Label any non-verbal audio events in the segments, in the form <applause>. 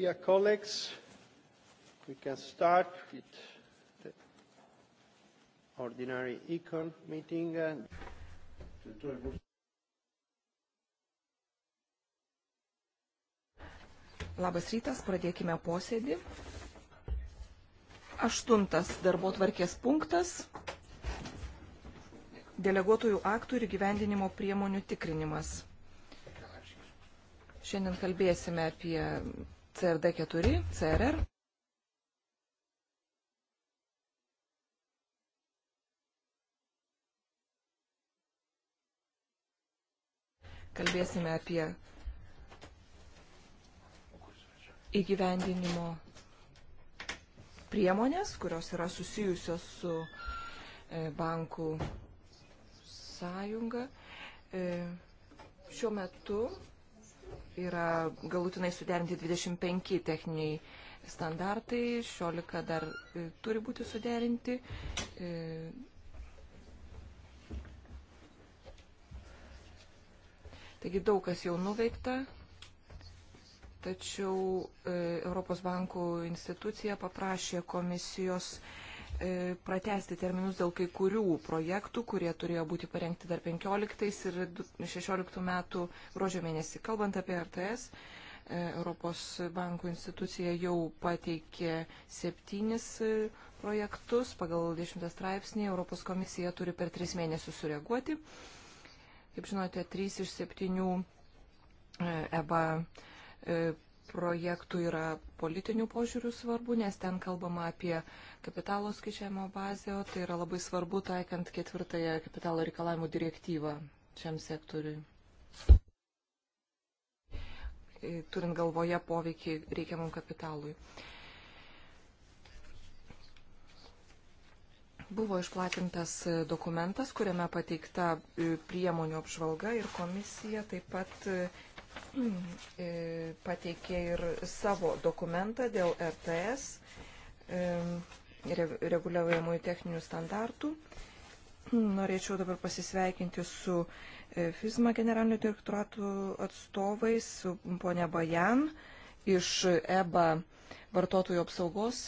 Dear colleagues, we can start with the ordinary econ meeting. And Labas rytas, pradėkime posėdį. Aštuntas darbo tvarkės punktas - deleguotojų aktų ir gyvendinimo priemonių tikrinimas. Šiandien kalbėsime apie CRD4, CRR. Kalbėsime apie įgyvendinimo priemonės, kurios yra susijusios su e, bankų sąjunga. E, šiuo metu yra galutinai suderinti 25 techniniai standartai, 16 dar e, turi būti suderinti. E, taigi daug kas jau nuveikta, tačiau e, Europos bankų institucija paprašė komisijos E, pratesti terminus dėl kai kurių projektų, kurie turėjo būti parengti dar 15 ir 16 metų gruodžio mėnesį. Kalbant apie RTS, e, Europos bankų institucija jau pateikė septynis e, projektus pagal 10 straipsnį. Europos komisija turi per tris mėnesius sureaguoti. Kaip žinote, trys iš septynių EBA projektų yra politinių požiūrių svarbu, nes ten kalbama apie kapitalo skaičiavimo bazę, o tai yra labai svarbu taikant ketvirtąją kapitalo reikalavimų direktyvą šiam sektoriui. E, turint galvoje poveikį reikiamam kapitalui. Buvo išplatintas dokumentas, kuriame pateikta e, priemonių apžvalga ir komisija taip pat e, E, pateikė ir savo dokumentą dėl RTS e, reguliuojamųjų techninių standartų. Norėčiau dabar pasisveikinti su e, FISMA generalinio direktoratų atstovais, su ponia Bajan iš EBA vartotojų apsaugos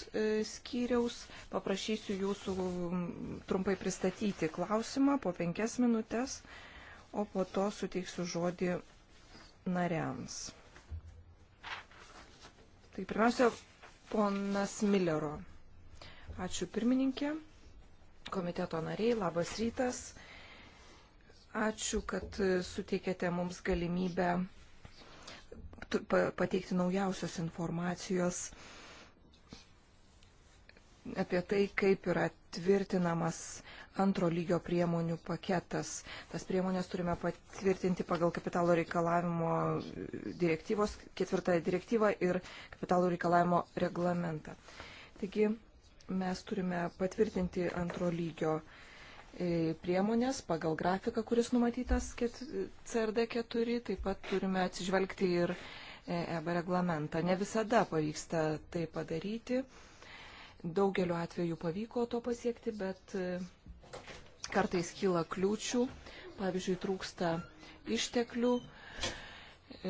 skyriaus. Paprašysiu jūsų trumpai pristatyti klausimą po penkias minutės, o po to suteiksiu žodį nariams. Tai pirmiausia, ponas Millero. Ačiū pirmininkė, komiteto nariai, labas rytas. Ačiū, kad suteikėte mums galimybę pateikti naujausios informacijos apie tai, kaip yra tvirtinamas antro lygio priemonių paketas. Tas priemonės turime patvirtinti pagal kapitalo reikalavimo direktyvos, ketvirtąją direktyvą ir kapitalo reikalavimo reglamentą. Taigi mes turime patvirtinti antro lygio e, priemonės pagal grafiką, kuris numatytas CRD 4, taip pat turime atsižvelgti ir EB e reglamentą. Ne visada pavyksta tai padaryti. Daugeliu atveju pavyko to pasiekti, bet e, kartais kyla kliūčių, pavyzdžiui, trūksta išteklių,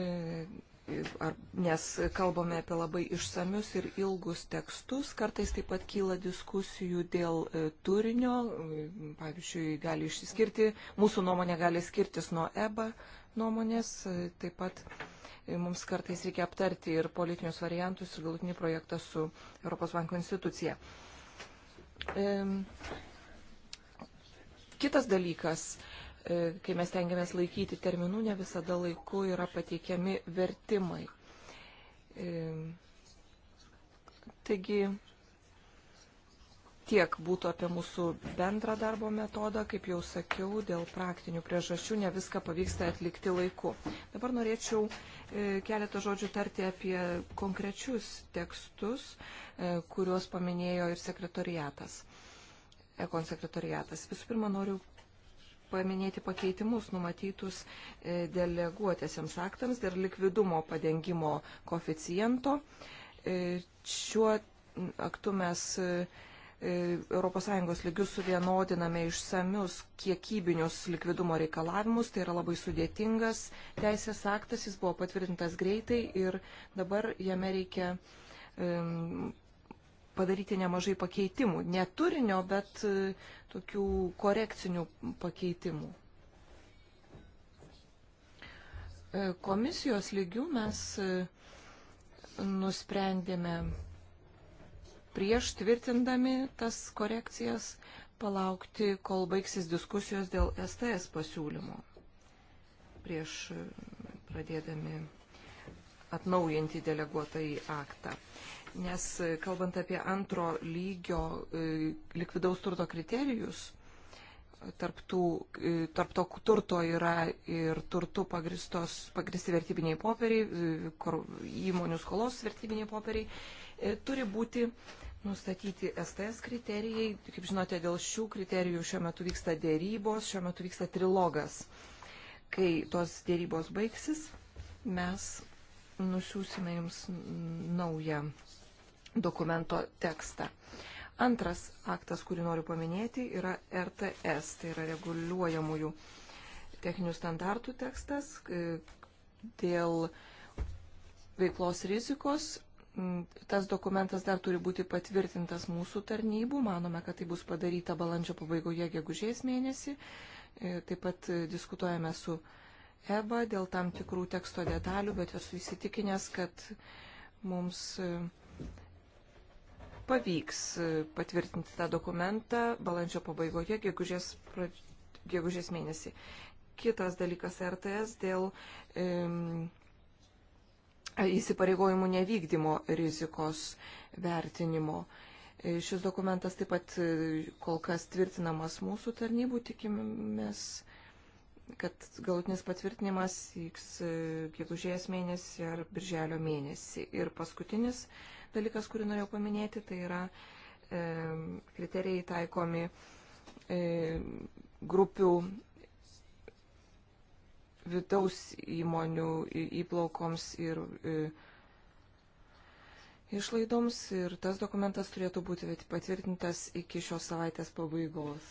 e, ar, nes kalbame apie labai išsamius ir ilgus tekstus, kartais taip pat kyla diskusijų dėl e, turinio, e, pavyzdžiui, gali išsiskirti, mūsų nuomonė gali skirtis nuo EBA nuomonės, taip pat mums kartais reikia aptarti ir politinius variantus ir galutinį projektą su Europos banko institucija. Kitas dalykas, e, kai mes tengiamės laikyti terminų, ne visada laiku yra pateikiami vertimai. E, taigi tiek būtų apie mūsų bendrą darbo metodą, kaip jau sakiau, dėl praktinių priežasčių ne viską pavyksta atlikti laiku. Dabar norėčiau e, keletą žodžių tarti apie konkrečius tekstus, kuriuos paminėjo ir sekretoriatas. Ekon sekretariatas. Visų pirma, noriu paminėti pakeitimus numatytus e, deleguotėsiams aktams dėl likvidumo padengimo koficijento. E, šiuo aktu mes ES lygių suvienodiname išsamius kiekybinius likvidumo reikalavimus, tai yra labai sudėtingas teisės aktas, jis buvo patvirtintas greitai ir dabar jame reikia um, padaryti nemažai pakeitimų. Ne turinio, bet e, tokių korekcinių pakeitimų. E, komisijos lygių mes e, nusprendėme prieš tvirtindami tas korekcijas palaukti, kol baigsis diskusijos dėl STS pasiūlymo. Prieš pradėdami atnaujinti deleguotą į aktą nes e, kalbant apie antro lygio e, likvidaus turto kriterijus, tarp, tų, e, tarp to turto yra ir turtų pagristi vertybiniai popieriai, įmonių skolos vertybiniai popieriai, turi būti nustatyti STS kriterijai. Kaip žinote, dėl šių kriterijų šiuo metu vyksta dėrybos, šiuo metu vyksta trilogas. Kai tos dėrybos baigsis, mes nusiųsime jums naują dokumento tekstą. Antras aktas, kurį noriu paminėti, yra RTS, tai yra reguliuojamųjų techninių standartų tekstas e, dėl veiklos rizikos. Mm, tas dokumentas dar turi būti patvirtintas mūsų tarnybų. Manome, kad tai bus padaryta balandžio pabaigoje, gegužės mėnesį. E, taip pat e, diskutuojame su EBA dėl tam tikrų teksto detalių, bet esu įsitikinęs, kad mums pavyks e, patvirtinti tą dokumentą balandžio pabaigoje, gegužės, gegužės mėnesį. Kitas dalykas RTS dėl e, įsipareigojimų nevykdymo rizikos vertinimo. E, šis dokumentas taip pat e, kol kas tvirtinamas mūsų tarnybų, tikimės, kad galutinis patvirtinimas vyks gegužės mėnesį ar birželio mėnesį. Ir paskutinis dalykas, kurį norėjau paminėti, tai yra e, kriterijai taikomi e, grupių vidaus įmonių įplaukoms ir e, išlaidoms ir tas dokumentas turėtų būti patvirtintas iki šios savaitės pabaigos.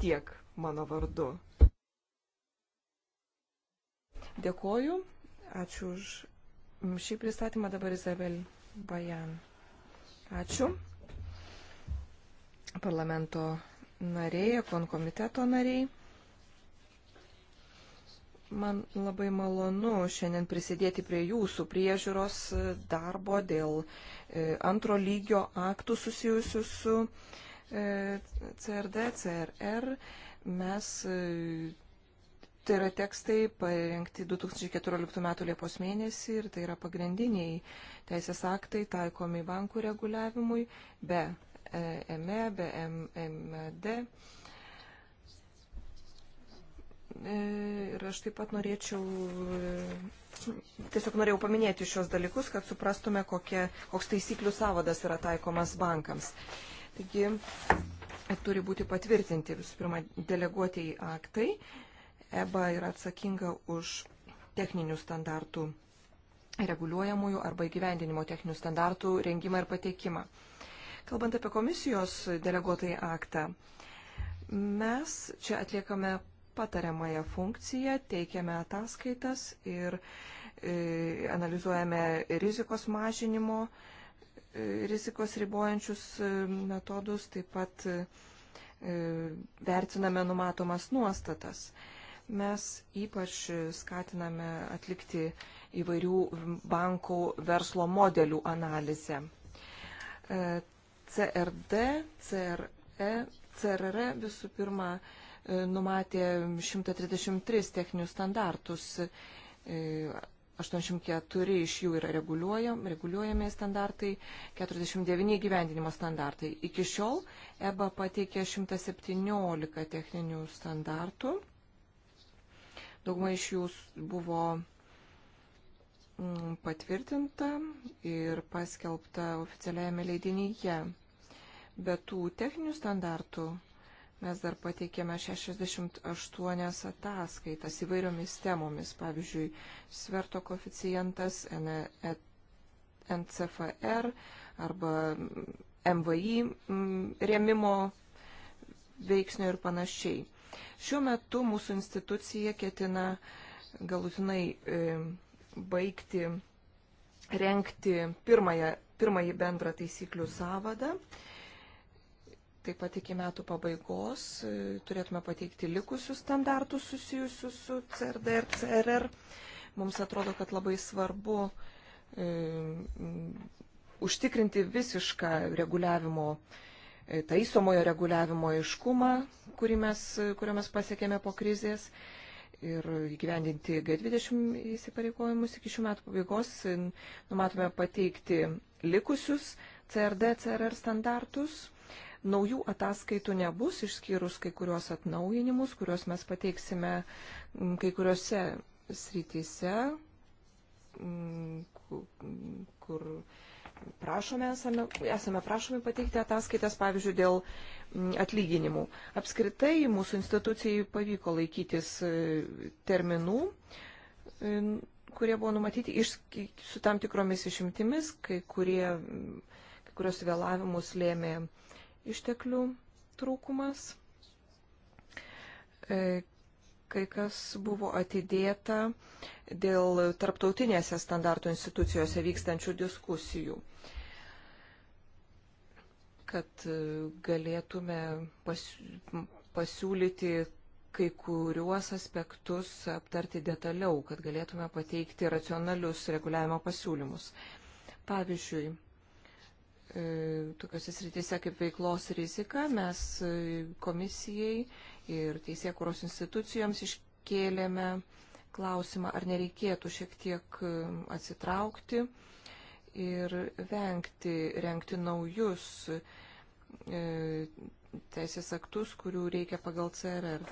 Tiek mano vardu. Dėkoju, ačiū už šį pristatymą dabar Izabel Bajan. Ačiū. Parlamento nariai, konkomiteto nariai. Man labai malonu šiandien prisidėti prie jūsų priežiūros darbo dėl e, antro lygio aktų susijusių su e, CRD, CRR. Mes e, Tai yra tekstai parengti 2014 m. Liepos mėnesį ir tai yra pagrindiniai teisės aktai taikomi bankų reguliavimui be ME, e, be MD. E, ir aš taip pat norėčiau, e, tiesiog norėjau paminėti šios dalykus, kad suprastume, kokie, koks taisyklių savadas yra taikomas bankams. Taigi, turi būti patvirtinti visų pirma deleguotieji aktai EBA yra atsakinga už techninių standartų reguliuojamųjų arba įgyvendinimo techninių standartų rengimą ir pateikimą. Kalbant apie komisijos deleguotai aktą, mes čia atliekame patariamąją funkciją, teikiame ataskaitas ir e, analizuojame rizikos mažinimo, e, rizikos ribojančius e, metodus, taip pat e, e vertiname numatomas nuostatas. E, Mes ypač skatiname atlikti įvairių bankų verslo modelių analizę. E, CRD, CRE, CRR visų pirma e, numatė 133 techninius standartus 84 e, iš jų yra reguliuojam, reguliuojami standartai, 49 gyvendinimo standartai. Iki šiol EBA pateikė 117 techninių standartų, Dauguma iš jų buvo mm, patvirtinta ir paskelbta oficialiajame leidinyje. Be tų techninių standartų mes dar pateikėme 68 ataskaitas įvairiomis temomis, pavyzdžiui, sverto koficijantas, NCFR e, arba MVI mm, rėmimo veiksnio ir panašiai. Šiuo metu mūsų institucija ketina galutinai e, baigti renkti pirmąją, pirmąjį bendrą taisyklių savadą. Taip pat iki metų pabaigos e, turėtume pateikti likusius standartus susijusius su CRD ir CRR. Mums atrodo, kad labai svarbu e, užtikrinti visišką reguliavimo e, taisomojo reguliavimo aiškumą, mes, kurio mes pasiekėme po krizės ir įgyvendinti G20 įsipareigojimus iki šių metų pabaigos. Numatome pateikti likusius CRD, CRR standartus. Naujų ataskaitų nebus, išskyrus kai kuriuos atnaujinimus, kuriuos mes pateiksime kai kuriuose srityse, kur prašome, esame, esame prašomi pateikti ataskaitas, pavyzdžiui, dėl mm, atlyginimų. Apskritai mūsų institucijai pavyko laikytis e, terminų, e, kurie buvo numatyti iš, su tam tikromis išimtimis, kai, kurie, mm, kai kurios vėlavimus lėmė išteklių trūkumas. E, kai kas buvo atidėta dėl tarptautinėse standartų institucijose vykstančių diskusijų kad e, galėtume pasiūlyti kai kuriuos aspektus aptarti detaliau, kad galėtume pateikti racionalius reguliavimo pasiūlymus. Pavyzdžiui, e, tokiuose srityse kaip veiklos rizika mes e, komisijai ir teisėkuros institucijoms iškėlėme klausimą, ar nereikėtų šiek tiek atsitraukti ir vengti renkti naujus e, teisės aktus, kurių reikia pagal CRR.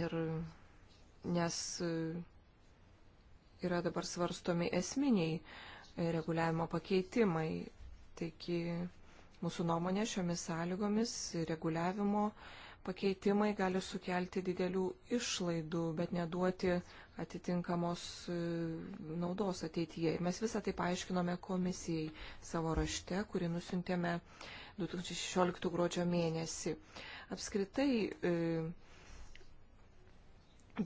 Ir nes e, yra dabar svarstomi esminiai e, reguliavimo pakeitimai. Taigi mūsų nuomonė šiomis sąlygomis reguliavimo e, pakeitimai gali sukelti didelių išlaidų, bet neduoti atitinkamos e, naudos ateityje. Ir mes visą tai paaiškinome komisijai savo rašte, kurį nusintėme 2016 gruodžio mėnesį. Apskritai e,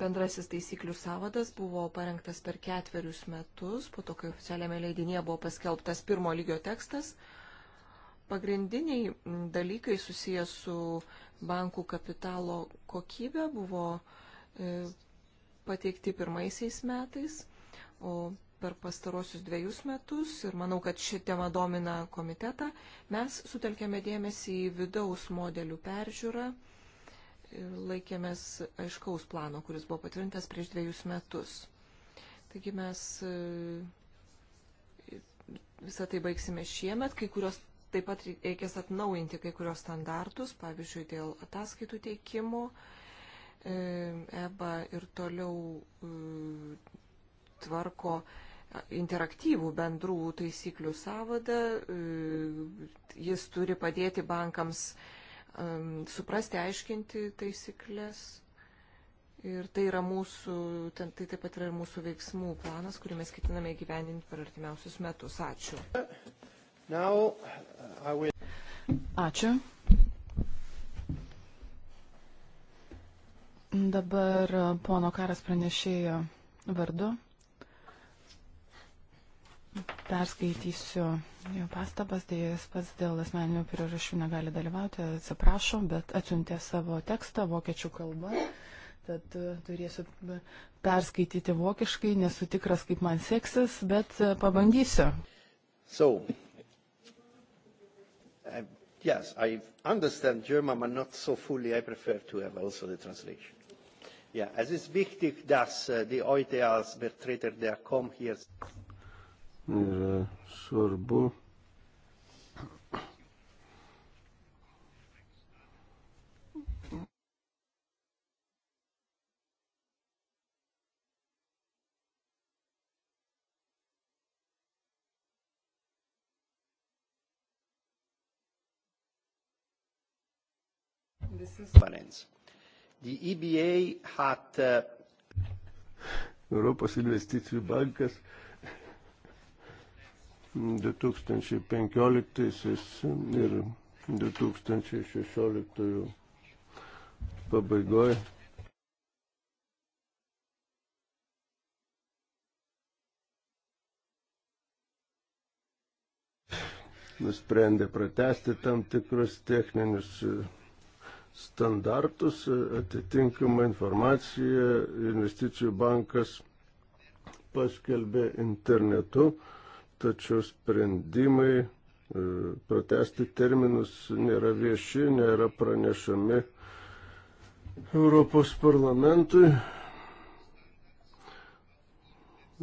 bendrasis taisyklių savadas buvo parengtas per ketverius metus, po to, kai oficialiame leidinėje buvo paskelbtas pirmo lygio tekstas, Pagrindiniai dalykai susijęs su bankų kapitalo kokybė buvo e, pateikti pirmaisiais metais, o per pastarosius dviejus metus, ir manau, kad ši tema domina komitetą, mes sutelkėme dėmesį į vidaus modelių peržiūrą ir e, laikėmės aiškaus plano, kuris buvo patvirtintas prieš dviejus metus. Taigi mes e, visą tai baigsime šiemet, kai kurios Taip pat reikės atnaujinti kai kurios standartus, pavyzdžiui, dėl ataskaitų teikimo. E, EBA ir toliau e, tvarko interaktyvų bendrų taisyklių savadą. E, jis turi padėti bankams suprasti, aiškinti taisyklės. Ir tai yra mūsų, tai taip pat yra ir mūsų veiksmų planas, kurį mes ketiname įgyvendinti per artimiausius metus. Ačiū. Now, uh, will... Ačiū. Dabar uh, pono karas pranešėjo vardu. Perskaitysiu jo pastabas, tai jis pats dėl asmeninių priežasčių negali dalyvauti, atsiprašo, bet atsiuntė savo tekstą vokiečių kalba, tad uh, turėsiu uh, perskaityti vokiškai, nesu tikras, kaip man seksis, bet pabandysiu. So, I, yes, I understand German, but not so fully. I prefer to have also the translation. Ja, es ist wichtig, dass uh, die heute als Vertreter der COM hier. Ir äh, svarbu, E had... Uh, Europos investicijų bankas 2015 ir 2016 pabaigoje nusprendė pratesti tam tikrus techninius standartus, atitinkamą informaciją investicijų bankas paskelbė internetu, tačiau sprendimai e, pratesti terminus nėra vieši, nėra pranešami Europos parlamentui.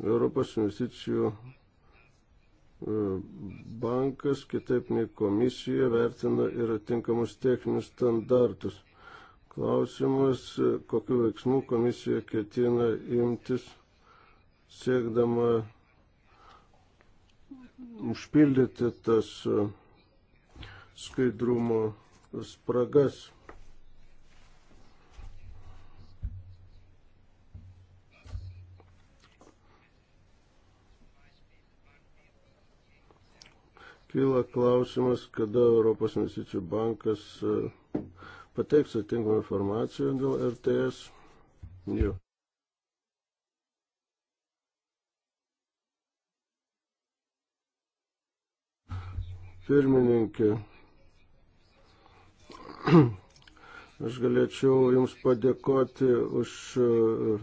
Europos investicijų E, bankas, kitaip nei komisija, vertina ir atinkamus techninius standartus. Klausimas, e, kokiu veiksmu komisija ketina imtis, siekdama užpildyti tas e, skaidrumo spragas. kyla klausimas, kada Europos investicijų bankas e, pateiks atitinkamą informaciją dėl RTS. Jau. Pirmininkė, <clears throat> aš galėčiau Jums padėkoti už e,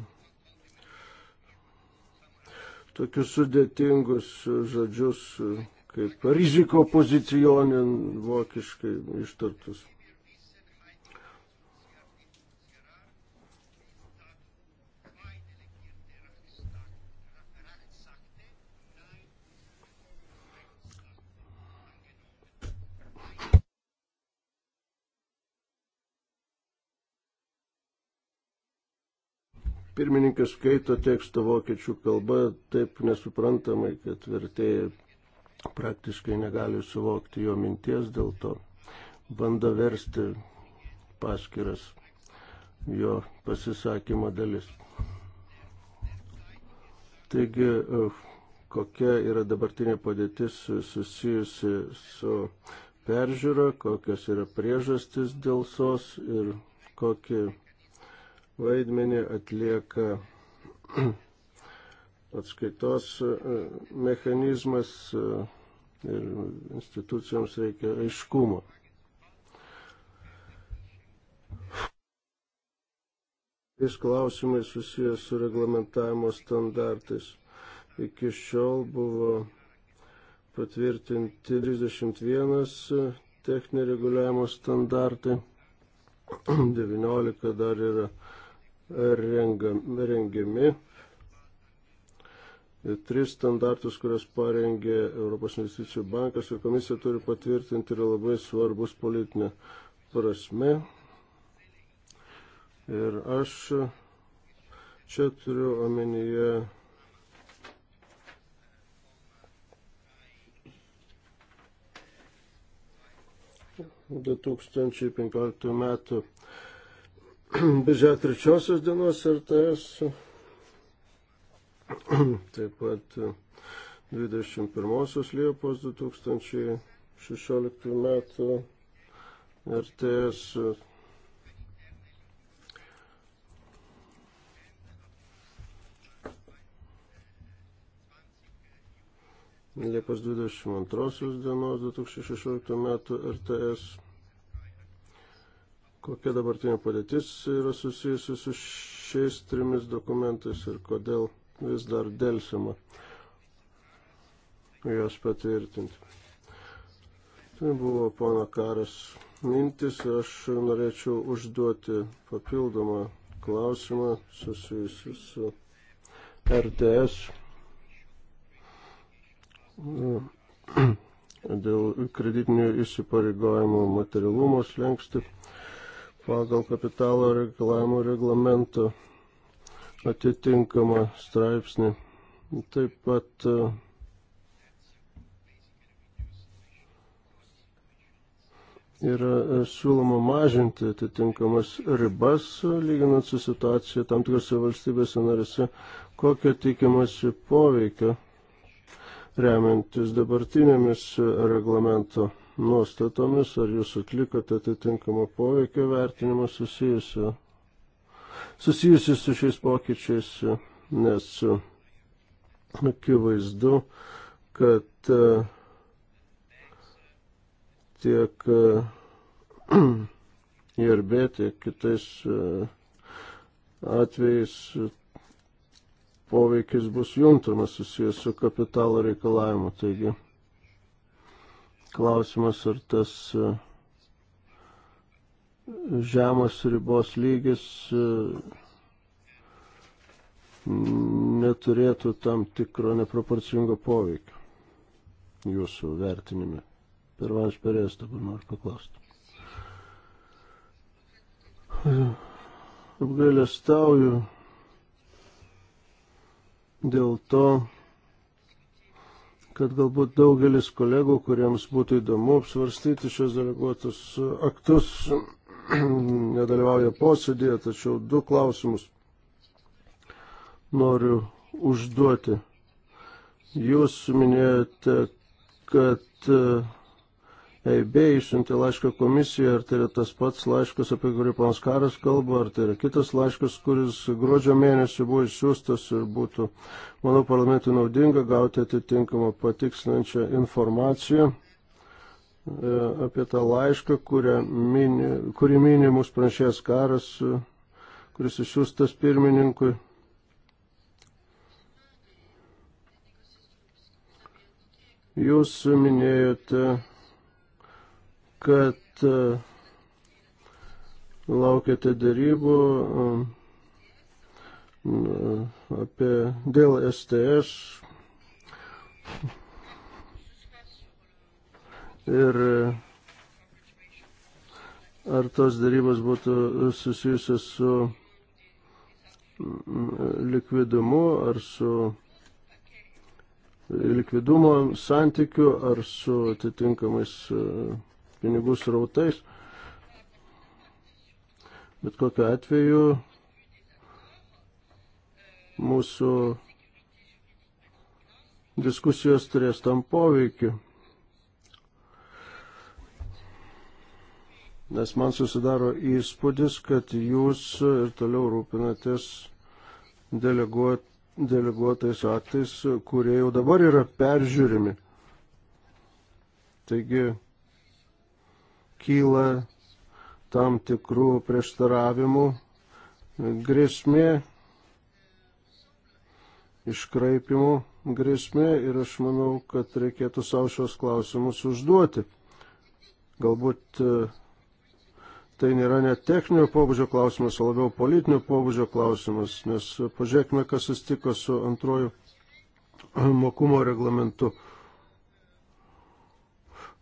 tokius sudėtingus žodžius e, kaip riziko pozicionin vokiškai ištartus. pirmininkas skaito tekstą vokiečių kalba taip nesuprantamai, kad vertėjai praktiškai negali suvokti jo minties, dėl to bando versti paskiras jo pasisakymo dalis. Taigi, uh, kokia yra dabartinė padėtis susijusi su peržiūra, kokios yra priežastis dėl sos ir kokį vaidmenį atlieka atskaitos e, mechanizmas e, ir institucijoms reikia aiškumo. Tais klausimai susijęs su reglamentavimo standartais. Iki šiol buvo patvirtinti 31 e, techninio reguliavimo standartai, 19 <clears throat> dar yra rengiami Tris standartus, kurias parengė Europos investicijų bankas ir komisija turi patvirtinti, yra labai svarbus politinė prasme. Ir aš čia turiu omenyje du tūkstančiai penkioliktų metų <clears throat> birželio trečiosios dienos RTS <clears throat> Taip pat 21 e, Liepos 2016 metų RTS e, Liepos 22 dienos 2016 metų RTS. Kokia dabartinė padėtis yra susijusi su šiais trimis dokumentais ir kodėl vis dar dėlsima jos patvirtinti. Tai buvo pono karas mintis, aš norėčiau užduoti papildomą klausimą susijusiu su RTS dėl kreditinių įsipareigojimų materialumo slengsti pagal kapitalo reikalavimo reglamento atitinkamą straipsnį. Taip pat e, yra e, siūloma mažinti atitinkamas ribas, e, lyginant su situacija tam tikrose valstybėse narėse, kokio tikimasi poveikio remiantis dabartinėmis reglamento nuostatomis, ar jūs atlikote atitinkamą poveikio vertinimą susijusiu susijusi su šiais pokyčiais, nes akivaizdu, kad tiek IRB, tiek kitais atvejais poveikis bus juntamas susijęs su kapitalo reikalavimu. Taigi klausimas, ar tas uh, žemas ribos lygis e, neturėtų tam tikro neproporcingo poveikio jūsų vertinime. Per Vans Perės dabar noriu paklausti. Apgailestauju dėl to, kad galbūt daugelis kolegų, kuriems būtų įdomu apsvarstyti šios deleguotus aktus, <clears throat> nedalyvauja posėdėje, tačiau du klausimus noriu užduoti. Jūs minėjote, kad EIB išsiuntė laišką komisiją, ar tai yra tas pats laiškas, apie kurį panas Karas kalba, ar tai yra kitas laiškas, kuris gruodžio mėnesį buvo išsiųstas ir būtų, manau, parlamentui naudinga gauti atitinkamą patikslinančią informaciją. E, apie tą laišką, mini, kurį mini mūsų pranešėjas karas, e, kuris išsiųstas pirmininkui. Jūs minėjote, kad e, laukiate darybų apie dėl STS ir e, ar tos darybos būtų susijusios su mm, likvidumu ar su likvidumo santykiu ar su atitinkamais e, pinigų srautais. Bet kokiu atveju mūsų diskusijos turės tam poveikį. nes man susidaro įspūdis, kad jūs ir toliau rūpinatės deleguot, deleguotais aktais, kurie jau dabar yra peržiūrimi. Taigi kyla tam tikrų prieštaravimų grėsmė, iškraipimų grėsmė ir aš manau, kad reikėtų savo šios klausimus užduoti. Galbūt tai nėra net techninio pobūdžio klausimas, o labiau politinio pobūdžio klausimas, nes pažiūrėkime, kas sustiko su antroju <clears throat> mokumo reglamentu.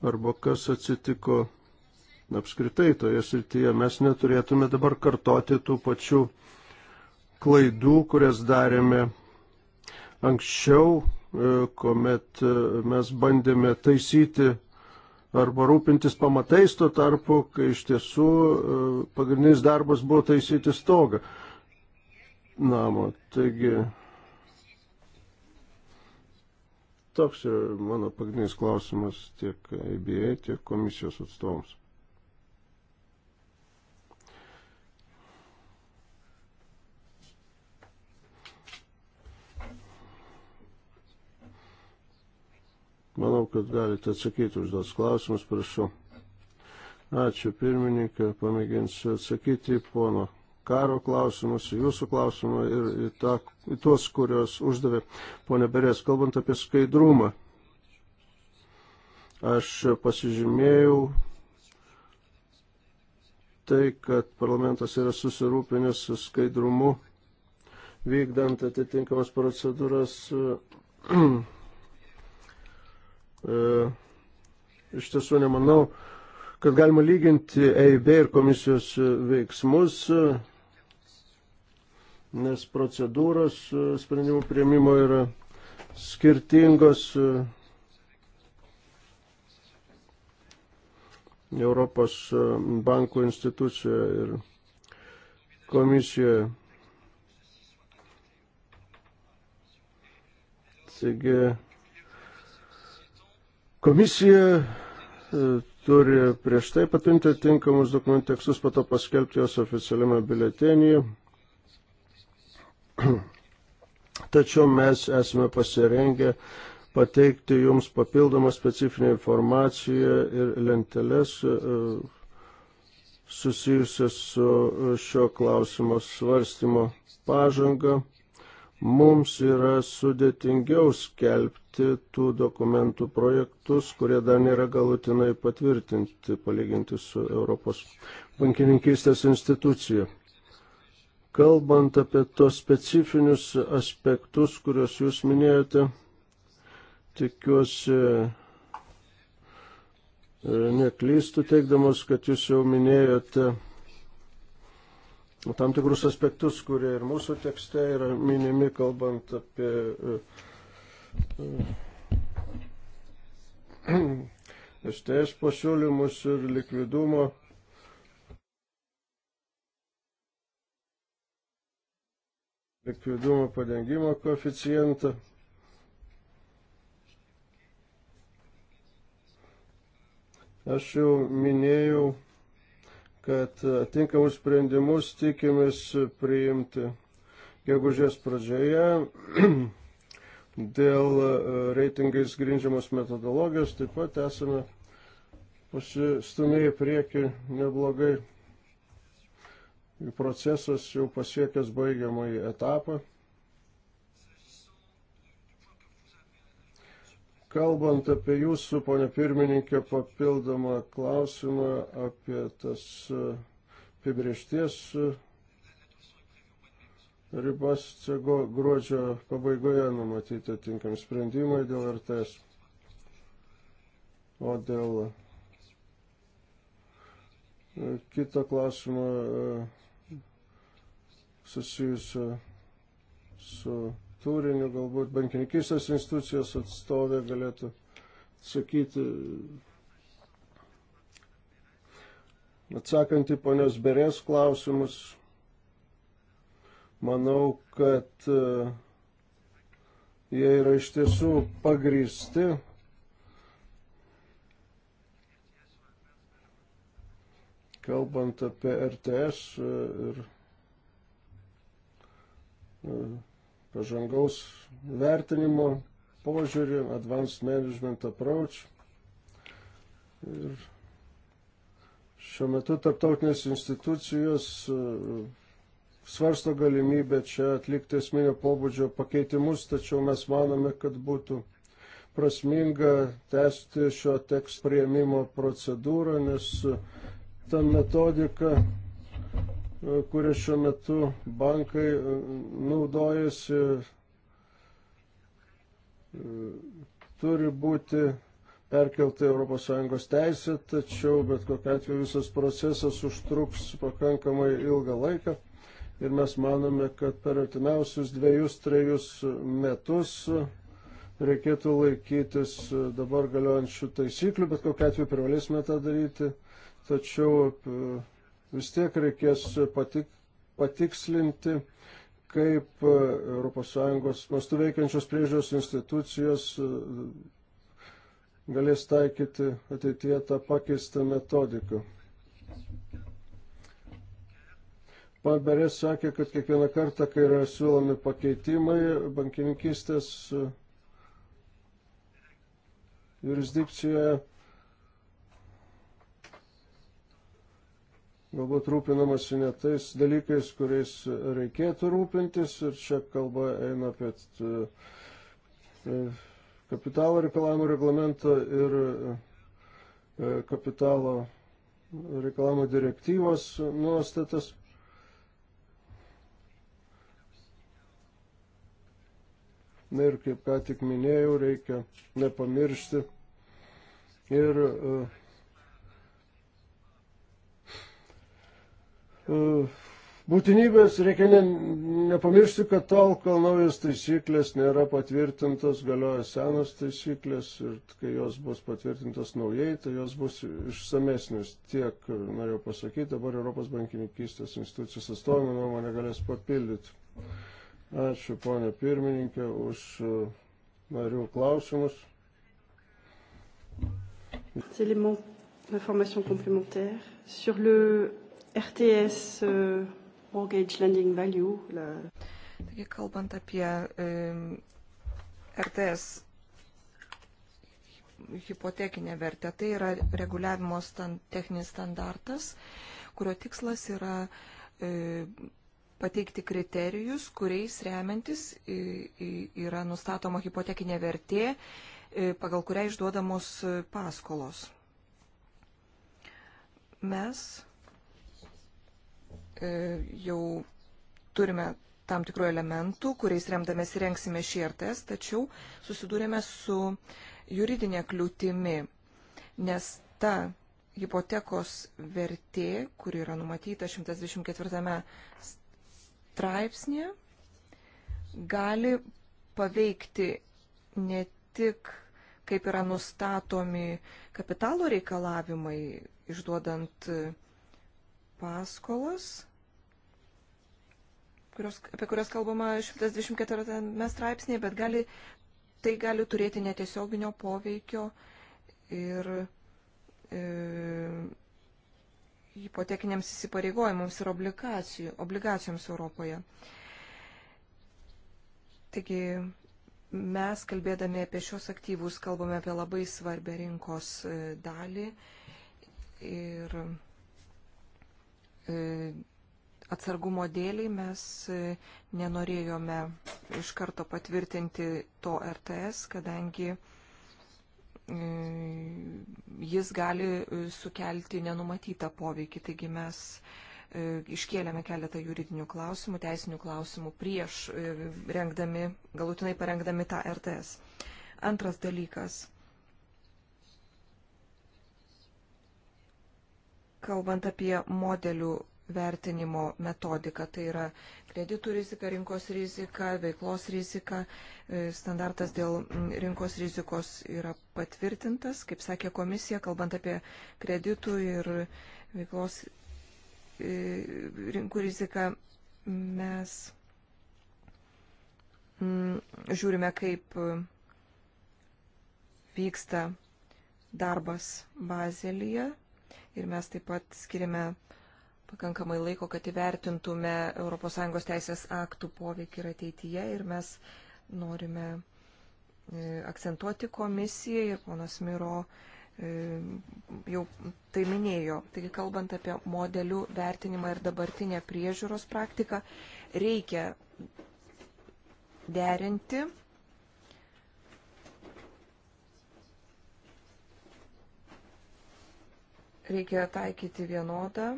Arba kas atsitiko apskritai toje srityje. Mes neturėtume dabar kartoti tų pačių klaidų, kurias darėme anksčiau, e, kuomet e, mes bandėme taisyti arba rūpintis pamatais tuo tarpu, kai iš tiesų e, pagrindinis darbas buvo taisyti stogą namo. Taigi toks yra mano pagrindinis klausimas tiek IBA, e, tiek komisijos atstovams. Manau, kad galite atsakyti užduos klausimus, prašau. Ačiū pirmininkė, pamėginsiu atsakyti į pono karo klausimus, į jūsų klausimą ir į, tą, į tuos, kuriuos uždavė ponė Berės, kalbant apie skaidrumą. Aš pasižymėjau tai, kad parlamentas yra susirūpinęs su skaidrumu, vykdant atitinkamas procedūras <clears throat> E, iš tiesų nemanau, kad galima lyginti EIB ir komisijos veiksmus, nes procedūros sprendimų prieimimo yra skirtingos. Europos bankų institucijoje ir komisijoje. Taigi Komisija e, turi prieš tai patinti tinkamus dokumentų tekstus, pato paskelbti jos oficialiame biletenyje. <clears throat> Tačiau mes esame pasirengę pateikti jums papildomą specifinę informaciją ir lenteles e, susijusias su šio klausimo svarstymo pažanga. Mums yra sudėtingiau skelbti pateikti tų dokumentų projektus, kurie dar nėra galutinai patvirtinti, palyginti su Europos bankininkystės institucija. Kalbant apie tos specifinius aspektus, kuriuos jūs minėjote, tikiuosi e, neklystų teikdamas, kad jūs jau minėjote tam tikrus aspektus, kurie ir mūsų tekste yra minimi, kalbant apie uh, STS pasiūlymus ir likvidumo. likvidumo padengimo koeficientą. Aš jau minėjau, kad atinkamus sprendimus tikimės priimti gegužės pradžioje. <clears throat> dėl e, reitingais grindžiamos metodologijos taip pat esame pasistumėję prieki neblogai. Procesas jau pasiekęs baigiamąjį etapą. Kalbant apie jūsų, ponė pirmininkė, papildomą klausimą apie tas e, apibriešties e, ribas čia gruodžio pabaigoje numatyti tinkami sprendimai dėl RTS. O dėl e, kito klausimo e, susijusio su turiniu, galbūt bankininkistės institucijos atstovė galėtų sakyti, atsakant į ponios Berės klausimus, Manau, kad e, jie yra iš tiesų pagrysti. Kalbant apie RTS e, ir e, pažangaus vertinimo požiūrį, advanced management approach. Ir šiuo metu tarptautinės institucijos uh, svarsto galimybę čia atlikti esminio pobūdžio pakeitimus, tačiau mes manome, kad būtų prasminga tęsti šio teksto prieimimo procedūrą, nes ta metodika, kurią šiuo metu bankai e, naudojasi, e, turi būti perkelta ES teisė, tačiau bet kokia atveju visas procesas užtruks pakankamai ilgą laiką ir mes manome, kad per artimiausius dviejus, trejus metus reikėtų laikytis dabar galiojančių taisyklių, bet kokia atveju privalėsime tą daryti. Tačiau e, vis tiek reikės patik, patikslinti, kaip ES mastu veikiančios priežiūros institucijos e, galės taikyti ateityje tą pakeistą metodiką. Paberės sakė, kad kiekvieną kartą, kai yra siūlomi pakeitimai bankininkistės e, jurisdikcijoje, galbūt rūpinamasi ne tais dalykais, kuriais reikėtų rūpintis. Ir čia kalba eina apie e, e, kapitalo reikalavimo reglamentą ir kapitalo reikalavimo direktyvos nuostatas. Na ir kaip ką tik minėjau, reikia nepamiršti ir uh, uh, būtinybės reikia ne, nepamiršti, kad tol, kol naujas taisyklės nėra patvirtintos, galioja senos taisyklės ir kai jos bus patvirtintos naujai, tai jos bus išsamesnės. Tiek norėjau pasakyti, dabar Europos bankininkystės institucijos atstovai, manau, mane galės papildyti. Ačiū, ponė pirmininkė, už e, narių klausimus. Éléments d'information complémentaire sur le RTS euh, Mortgage Lending Value. La... Taigi, kalbant apie um, RTS hipotekinę vertę, tai yra reguliavimo stand, techninis standartas, kurio tikslas yra um, pateikti kriterijus, kuriais remiantis yra nustatoma hipotekinė vertė, e, pagal kurią išduodamos e, paskolos. Mes e, jau turime tam tikrų elementų, kuriais remdamės įrengsime šį ar tas, tačiau susidūrėme su juridinė kliūtimi, nes ta hipotekos vertė, kuri yra numatyta 124 straipsnį gali paveikti ne tik, kaip yra nustatomi kapitalo reikalavimai išduodant e, paskolas, kurios, apie kurias kalbama 124 straipsnėje, bet gali, tai gali turėti netiesioginio poveikio ir e, hipotekiniams įsipareigojimams ir obligacijoms Europoje. Taigi mes, kalbėdami apie šios aktyvus, kalbame apie labai svarbę rinkos e, dalį ir e, atsargumo dėliai mes e, nenorėjome iš karto patvirtinti to RTS, kadangi Mm, jis gali e, sukelti nenumatytą poveikį. Taigi mes e, iškėlėme keletą juridinių klausimų, teisinių klausimų prieš e, rengdami, galutinai parengdami tą RTS. Antras dalykas. Kalbant apie modelių vertinimo metodiką, tai yra kreditų riziką, rinkos riziką, veiklos riziką. E, standartas dėl rinkos rizikos yra patvirtintas, kaip sakė komisija, kalbant apie kreditų ir veiklos e, rinkų riziką. Mes žiūrime, kaip e, vyksta darbas Bazelyje ir mes taip pat skiriame pakankamai laiko, kad įvertintume ES teisės aktų poveikį ir ateityje ir mes norime e, akcentuoti komisiją ir ponas Miro e, jau tai minėjo. Taigi, kalbant apie modelių vertinimą ir dabartinę priežiūros praktiką, reikia derinti reikia taikyti vienodą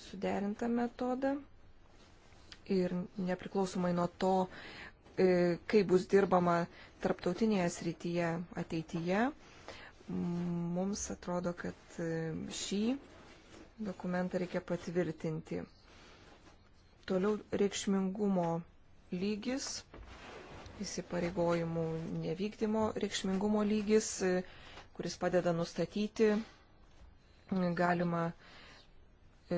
suderintą metodą ir nepriklausomai nuo to, e, kaip bus dirbama tarptautinėje srityje ateityje, mums atrodo, kad e, šį dokumentą reikia patvirtinti. Toliau reikšmingumo lygis, įsipareigojimų nevykdymo reikšmingumo lygis, e, kuris padeda nustatyti galima uh, E,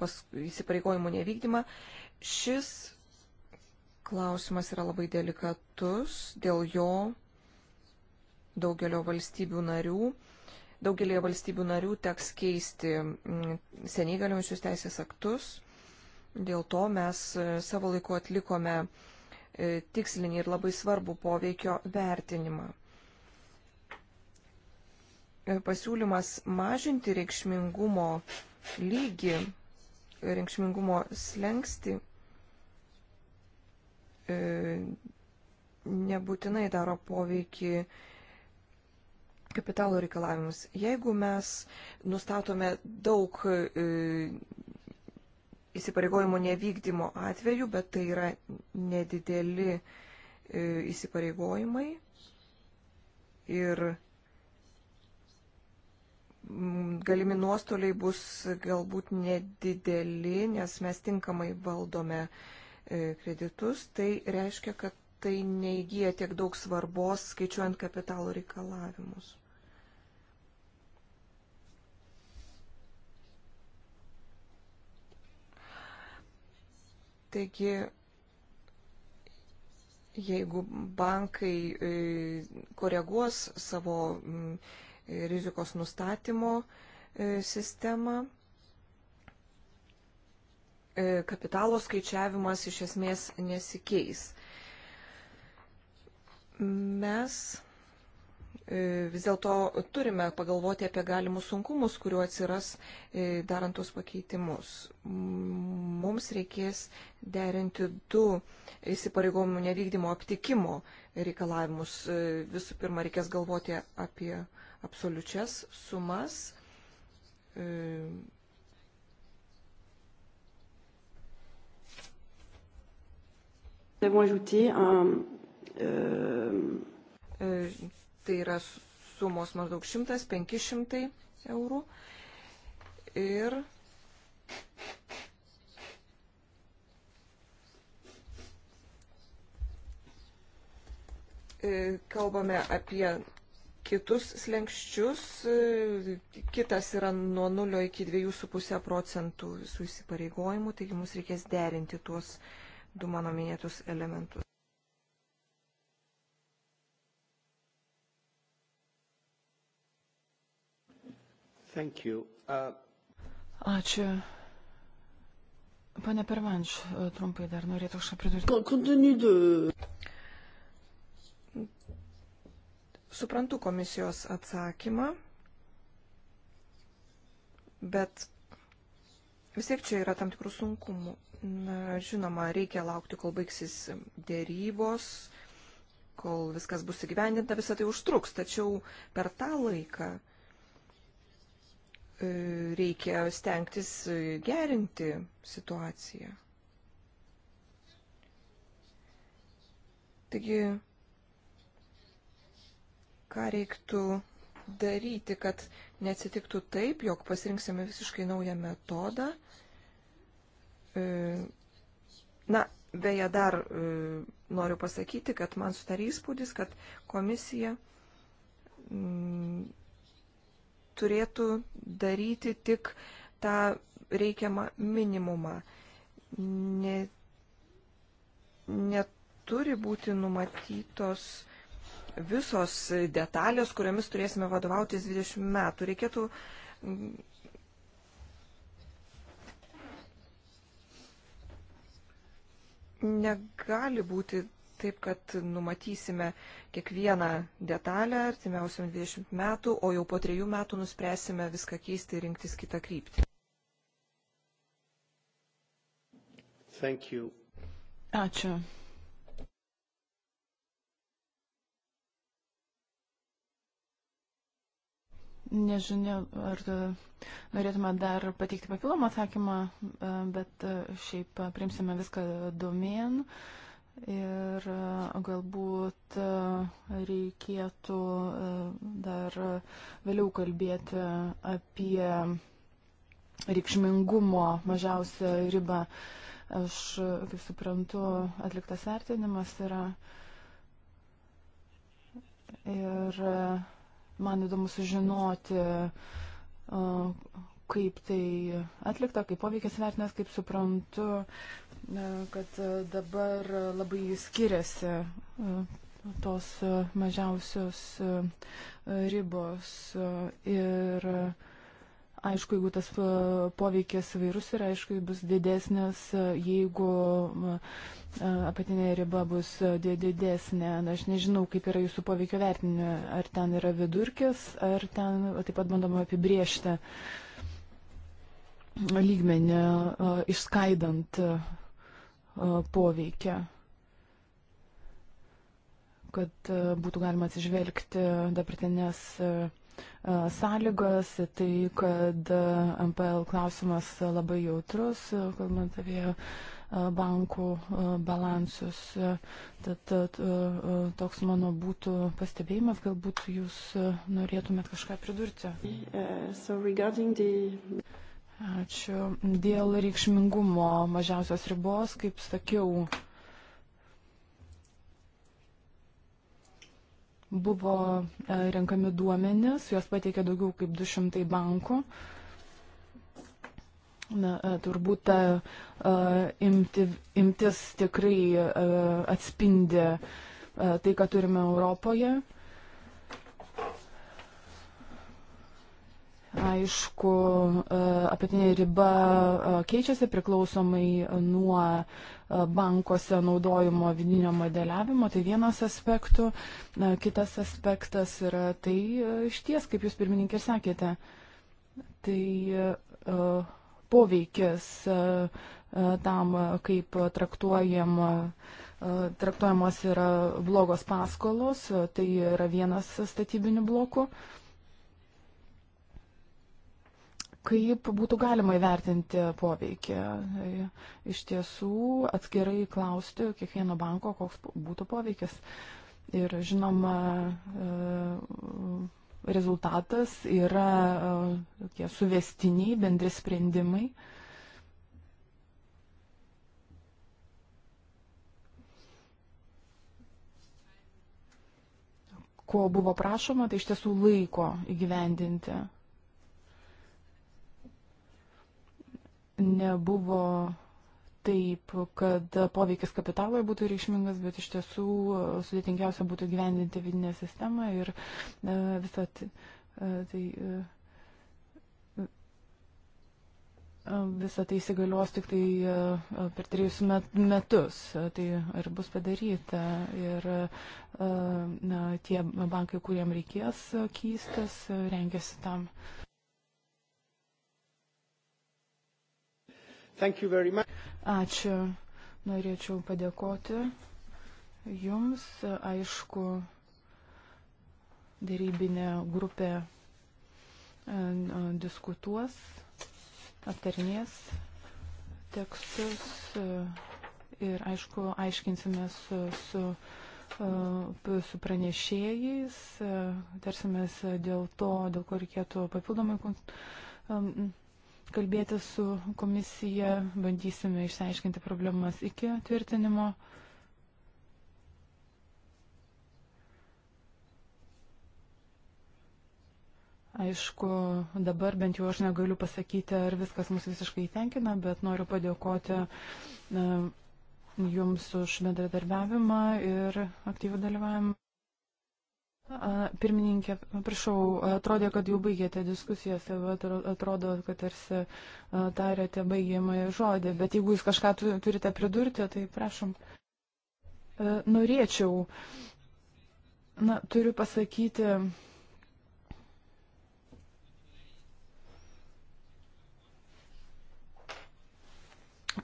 pas, įsipareigojimų nevykdymą. Šis klausimas yra labai delikatus, dėl jo daugelio valstybių narių. Daugelėje valstybių narių teks keisti mm, seniai galiojusius teisės aktus. Dėl to mes e, savo laiku atlikome e, tikslinį ir labai svarbų poveikio vertinimą. Pasiūlymas mažinti reikšmingumo lygį, reikšmingumo slengsti, e, nebūtinai daro poveikį kapitalo reikalavimus. Jeigu mes nustatome daug e, įsipareigojimo nevykdymo atveju, bet tai yra nedideli e, įsipareigojimai ir galimi nuostoliai bus galbūt nedideli, nes mes tinkamai valdome e, kreditus, tai reiškia, kad tai neįgyja tiek daug svarbos skaičiuojant kapitalo reikalavimus. Taigi, jeigu bankai e, koreguos savo rizikos nustatymo e, sistemą. E, kapitalo skaičiavimas iš esmės nesikeis. Mes e, vis dėlto turime pagalvoti apie galimus sunkumus, kuriuo atsiras darant tuos pakeitimus. Mums reikės derinti du įsipareigomų nevykdymo aptikimo reikalavimus. Visų pirma, reikės galvoti apie absoliučias sumas. E, euh, e, tai yra sumos maždaug 100-500 eurų. Ir e, kalbame apie kitus slengščius. Kitas yra nuo 0 iki 2,5 procentų visų įsipareigojimų, taigi mums reikės derinti tuos du mano minėtus elementus. Thank you. Uh... Ačiū. Pane Pervanš, trumpai dar norėtų kažką pridurti. Suprantu komisijos atsakymą, bet vis tiek čia yra tam tikrų sunkumų. Na, žinoma, reikia laukti, kol baigsis dėrybos, kol viskas bus įgyvendinta, visą tai užtruks. Tačiau per tą laiką e, reikia stengtis gerinti situaciją. Taigi ką reiktų daryti, kad neatsitiktų taip, jog pasirinksime visiškai naują metodą. E, na, beje, dar e, noriu pasakyti, kad man sutarė įspūdis, kad komisija mm, turėtų daryti tik tą reikiamą minimumą. Ne, neturi būti numatytos visos detalės, kuriomis turėsime vadovautis 20 metų. Reikėtų mm, negali būti taip, kad numatysime kiekvieną detalę artimiausiam 20 metų, o jau po trejų metų nuspręsime viską keisti ir rinktis kitą kryptį. Ačiū. Nežinia, ar e, norėtume dar pateikti papildomą atsakymą, e, bet e, šiaip priimsime viską domėn ir galbūt reikėtų dar vėliau kalbėti apie reikšmingumo mažiausią ribą. Aš, kaip suprantu, atliktas vertinimas yra. Ir uh, Man įdomu sužinoti, kaip tai atlikta, kaip poveikis vertinęs, kaip suprantu, kad dabar labai skiriasi tos mažiausios ribos ir Aišku, jeigu tas e, poveikis vairus yra, aišku, bus didesnis, e, jeigu e, apatinė riba bus didesnė. Aš nežinau, kaip yra jūsų poveikio vertinime, ar ten yra vidurkis, ar ten taip pat bandoma apibriežti lygmenį, išskaidant poveikį kad būtų galima atsižvelgti dabartinės E, sąlygos, tai kad e, MPL klausimas labai jautrus, e, kalbant apie bankų balansus. Tad toks mano būtų pastebėjimas, galbūt jūs norėtumėt kažką pridurti. So Ačiū. Dėl reikšmingumo mažiausios ribos, kaip sakiau, buvo e, renkami duomenys, juos pateikė daugiau kaip 200 bankų. Na, e, turbūt ta e, imti, imtis tikrai atspindi tai, ką turime Europoje. Aišku, e, apatinė riba e, keičiasi priklausomai nuo e, bankuose naudojimo vidinio modeliavimo, tai vienas aspektų. Kitas aspektas yra tai iš ties, kaip jūs pirmininkė ir sakėte, tai poveikis tam, kaip traktuojama traktuojamos yra blogos paskolos, tai yra vienas statybinių blokų. Uh, Kaip būtų galima įvertinti poveikį? Iš tiesų atskirai klausti kiekvieno banko, koks būtų poveikis. Ir žinoma, e, rezultatas yra e, tokie suvestiniai bendri sprendimai. Ko buvo prašoma, tai iš tiesų laiko įgyvendinti nebuvo taip, kad poveikis kapitalui būtų reikšmingas, bet iš tiesų e, sudėtingiausia būtų gyvendinti vidinę sistemą ir e, visą e, tai. Visą tai įsigalios tik tai per trejus metus, tai ar bus padaryta. Ir na, tie bankai, kuriem reikės keistas, rengiasi tam. Uh, Ačiū. Norėčiau padėkoti Jums. Aišku, dėrybinė grupė e, diskutuos, aptarnės tekstus e, ir, aišku, aiškinsime su, su, e, su pranešėjais, tarsimės dėl to, dėl ko reikėtų papildomai kalbėti su komisija, bandysime išsiaiškinti problemas iki tvirtinimo. Aišku, dabar bent jau aš negaliu pasakyti, ar viskas mus visiškai tenkina, bet noriu padėkoti e, Jums už bendradarbiavimą ir aktyvų dalyvavimą. Pirmininkė, prašau, atrodė, kad jau baigėte diskusijas, atrodo, kad tarsi tarėte baigiamąjį žodį, bet jeigu jūs kažką turite pridurti, tai prašom. Norėčiau, na, turiu pasakyti,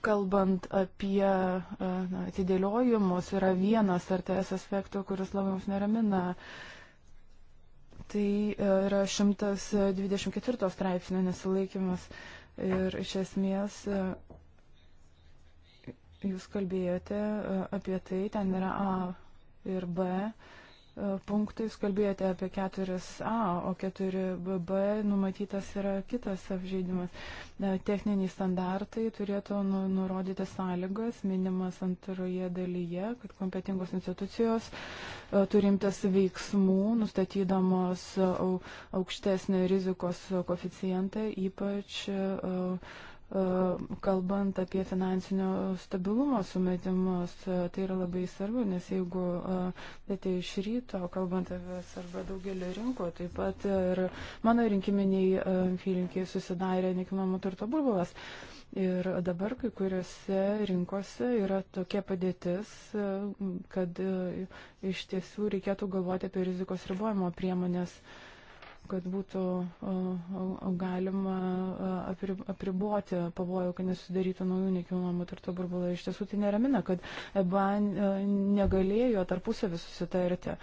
kalbant apie na, atidėliojimus, yra vienas RTS tai aspektų, kuris labai mums neramina. Uh, Tai e, yra 124 e, straipsnio nesilaikymas. Ir iš esmės e, jūs kalbėjote apie tai, ten yra A ir B punktais kalbėjote apie 4A, o 4B numatytas yra kitas apžeidimas. Techniniai standartai turėtų nu, nurodyti sąlygas, minimas antroje dalyje, kad kompetingos institucijos e, turimtas veiksmų, nustatydamos aukštesnį rizikos koficijantą, ypač e, E, kalbant apie finansinio stabilumo sumetimus, e, tai yra labai svarbu, nes jeigu atėjote e, iš ryto, kalbant apie svarbą daugelį rinkų, taip pat ir mano rinkiminiai apylinkiai susidarė nekilnojamo turto burbulas. Ir dabar kai kuriuose rinkose yra tokia padėtis, kad iš tiesų reikėtų galvoti apie rizikos ribojimo priemonės. Uh, kad būtų galima apriboti pavojų, kad nesudarytų naujų nekilnojamo turto burbulą. Iš tiesų tai neramina, kad EBA negalėjo tarpusavį susitarti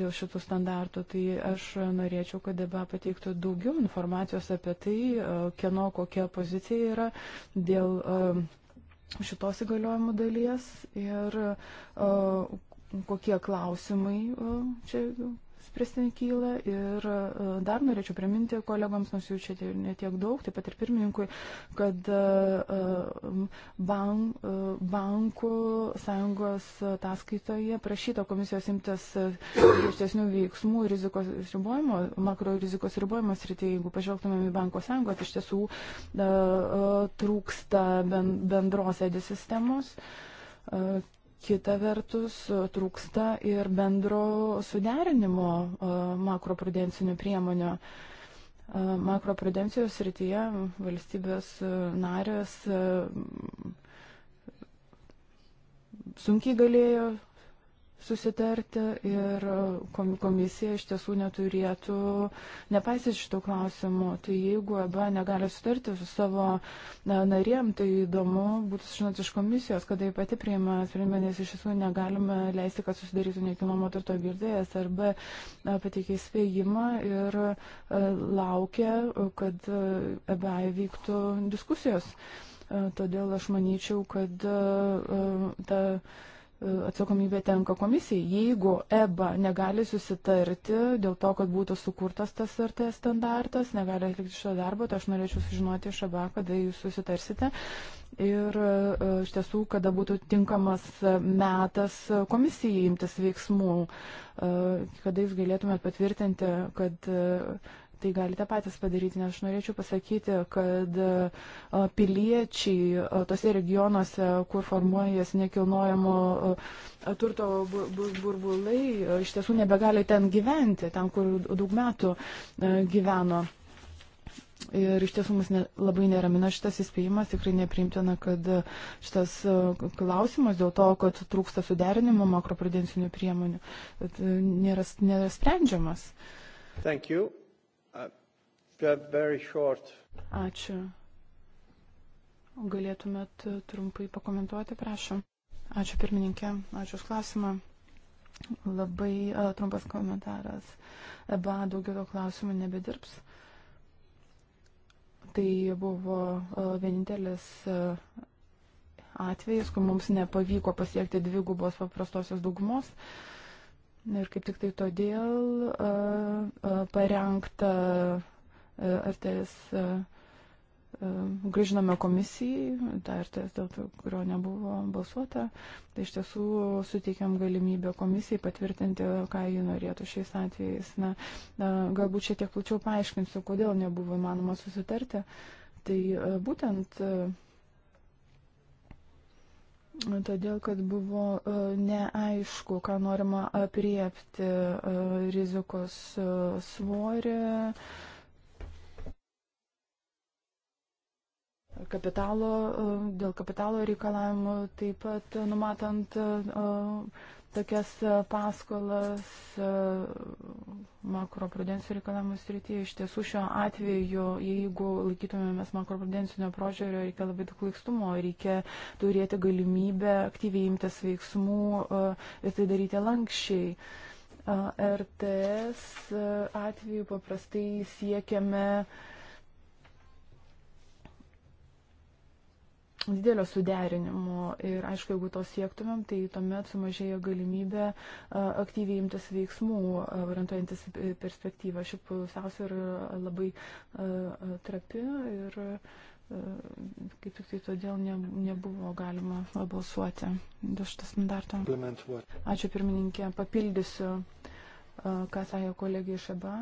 dėl šitų standartų. Tai aš norėčiau, kad EBA pateiktų daugiau informacijos apie tai, kieno kokia pozicija yra dėl šitos įgaliojimų dalies ir kokie klausimai čia spręstinį kyla. Ir e, dar norėčiau priminti kolegoms, nors jų čia netiek daug, taip pat ir pirmininkui, kad e, e, bank, bankų sąjungos ataskaitoje prašyta komisijos imtis griežtesnių veiksmų rizikos ribojimo, makro rizikos ribojimo srityje. Jeigu pažvelgtumėm į banko sąjungą, tai iš tiesų trūksta bendros edis sistemos Kita vertus, trūksta ir bendro suderinimo e, makroprudencinių priemonių. E, makroprudencijos rytyje valstybės e, narės sunkiai galėjo susitarti ir e, komisija iš tiesų neturėtų nepaisyti šitų klausimų. Tai jeigu EBA negali sutarti su savo narėm, tai įdomu būtų žinoti iš komisijos, kada tai jį pati priima sprendimą, nes iš tiesų negalime leisti, kad susidarytų nekilnojamo turto girdėjas arba pateikė įspėjimą ir e, laukia, kad e, EBA vyktų diskusijos. Todėl aš manyčiau, kad ta. Uh, atsakomybė tenka komisijai. Jeigu EBA negali susitarti dėl to, kad būtų sukurtas tas ar tas standartas, negali atlikti šio darbo, tai aš norėčiau sužinoti iš EBA, kada jūs susitarsite. Ir e, iš tiesų, kada būtų tinkamas metas komisijai imtis veiksmų, e, kada jūs galėtumėt patvirtinti, kad e, tai galite patys padaryti, nes aš norėčiau pasakyti, kad piliečiai tose regionuose, kur formuojasi nekilnojamo turto burbulai, iš tiesų nebegali ten gyventi, ten, kur daug metų gyveno. Ir iš tiesų mus ne, labai neramina šitas įspėjimas, tikrai nepriimtina, kad šitas klausimas dėl to, kad trūksta suderinimo makroprudencinių priemonių, nėra, nėra sprendžiamas. Thank you. Ačiū. Galėtumėt e, trumpai pakomentuoti, prašom. Ačiū pirmininkė, ačiū už klausimą. Labai a, e, trumpas komentaras. EBA daugiau to klausimų nebedirbs. Tai buvo a, e, vienintelis a, atvejis, kur mums nepavyko pasiekti dvigubos paprastosios daugumos. Ir kaip tik tai todėl a, a, parengta. A, RTS e, e, grįžiname komisijai, tą RTS dėl kurio nebuvo balsuota, tai iš tiesų suteikiam galimybę komisijai patvirtinti, ką ji norėtų šiais atvejais. Na, galbūt šiek tiek plačiau paaiškinsiu, kodėl nebuvo manoma susitarti. Tai e, būtent Todėl, kad buvo neaišku, ką norima apriepti rizikos svorį kapitalo, e, dėl kapitalo reikalavimų, taip pat numatant e, e, tokias paskolas makroprudencijų reikalavimų srityje. Iš tiesų šiuo atveju, jeigu laikytumėmės makroprudencinio prožiūrio, reikia labai daug lankstumo, reikia turėti galimybę aktyviai imtis veiksmų ir tai daryti lankščiai. RTS atveju paprastai siekiame uh, didelio suderinimo ir aišku, jeigu to siektumėm, tai tuomet sumažėjo galimybė aktyviai imtis veiksmų, orientuojantis perspektyvą. Ši pusiausvyrą yra labai trapi ir kaip tik tai todėl ne, nebuvo galima balsuoti dėl šitą standartą. Ačiū pirmininkė, papildysiu, ką sąjo kolegija iš EBA.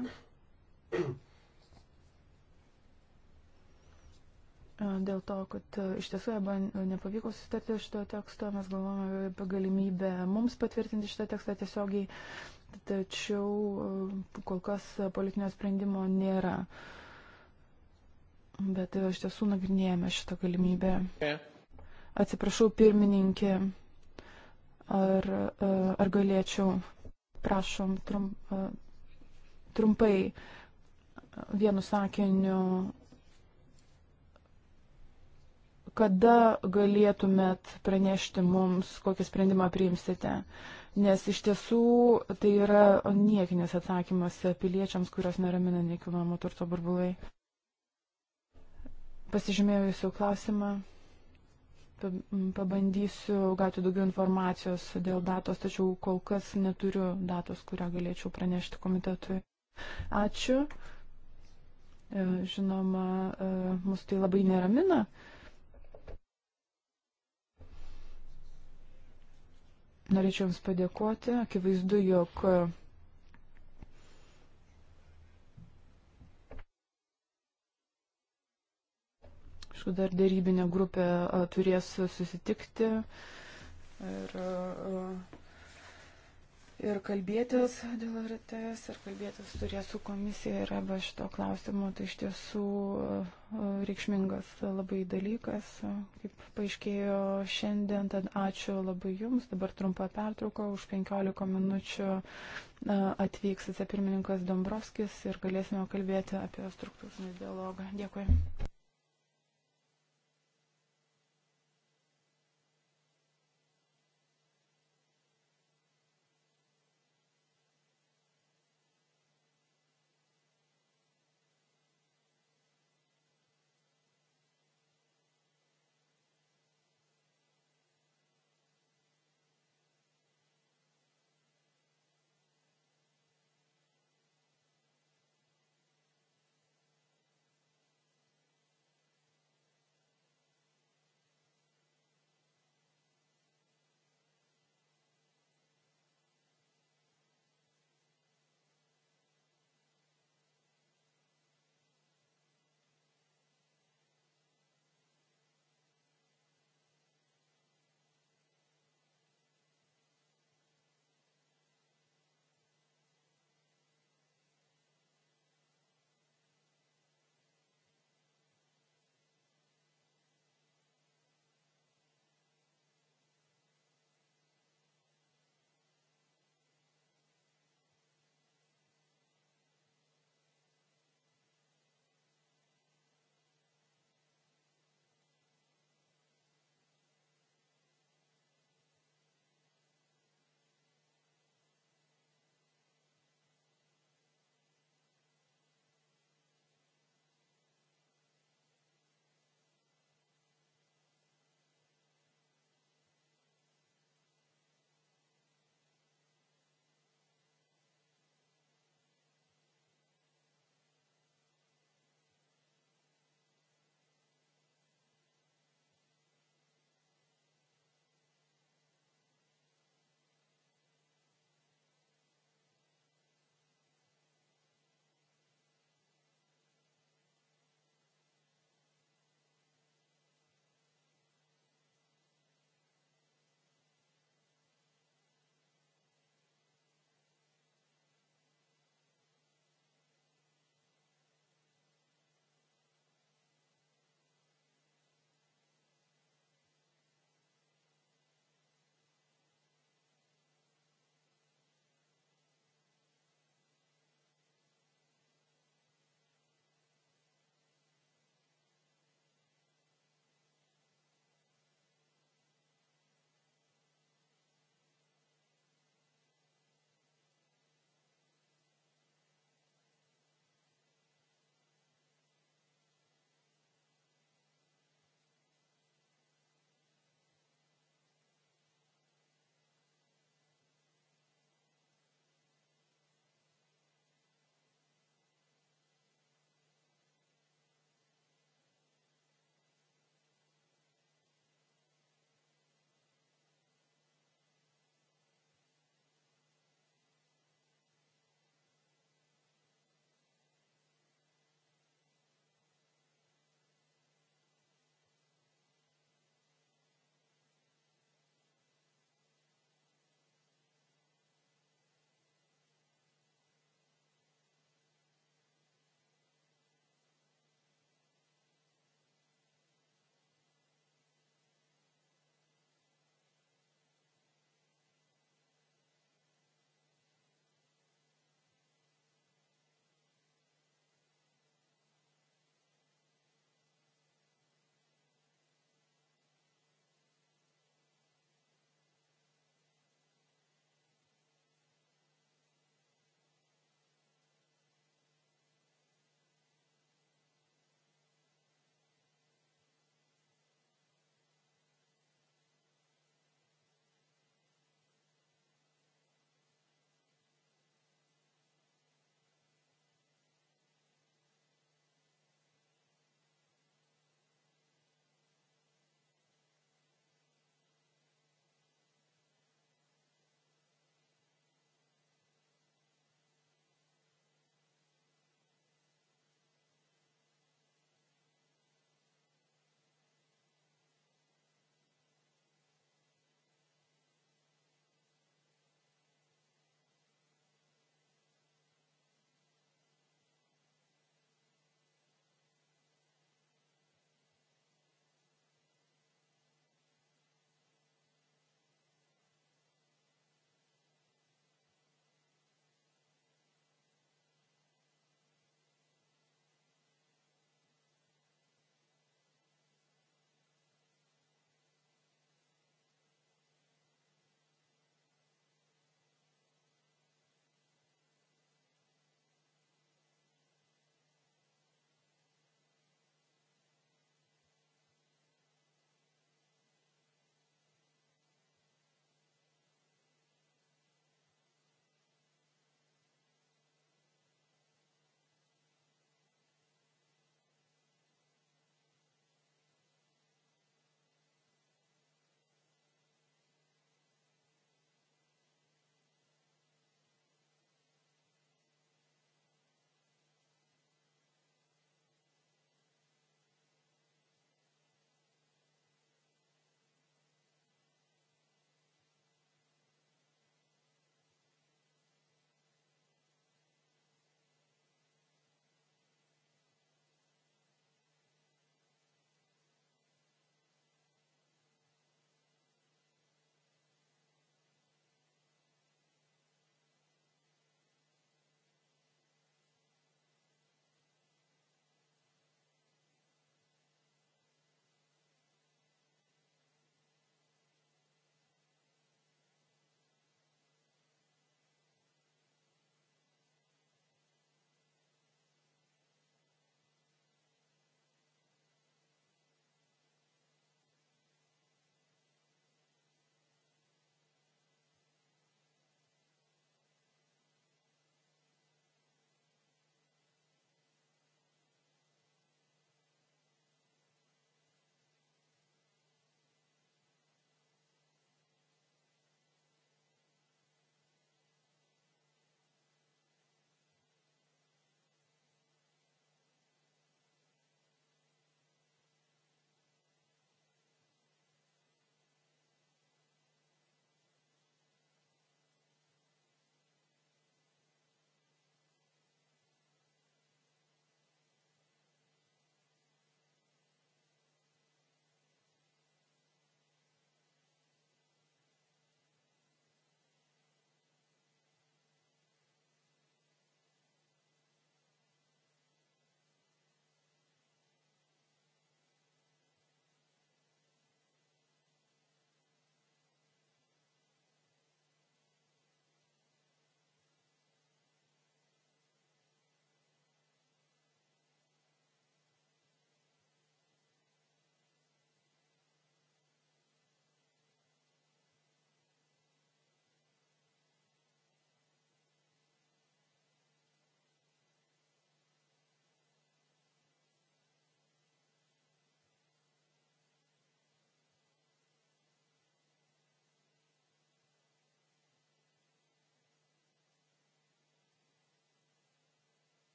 dėl to, kad e, iš tiesų arba nepavyko susitarti šito teksto, mes galvojame apie galimybę mums patvirtinti šitą tekstą tiesiogiai, tačiau e, kol kas politinio sprendimo nėra. Bet e, iš tiesų nagrinėjame šitą galimybę. Atsiprašau, pirmininkė, ar, ar galėčiau, prašom, trum, trumpai vienu sakiniu kada galėtumėt pranešti mums, kokį sprendimą priimsite? Nes iš tiesų tai yra niekinis atsakymas piliečiams, kurios neramina nekilnojamo turto burbulai. Pasižymėjau jūsų klausimą. Pabandysiu gauti daugiau informacijos dėl datos, tačiau kol kas neturiu datos, kurią galėčiau pranešti komitetui. Ačiū. E, žinoma, e, mus tai labai neramina. Norėčiau Jums padėkoti. Akivaizdu, jog aišku, dar darybinė grupė turės susitikti ir ir kalbėtis dėl RTS, ir kalbėtis turės su komisija ir arba šito klausimo, tai iš tiesų e, reikšmingas labai dalykas, kaip paaiškėjo šiandien, tad ačiū labai Jums, dabar trumpa pertrauka, už 15 minučių e, atvyks vicepirmininkas Dombrovskis ir galėsime kalbėti apie struktūrinį dialogą. Dėkui.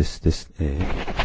this this uh,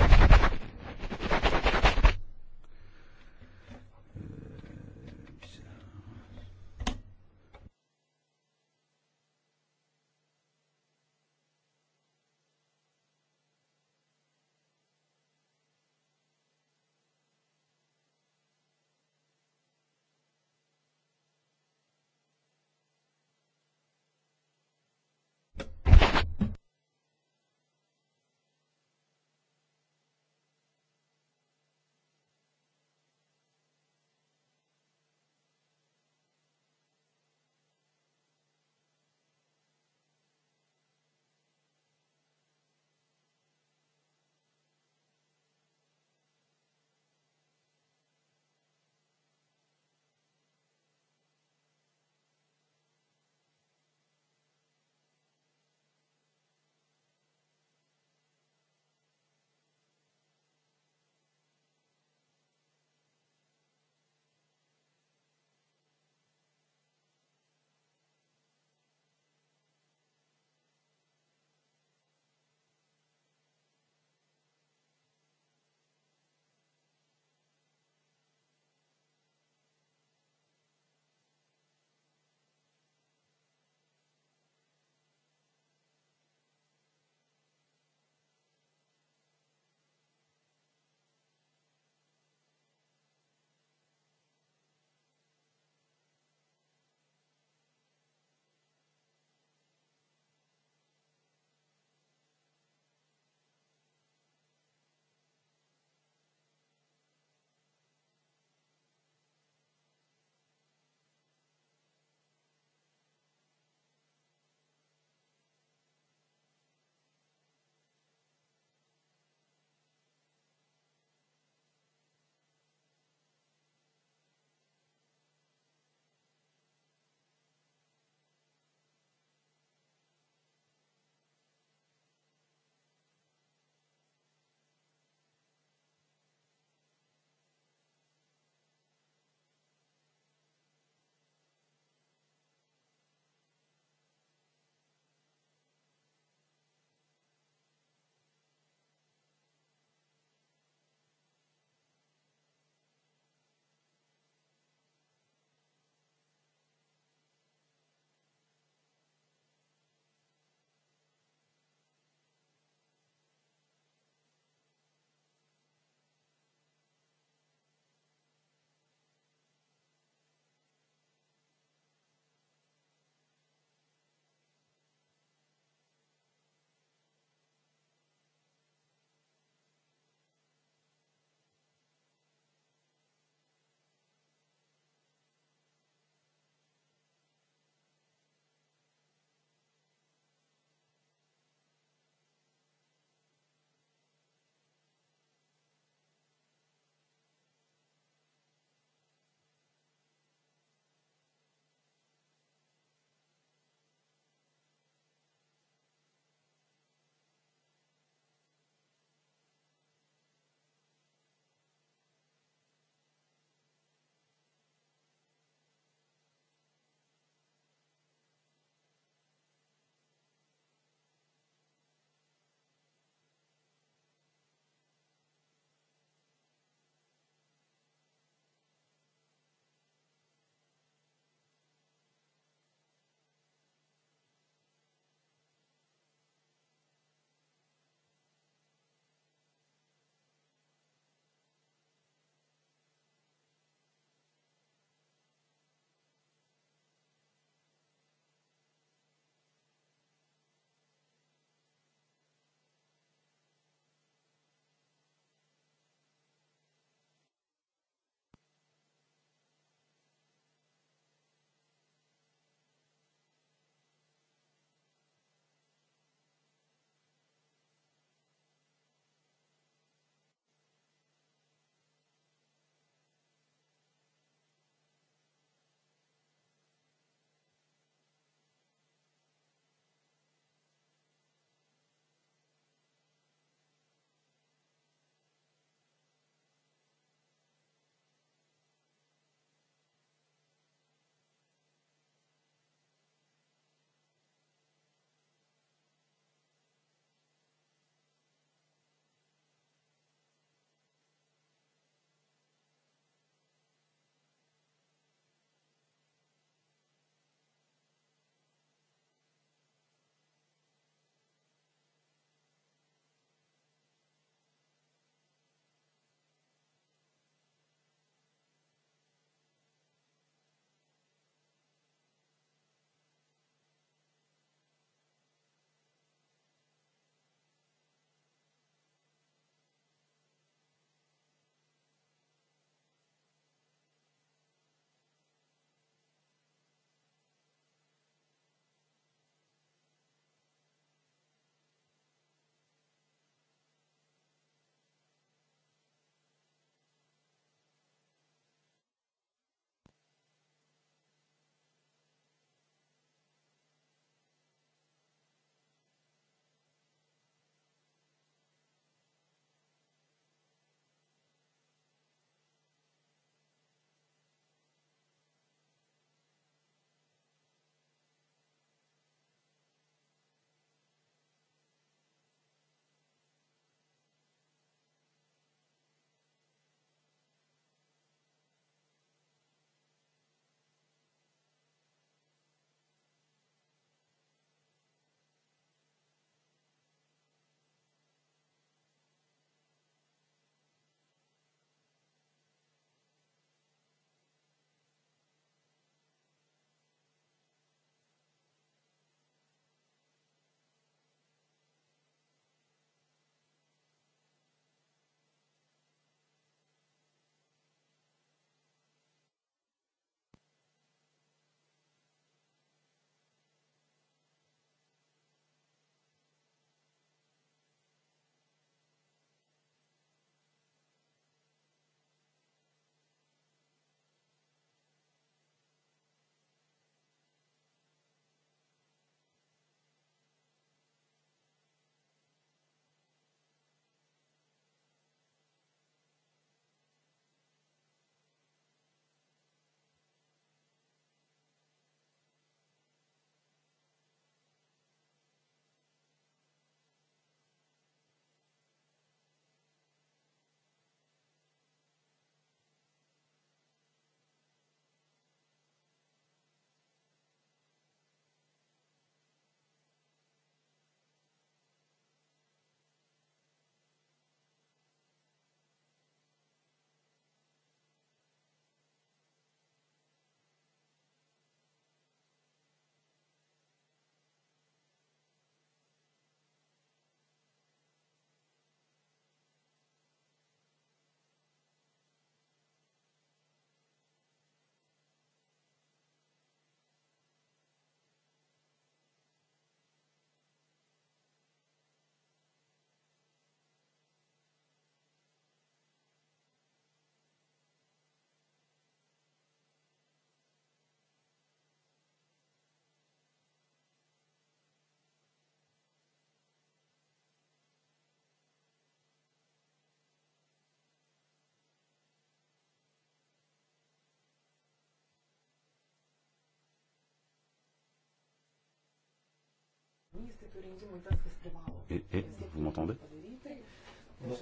Et, et vous m'entendez non.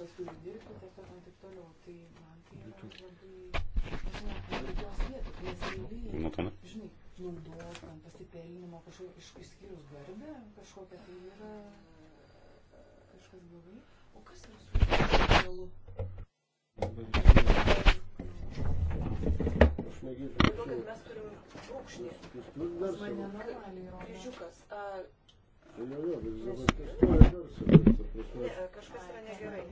Tai tai du tout. Vous m'entendez naudos, ten pasipelnimo, kažkokio iš, išskyrus garbę, kažkokia tai yra kažkas blogai. O kas yra su galu? Todėl, kad mes turim brūkšnį. Mane normaliai rodo. Kryžiukas. A, Tai nelogas, dabar testuoja dar su ne, Kažkas yra negerai.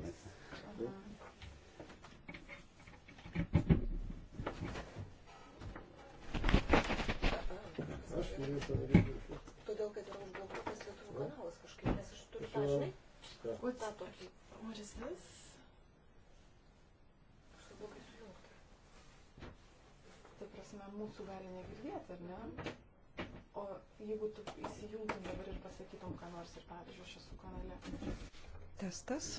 Aš norėjau padaryti. Todėl, kad yra užblokuotas lietuvių kanalas kažkaip, nes aš turiu tą, žinai, tą tokį. What is this? Aš blogai sujungta. Ta prasme, mūsų gali negirdėti, ar ne? O jeigu tu įsijungtum dabar ir pasakytum, ką nors ir pavyzdžiui, aš esu kanale. Testas.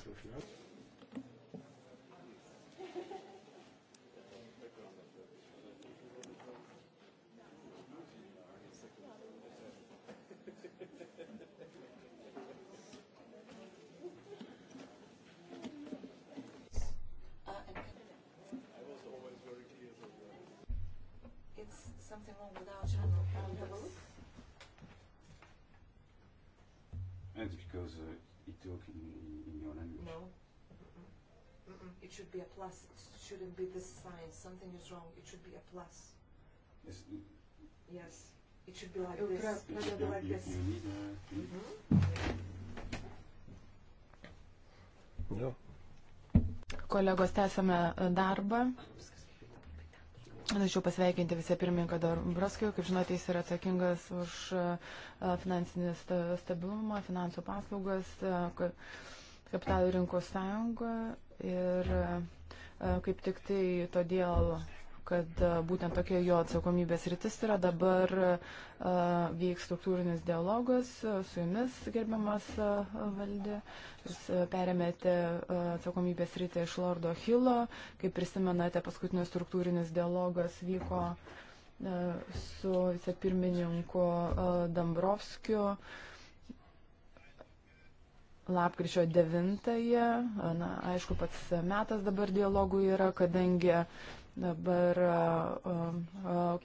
It's something wrong without channel. Have a look. It's because uh, it took in, in your language. No. Mm-mm. It should be a plus. It shouldn't be this sign. Something is wrong. It should be a plus. Yes. Yes. It should be like it this. It should be like this. You need a... mm-hmm. yeah. Kolegos, tęsame darbą. Norėčiau pasveikinti visą pirmininką Dombrovskį, kaip žinote, jis yra atsakingas už e, finansinį stabilumą, finansų paslaugas, e, kapitalų rinkos sąjungą ir e, kaip tik tai todėl kad e, būtent tokia jo atsakomybės rytis yra. Dabar e, vyks struktūrinis dialogas e, su jumis, gerbiamas valdė. Jūs perėmėte atsakomybės rytį iš Lordo Hilo. Kaip prisimenate, paskutinis struktūrinis dialogas vyko su vicepirmininku Dambrovskiu lapkričio 9-ąją. Na, aišku, pats metas dabar dialogų yra, kadangi Dabar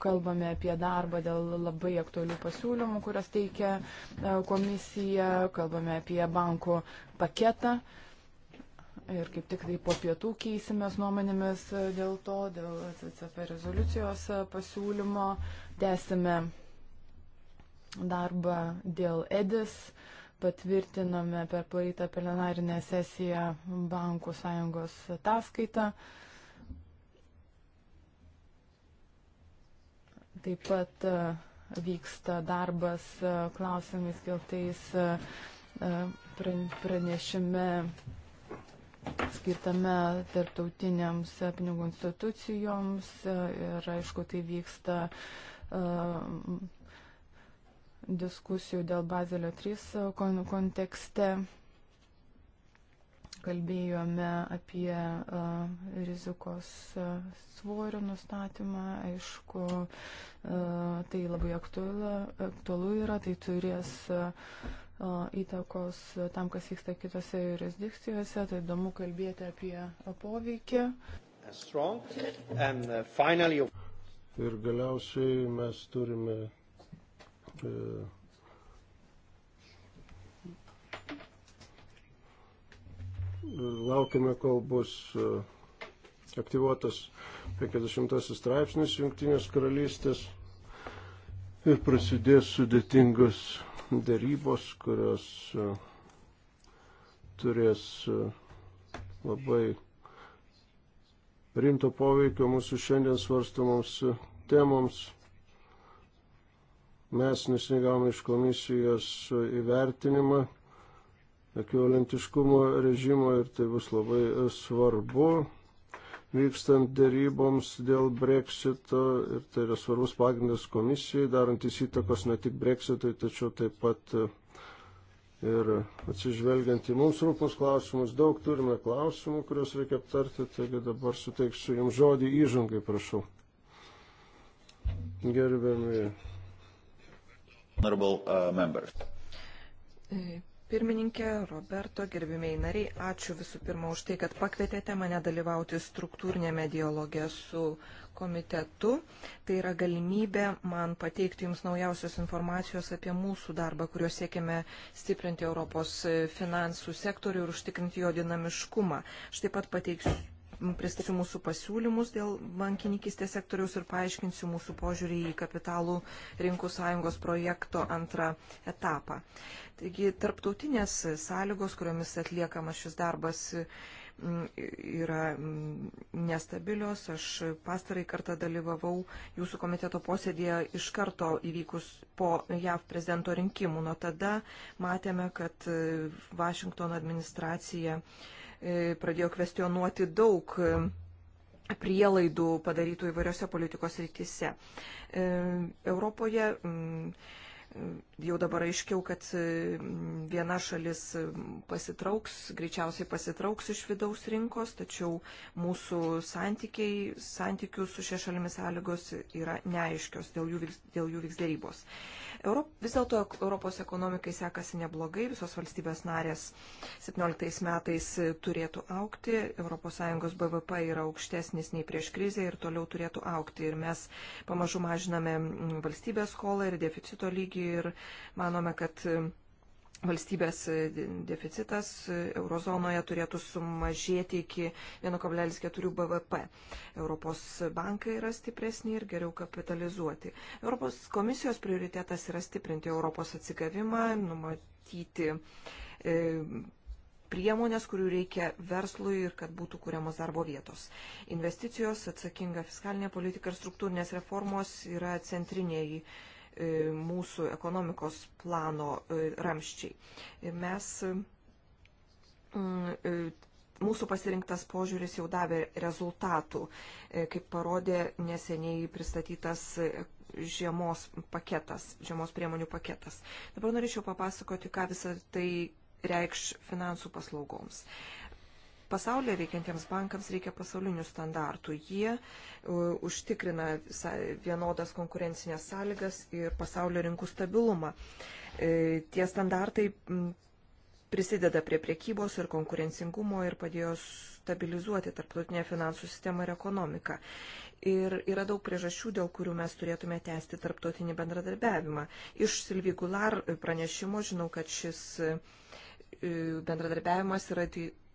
kalbame apie darbą dėl labai aktualių pasiūlymų, kurias teikia komisija, kalbame apie bankų paketą. Ir kaip tik tai po pietų keisimės nuomonėmis dėl to, dėl CCP rezoliucijos pasiūlymo. Tęsime darbą dėl EDIS patvirtinome per praeitą plenarinę sesiją Bankų sąjungos ataskaitą. Uh, Taip pat e, vyksta darbas e, klausimais keltais e, pranešime skirtame tarptautiniams pinigų institucijoms ir aišku tai vyksta diskusijų dėl Bazelio 3 kontekste kalbėjome apie rizikos svorio nustatymą, aišku, tai labai aktualu, aktualu yra, tai turės įtakos tam, kas vyksta kitose jurisdikcijose, tai įdomu kalbėti apie poveikį. Uh, Ir galiausiai mes turime e, laukime, kol bus e, aktyvuotas 50 straipsnis Junktinės karalystės ir prasidės sudėtingos darybos, kurios e, turės e, labai rimto poveikio mūsų šiandien svarstamoms temoms. Mes nesigavome iš komisijos įvertinimą ekvivalentiškumo režimo ir tai bus labai e, svarbu vykstant dėryboms dėl breksito ir tai yra svarbus pagrindas komisijai, darantis įtakos ne tik breksitui, tačiau taip pat e, ir atsižvelgiant į mums rūpus klausimus. Daug turime klausimų, kuriuos reikia aptarti, taigi dabar suteiksiu jums žodį įžangai, prašau. Gerbiami. Honorable uh, members. E, pirmininkė, Roberto, gerbimiai nariai, ačiū visų pirma už tai, kad pakvietėte mane dalyvauti struktūrinėme dialoge su komitetu. Tai yra galimybė man pateikti Jums naujausios informacijos apie mūsų darbą, kuriuo siekiame stiprinti Europos finansų sektorių ir užtikrinti jo dinamiškumą. Aš taip pat pateiksiu pristatysiu mūsų pasiūlymus dėl bankininkistės sektoriaus ir paaiškinsiu mūsų požiūrį į kapitalų rinkų sąjungos projekto antrą etapą. Taigi, tarptautinės sąlygos, kuriomis atliekamas šis darbas, yra nestabilios. Aš pastarai kartą dalyvavau jūsų komiteto posėdėje iš karto įvykus po JAV prezidento rinkimų. Nuo tada matėme, kad e, Vašingtono administracija uh, E, pradėjo kvestionuoti daug e, prielaidų padarytų įvairiose politikos rytise. E, Europoje mm, jau dabar aiškiau, kad viena šalis pasitrauks, greičiausiai pasitrauks iš vidaus rinkos, tačiau mūsų santykiai, santykių su šia šalimi sąlygos yra neaiškios, dėl jų, dėl jų vyks dėrybos. Europ, vis dėlto Europos ekonomikai sekasi neblogai, visos valstybės narės 17 metais turėtų aukti, ES BVP yra aukštesnis nei prieš krizę ir toliau turėtų aukti. Ir mes pamažu mažiname valstybės skolą ir deficito lygį ir manome, kad valstybės deficitas e, eurozonoje turėtų sumažėti iki 1,4 BVP. Europos bankai yra stipresni ir geriau kapitalizuoti. Europos komisijos prioritetas yra stiprinti Europos atsigavimą, numatyti e, priemonės, kurių reikia verslui ir kad būtų kuriamos darbo vietos. Investicijos, atsakinga fiskalinė politika ir struktūrinės reformos yra centriniai E, mūsų ekonomikos plano e, ramščiai. Mes, mm, e, mūsų pasirinktas požiūris jau davė rezultatų, kaip parodė neseniai pristatytas žiemos paketas, žiemos priemonių paketas. Dabar norėčiau papasakoti, ką visą tai reikš finansų paslaugoms. Pasaulyje veikiantiems bankams reikia pasaulinių standartų. Jie e, užtikrina vienodas konkurencinės sąlygas ir pasaulio rinkų stabilumą. E, tie standartai prisideda prie priekybos ir konkurencingumo ir padėjo stabilizuoti tarptautinę finansų sistemą ir ekonomiką. Ir yra daug priežasčių, dėl kurių mes turėtume tęsti tarptautinį bendradarbiavimą. Iš Silvi Gular pranešimo žinau, kad šis e, bendradarbiavimas yra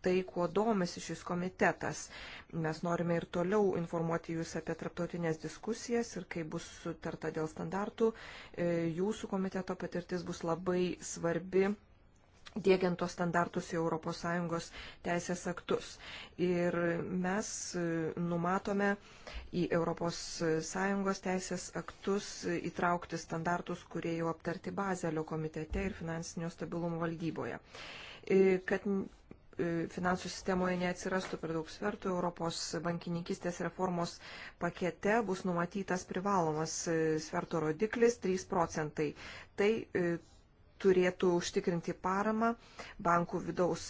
tai, kuo domisi šis komitetas. Mes norime ir toliau informuoti Jūs apie traptautinės diskusijas ir kai bus sutarta dėl standartų, e, Jūsų komiteto patirtis bus labai svarbi dėgiant tos standartus į ES teisės aktus. Ir mes e, numatome į ES teisės aktus įtraukti standartus, kurie jau aptarti Bazelio komitete ir finansinio stabilumo valdyboje. E, kad E, finansų sistemoje neatsirastų per daug svertų, Europos bankininkistės reformos pakete bus numatytas privalomas e, sverto rodiklis 3 procentai. Tai e, turėtų užtikrinti paramą bankų vidaus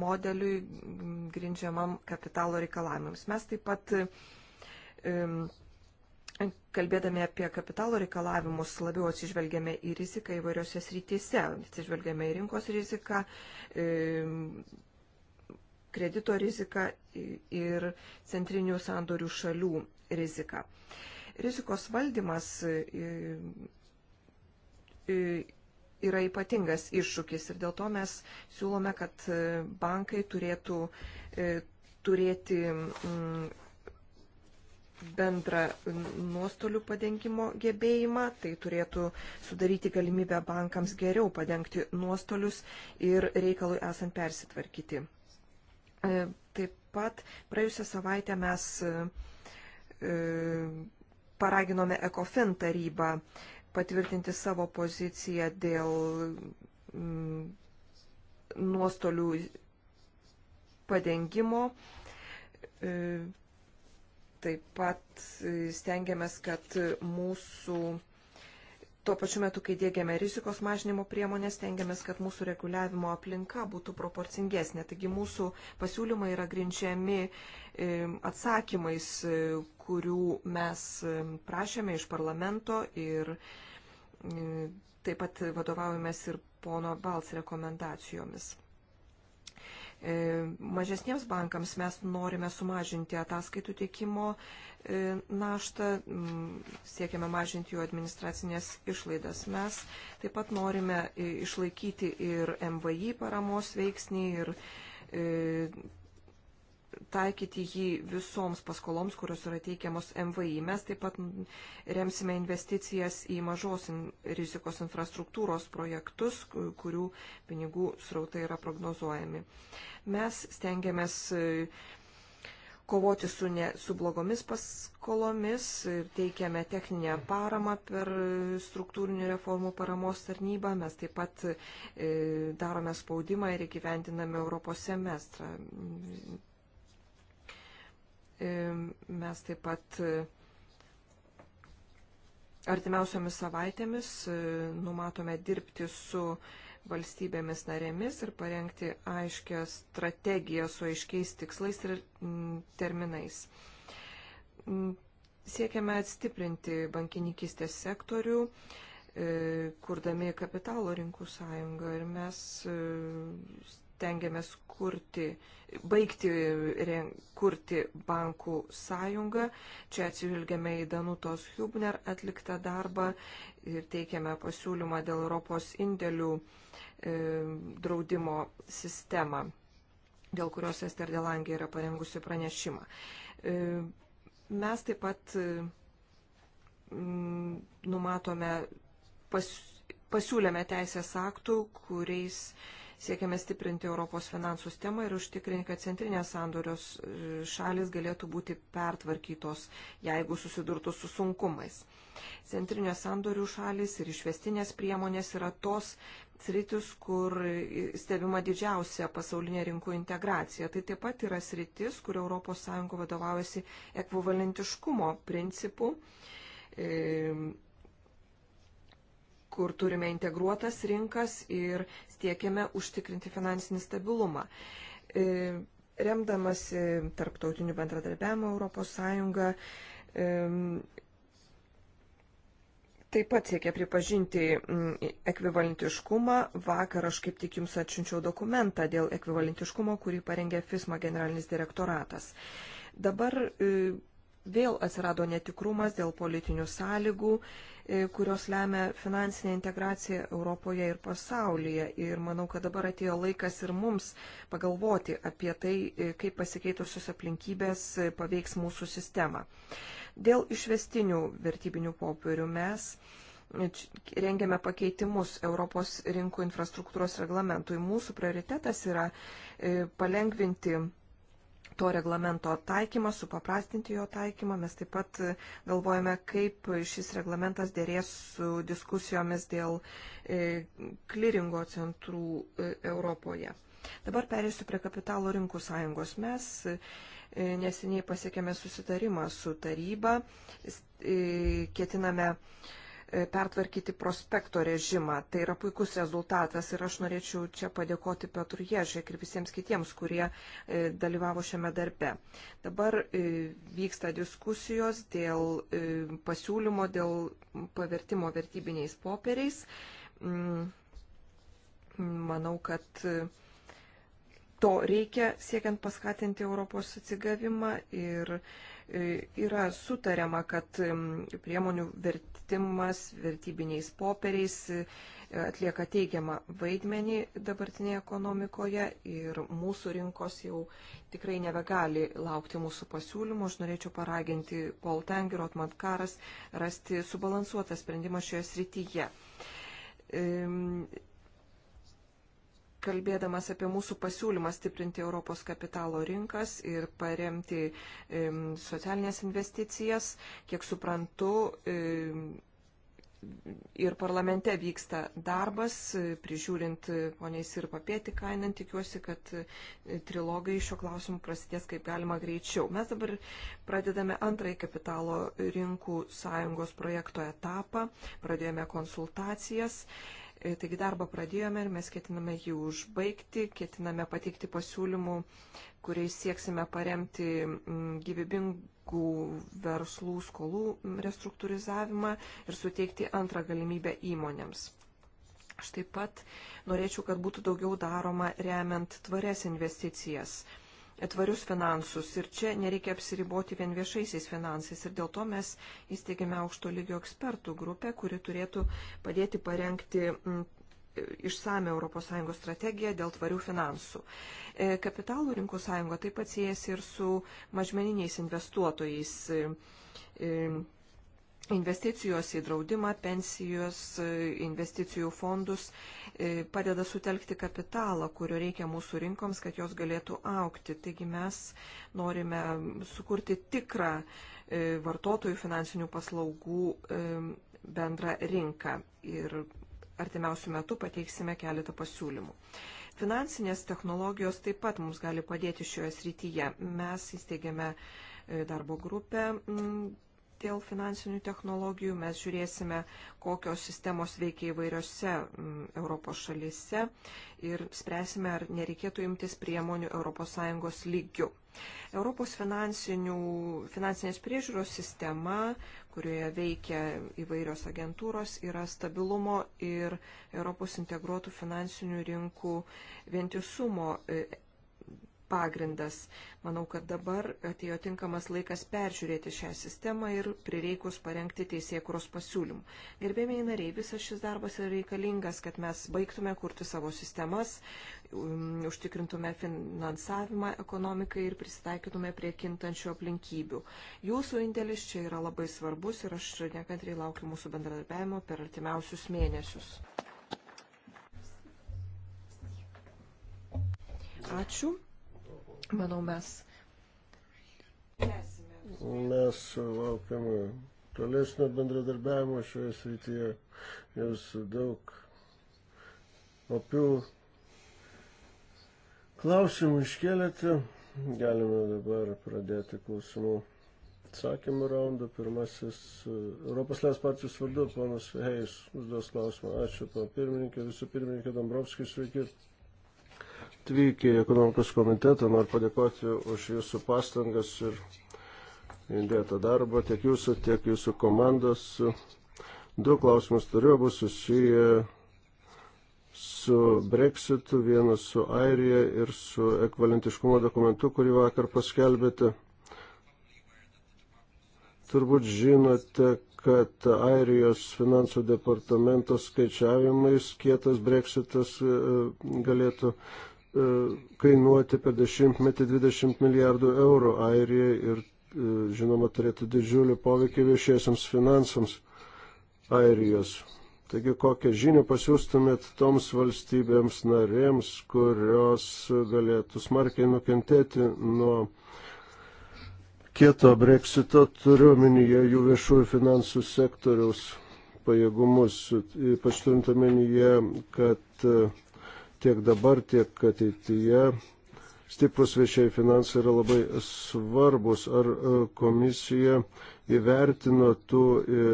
modeliui grindžiamam kapitalo reikalavimams. Mes taip pat Kalbėdami apie kapitalo reikalavimus, labiau atsižvelgiame į riziką įvairiose srityse. Atsižvelgiame į rinkos riziką, kredito riziką ir centrinių sandorių šalių riziką. Rizikos valdymas yra ypatingas iššūkis ir dėl to mes siūlome, kad e, bankai turėtų e, turėti mm, bendrą nuostolių padengimo gebėjimą, tai turėtų sudaryti galimybę bankams geriau padengti nuostolius ir reikalui esant persitvarkyti. E, taip pat praėjusią savaitę mes e, e, paraginome ECOFIN tarybą patvirtinti savo poziciją dėl mm, nuostolių padengimo. Taip pat stengiamės, kad mūsų Tuo pačiu metu, kai dėgiame rizikos mažinimo priemonės, tengiamės, kad mūsų reguliavimo aplinka būtų proporcingesnė. Taigi mūsų pasiūlymai yra grinčiami e, atsakymais, e, kurių mes e, prašėme iš parlamento ir taip pat vadovaujamės ir pono Bals rekomendacijomis. E, mažesniems bankams mes norime sumažinti ataskaitų teikimo e, naštą, siekiame mažinti jų administracinės išlaidas. Mes taip pat norime išlaikyti ir MVI paramos veiksnį ir e, taikyti jį visoms paskoloms, kurios yra teikiamos MVI. Mes taip pat remsime investicijas į mažos rizikos infrastruktūros projektus, kurių pinigų srautai yra prognozuojami. Mes stengiamės e, kovoti su, ne, su blogomis paskolomis ir e, teikiame techninę paramą per e, struktūrinių reformų paramos tarnybą. Mes taip pat e, darome spaudimą ir įgyvendiname Europos semestrą. E, mes taip pat e, artimiausiomis savaitėmis e, numatome dirbti su valstybėmis narėmis ir parengti aiškę strategiją su aiškiais tikslais ir terminais. Siekiame atstiprinti bankininkistės sektorių, kurdami kapitalo rinkų sąjungą ir mes tengiamės kurti, baigti kurti bankų sąjungą. Čia atsivilgiame į Danutos Hubner atliktą darbą ir teikiame pasiūlymą dėl Europos indėlių e, draudimo sistemą, dėl kurios Ester Delangė yra parengusi pranešimą. E, mes taip pat e, numatome pas, pasiūlėme teisės aktų, kuriais e, Siekiame stiprinti Europos finansų sistemą ir užtikrinti, kad centrinės sandorios e, šalis galėtų būti pertvarkytos, jeigu susidurtų su sunkumais. Centrinės sandorių šalis ir išvestinės priemonės yra tos sritis, kur stebima didžiausia pasaulinė rinkų integracija. Tai taip pat yra sritis, kur ES vadovaujasi ekvivalentiškumo principu. E, kur turime integruotas rinkas ir siekiame užtikrinti finansinį stabilumą. E, remdamasi tarptautiniu bendradarbiavimu ES e, taip pat siekia pripažinti ekvivalentiškumą. Vakar aš kaip tik jums atsiunčiau dokumentą dėl ekvivalentiškumo, kurį parengė FISMA generalinis direktoratas. Dabar e, vėl atsirado netikrumas dėl politinių sąlygų E, kurios lemia finansinę integraciją Europoje ir pasaulyje. Ir manau, kad dabar atėjo laikas ir mums pagalvoti apie tai, e, kaip pasikeitusios aplinkybės e, paveiks mūsų sistemą. Dėl išvestinių vertybinių popierių mes rengiame pakeitimus Europos rinkų infrastruktūros reglamentui. Mūsų prioritetas yra palengvinti to reglamento taikymą, supaprastinti jo taikymą. Mes taip pat galvojame, kaip šis reglamentas dėrės su diskusijomis dėl e, kliringo centrų e, Europoje. Dabar perėsiu prie kapitalo rinkų sąjungos. Mes e, neseniai pasiekėme susitarimą su taryba, ketiname E, pertvarkyti prospekto režimą. Tai yra puikus rezultatas ir aš norėčiau čia padėkoti Petru Ježek ir visiems kitiems, kurie e, dalyvavo šiame darbe. Dabar e, vyksta diskusijos dėl pasiūlymo, dėl pavertimo vertybiniais popieriais. Mm, manau, kad to reikia siekiant paskatinti Europos atsigavimą ir e, E, yra sutariama, kad priemonių vertimas vertybiniais popieriais e, atlieka teigiamą vaidmenį dabartinėje ekonomikoje ir mūsų rinkos jau tikrai nebegali laukti mūsų pasiūlymų. Aš norėčiau paraginti Paul Tang ir Otman Karas rasti subalansuotą sprendimą šioje srityje kalbėdamas apie mūsų pasiūlymą stiprinti Europos kapitalo rinkas ir paremti socialinės investicijas, kiek suprantu, ir parlamente vyksta darbas, prižiūrint poniais ir papėti kainą, tikiuosi, kad e, trilogai šio klausimu prasidės kaip galima greičiau. Mes dabar pradedame antrąjį kapitalo rinkų sąjungos projekto etapą, pradėjome konsultacijas E, taigi darbą pradėjome ir mes ketiname jį užbaigti, ketiname pateikti pasiūlymų, kuriais sieksime paremti mm, gyvybingų verslų skolų restruktūrizavimą ir suteikti antrą galimybę įmonėms. Aš taip pat norėčiau, kad būtų daugiau daroma remiant tvarias investicijas. Uh, tvarius finansus. Ir čia nereikia apsiriboti vien viešaisiais finansais. Ir dėl to mes įsteigėme aukšto lygio ekspertų grupę, kuri turėtų padėti parengti išsame ES strategiją dėl tvarių finansų. E, kapitalų rinkų sąjunga taip pat siejasi ir su mažmeniniais investuotojais. E, e, investicijos į draudimą, pensijos, investicijų fondus E, padeda sutelkti kapitalą, kurio reikia mūsų rinkoms, kad jos galėtų aukti. Taigi mes norime sukurti tikrą e, vartotojų finansinių paslaugų e, bendrą rinką ir artimiausių metų pateiksime keletą pasiūlymų. Finansinės technologijos taip pat mums gali padėti šioje srityje. Mes įsteigėme darbo grupę dėl finansinių technologijų mes žiūrėsime, kokios sistemos veikia įvairiose Europos šalise ir spręsime, ar nereikėtų imtis priemonių ES lygių. Europos finansinės priežiūros sistema, kurioje veikia įvairios agentūros, yra stabilumo ir Europos integruotų finansinių rinkų vientisumo e, pagrindas. Manau, kad dabar atėjo tinkamas laikas peržiūrėti šią sistemą ir prireikus parengti teisėkuros pasiūlymų. Gerbėmiai nariai, visas šis darbas yra reikalingas, kad mes baigtume kurti savo sistemas, um, užtikrintume finansavimą ekonomikai ir pristaikytume prie kintančių aplinkybių. Jūsų indėlis čia yra labai svarbus ir aš nekantriai laukiu mūsų bendradarbiavimo per artimiausius mėnesius. Ačiū. Manau, mes. Mes laukiame tolesnio bendradarbiavimo šioje srityje. Jūs daug opių klausimų iškėlėte. Galime dabar pradėti klausimų atsakymų raundą. Pirmasis e, Europos Liaus partijos vardu, ponas Heis, užduos klausimą. Ačiū, pana pirmininkė, visų pirmininkė Dombrovskis, sveiki atvykę į ekonomikos komitetą. Noriu padėkoti už jūsų pastangas ir įdėtą darbą, tiek jūsų, tiek jūsų komandos. Du klausimus turiu, bus susiję su Brexitu, vienas su Airija ir su ekvalentiškumo dokumentu, kurį vakar paskelbėte. Turbūt žinote, kad Airijos finansų departamento skaičiavimais kietas breksitas e, galėtų E, kainuoti per dešimtmetį 20 milijardų eurų Airijai ir e, žinoma turėtų didžiulį poveikį viešiesiams finansams Airijos. Taigi kokią žinią pasiūstumėt toms valstybėms narėms, kurios galėtų smarkiai nukentėti nuo kieto breksito, turiu minyje jų viešųjų finansų sektoriaus pajėgumus, ypač turint omenyje, kad e, tiek dabar, tiek ateityje stiprus viešiai finansai yra labai svarbus. Ar e, komisija įvertino tų e,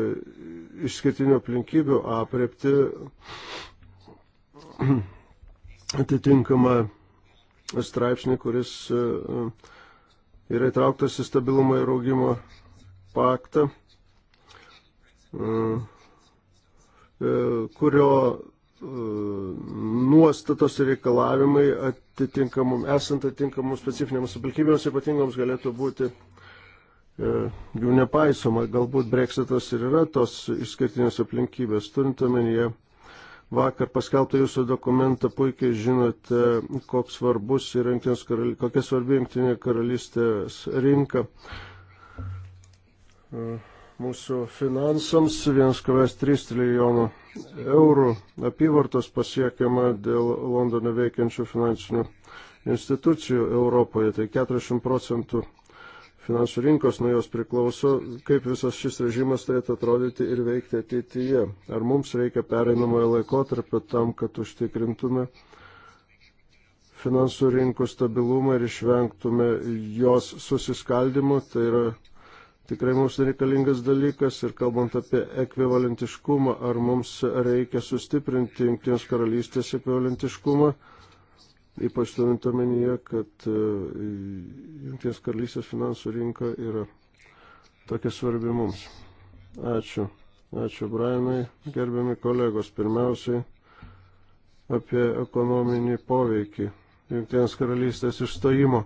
išskirtinių aplinkybių apriepti <clears throat> atitinkamą straipsnį, kuris e, yra įtrauktas į stabilumą ir augimo paktą, kurio nuostatos ir reikalavimai atitinkamum, esant atitinkamum specifinėms aplinkybėms ypatingoms galėtų būti e, jų nepaisoma. Galbūt breksitas ir yra tos išskirtinės aplinkybės. Turint omenyje vakar paskelbtą jūsų dokumentą, puikiai žinote, koks svarbus yra karal... kokia svarbi jungtinė karalystės rinka. Uh mūsų finansams 1,3 trilijonų eurų apyvartos pasiekiama dėl Londone veikiančių finansinių institucijų Europoje. Tai 40 procentų finansų rinkos nuo jos priklauso, kaip visas šis režimas turėtų atrodyti ir veikti ateityje. Ar mums reikia pereinamojo laikotarpio tam, kad užtikrintume finansų rinkų stabilumą ir išvengtume jos susiskaldimo, tai yra tikrai mums reikalingas dalykas ir kalbant apie ekvivalentiškumą, ar mums reikia sustiprinti Junktinės karalystės ekvivalentiškumą, ypač turint omenyje, kad e, Junktinės karalystės finansų rinka yra tokia svarbi mums. Ačiū. Ačiū, Brianai. Gerbiami kolegos, pirmiausiai apie ekonominį poveikį Junktinės karalystės išstojimo.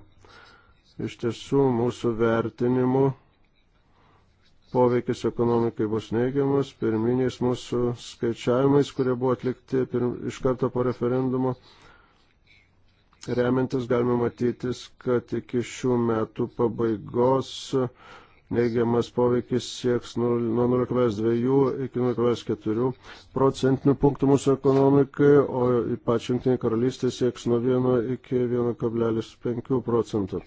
Iš tiesų, mūsų vertinimu poveikis ekonomikai bus neigiamas. Pirminiais mūsų skaičiavimais, kurie buvo atlikti pirm, iš karto po referendumo, remiantis galime matytis, kad iki šių metų pabaigos neigiamas poveikis sieks nuo 0,2 iki 0,4 procentinių punktų mūsų ekonomikai, o ypač jungtinė karalystė sieks nuo 1 iki 1,5 procentų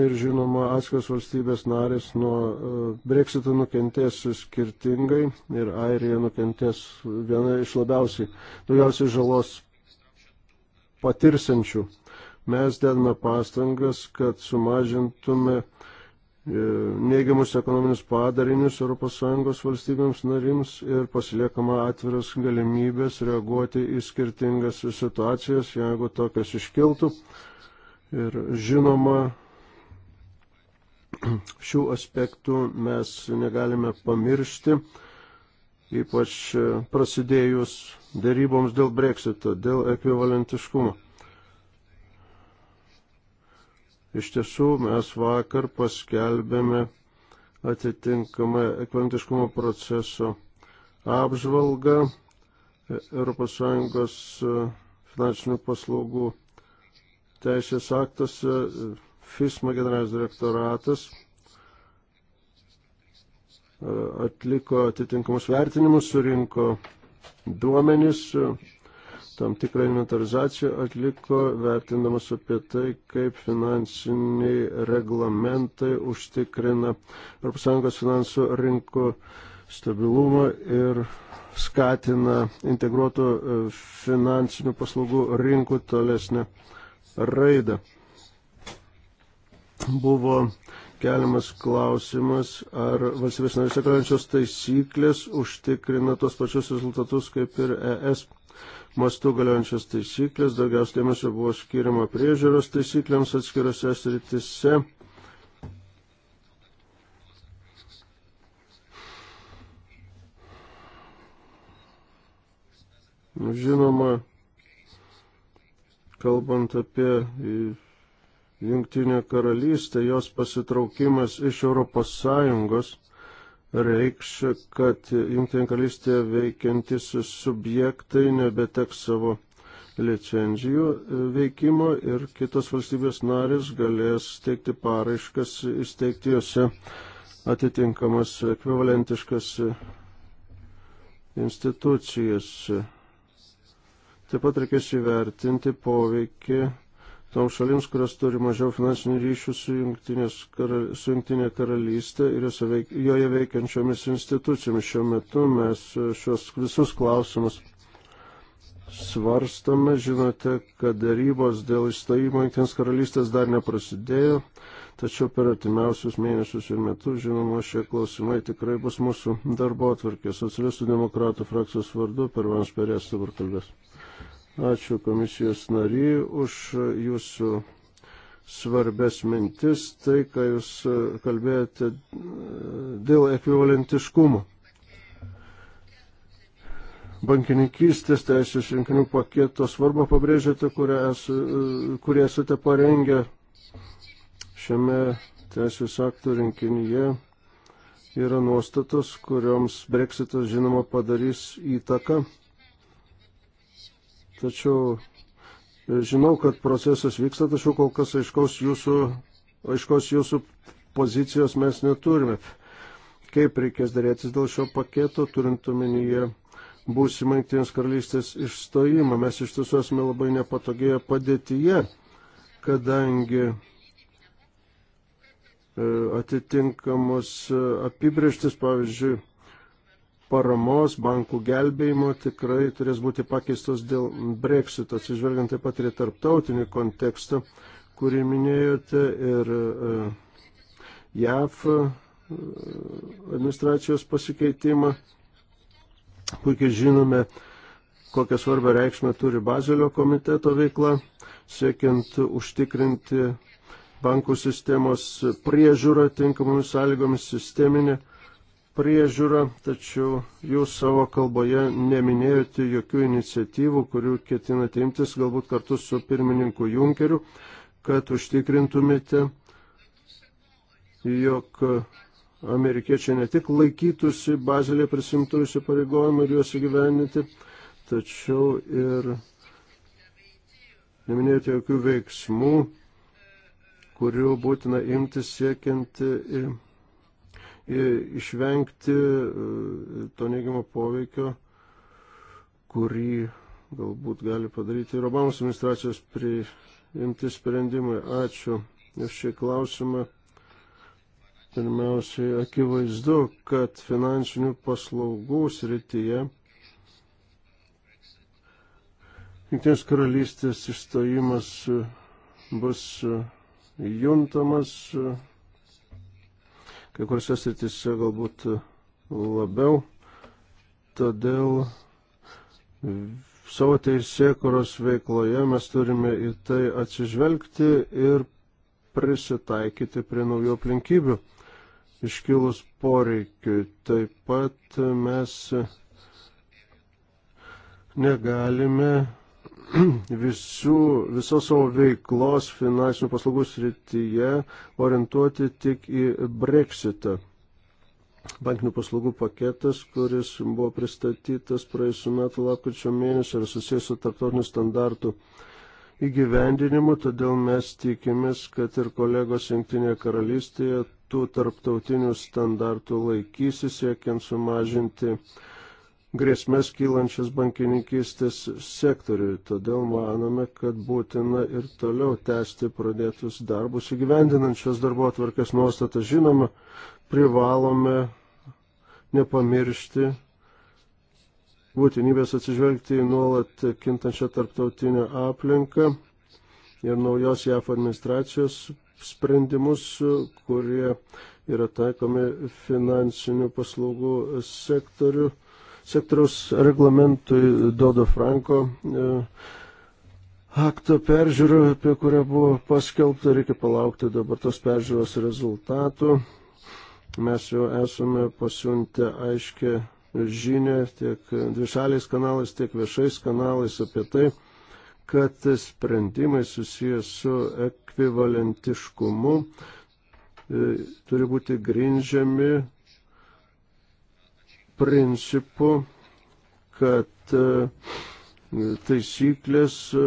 ir žinoma atskiros valstybės narės nuo e, breksito nukentės skirtingai ir Airija nukentės viena iš labiausiai, daugiausiai žalos patirsiančių. Mes dedame pastangas, kad sumažintume e, neigiamus ekonominius padarinius ES valstybėms narims ir pasiliekama atviras galimybės reaguoti į skirtingas situacijas, jeigu tokias iškiltų. Ir žinoma, šių aspektų mes negalime pamiršti, ypač prasidėjus dėryboms dėl breksito, dėl ekvivalentiškumo. Iš tiesų mes vakar paskelbėme atitinkamą ekvivalentiškumo proceso apžvalgą ES e, finansinių paslaugų teisės aktuose FISMA generalinis direktoratas e, atliko atitinkamus vertinimus, surinko duomenis, e, tam tikrą inventarizaciją atliko, vertindamas apie tai, kaip finansiniai reglamentai užtikrina ES finansų rinkų stabilumą ir skatina integruotų e, finansinių paslaugų rinkų tolesnę raidą buvo keliamas klausimas, ar valstybės narės galiojančios taisyklės užtikrina tos pačius rezultatus kaip ir ES mastu galiojančios taisyklės. Daugiausiai dėmesio buvo skiriama priežiūros taisyklėms atskirose sritise. Žinoma, kalbant apie Junktinė karalystė, jos pasitraukimas iš ES reikš, kad Junktinė karalystė veikiantis subjektai nebeteks savo licenzijų e, veikimo ir kitos valstybės narės galės teikti paraiškas, įsteigti juose atitinkamas ekvivalentiškas institucijas. Taip pat reikės įvertinti poveikį tom šalims, kurios turi mažiau finansinių ryšių su, karal, su jungtinė karalystė ir veik, joje veikiančiomis institucijomis. Šiuo metu mes šios visus klausimus svarstame. Žinote, kad darybos dėl įstojimo jungtinės karalystės dar neprasidėjo, tačiau per atimiausius mėnesius ir metus, žinoma, šie klausimai tikrai bus mūsų darbo atvarkė. Socialistų demokratų frakcijos vardu per Vans Perės dabar kalbės. Ačiū komisijos nary už jūsų svarbės mintis, tai, ką jūs kalbėjote dėl ekvivalentiškumo. Bankininkystės teisės rinkinių paketo svarbą pabrėžėte, kurie esate parengę šiame teisės aktų rinkinyje. Yra nuostatos, kurioms breksitas žinoma padarys įtaką. Tačiau e, žinau, kad procesas vyksta, tačiau kol kas aiškos jūsų, aiškos jūsų pozicijos mes neturime. Kaip reikės dėrėtis dėl šio paketo, turint omenyje būsimą Junktinės karalystės išstojimą. Mes iš tiesų esame labai nepatogėje padėtyje, kadangi e, atitinkamos e, apibrieštis, pavyzdžiui, paramos, bankų gelbėjimo tikrai turės būti pakeistos dėl breksito, atsižvelgiant taip pat ir tarptautinį kontekstą, kurį minėjote, ir e, JAF e, administracijos pasikeitimą. Puikiai žinome, kokią svarbę reikšmę turi Bazelio komiteto veikla, siekiant užtikrinti bankų sistemos priežiūrą tinkamomis sąlygomis sisteminę priežiūrą, tačiau jūs savo kalboje neminėjote jokių iniciatyvų, kurių ketinate imtis galbūt kartu su pirmininku Junkeriu, kad užtikrintumėte, jog amerikiečiai ne tik laikytųsi bazėlė prisimtų įsipareigojimų ir juos įgyveninti, tačiau ir neminėjote jokių veiksmų, kurių būtina imtis siekiant išvengti e, to neigiamo poveikio, kurį galbūt gali padaryti ir Obamos administracijos priimti sprendimai. Ačiū už šį klausimą. Pirmiausiai akivaizdu, kad finansinių paslaugų srityje Junktinės karalystės išstojimas bus e, juntamas e, kai kuriuose sritise galbūt labiau. Todėl savo teisėkuros veikloje mes turime į tai atsižvelgti ir prisitaikyti prie naujų aplinkybių iškilus poreikiui. Taip pat mes negalime visų, visos savo veiklos finansinių paslaugų srityje orientuoti tik į Brexitą. Bankinių paslaugų paketas, kuris buvo pristatytas praėjusiu metu lapkričio mėnesį ir susijęs su tarptautiniu standartu įgyvendinimu, todėl mes tikimės, kad ir kolegos Junktinėje karalystėje tų tarptautinių standartų laikysis, siekiant sumažinti uh, grėsmės kylančias bankininkystės sektoriui. Todėl manome, kad būtina ir toliau tęsti pradėtus darbus įgyvendinančias darbo atvarkės nuostatas. Žinoma, privalome nepamiršti būtinybės atsižvelgti į nuolat kintančią tarptautinę aplinką ir naujos JAF administracijos sprendimus, kurie yra taikomi finansinių paslaugų sektoriu sektoriaus reglamentui Dodo Franko e, akto peržiūrą, apie kurią buvo paskelbta, reikia palaukti dabar tos peržiūros rezultatų. Mes jau esame pasiuntę aiškę žinę tiek dvišaliais kanalais, tiek viešais kanalais apie tai, kad sprendimai susijęs su ekvivalentiškumu e, turi būti grindžiami principu, kad e, taisyklės e,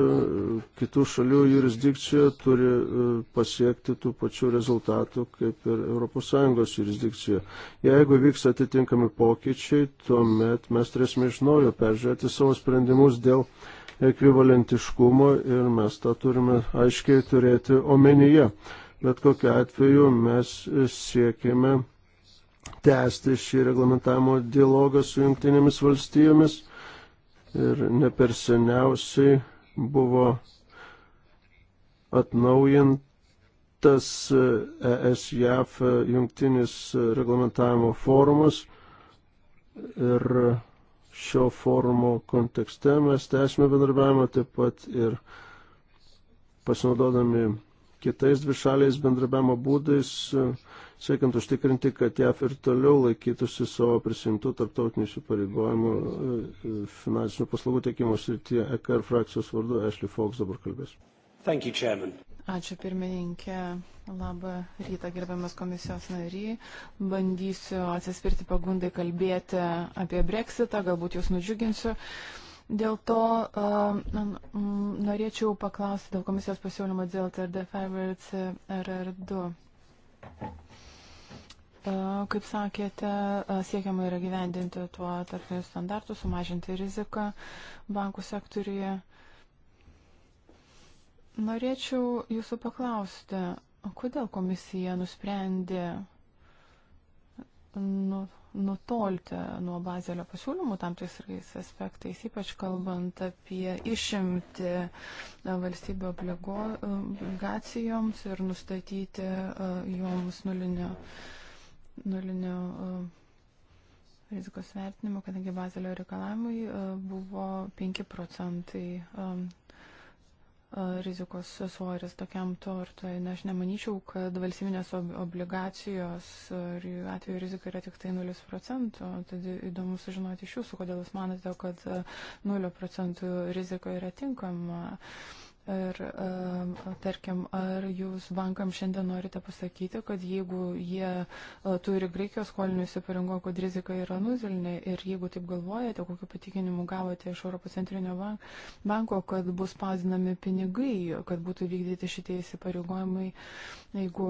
kitų šalių jurisdikcijoje turi e, pasiekti tų pačių rezultatų kaip ir ES jurisdikcijoje. Jeigu vyks atitinkami pokyčiai, tuomet mes turėsime iš naujo peržiūrėti savo sprendimus dėl ekvivalentiškumo ir mes tą turime aiškiai turėti omenyje. Bet kokiu atveju mes siekime tęsti šį reglamentavimo dialogą su jungtinėmis valstijomis. Ir ne per seniausiai buvo atnaujintas ESJF jungtinis reglamentavimo forumas. Ir šio forumo kontekste mes tęsime bendarbiavimą taip pat ir pasinaudodami kitais dvišaliais bendrabiamo būdais, e, siekiant užtikrinti, kad JAF ir toliau laikytųsi savo prisimtų tarptautinių įsipareigojimų e, e, finansinių paslaugų teikimo srityje. EKR frakcijos vardu Ashley Fox dabar kalbės. Thank you, chairman. Ačiū pirmininkė. Labą rytą, gerbiamas komisijos nary. Bandysiu atsispirti pagundai kalbėti apie breksitą, galbūt jūs nudžiuginsiu. Uh, Dėl to um, norėčiau paklausti dėl komisijos pasiūlymo dėl TRD Favorites e, RR2. Kaip sakėte, siekiama yra gyvendinti tuo tarptautiniu standartu, sumažinti riziką bankų sektoriuje. Norėčiau jūsų paklausti, kodėl komisija nusprendė nu, nutolti nuo bazelio pasiūlymų tam tikrais aspektais, ypač kalbant apie išimti e, valstybių e, obligacijoms ir nustatyti e, joms nulinio, nulinio rizikos vertinimo, kadangi bazelio reikalavimai buvo 5 procentai rizikos svoris tokiam turtui. Na, aš nemanyčiau, kad valstybinės obligacijos ir jų atveju rizika yra tik tai 0 procentų. Tad įdomu sužinoti iš jūsų, kodėl jūs manote, kad 0 procentų rizika yra tinkama. Uh, Ir tarkim, ar jūs bankam šiandien norite pasakyti, kad jeigu jie e, turi Graikijos skolinių įsipareigojimų, kad rizika yra nuzilinė ir jeigu taip galvojate, kokiu patikinimu gavote iš Europos centrinio banko, kad bus spausdinami pinigai, kad būtų vykdyti šitie įsipareigojimai, jeigu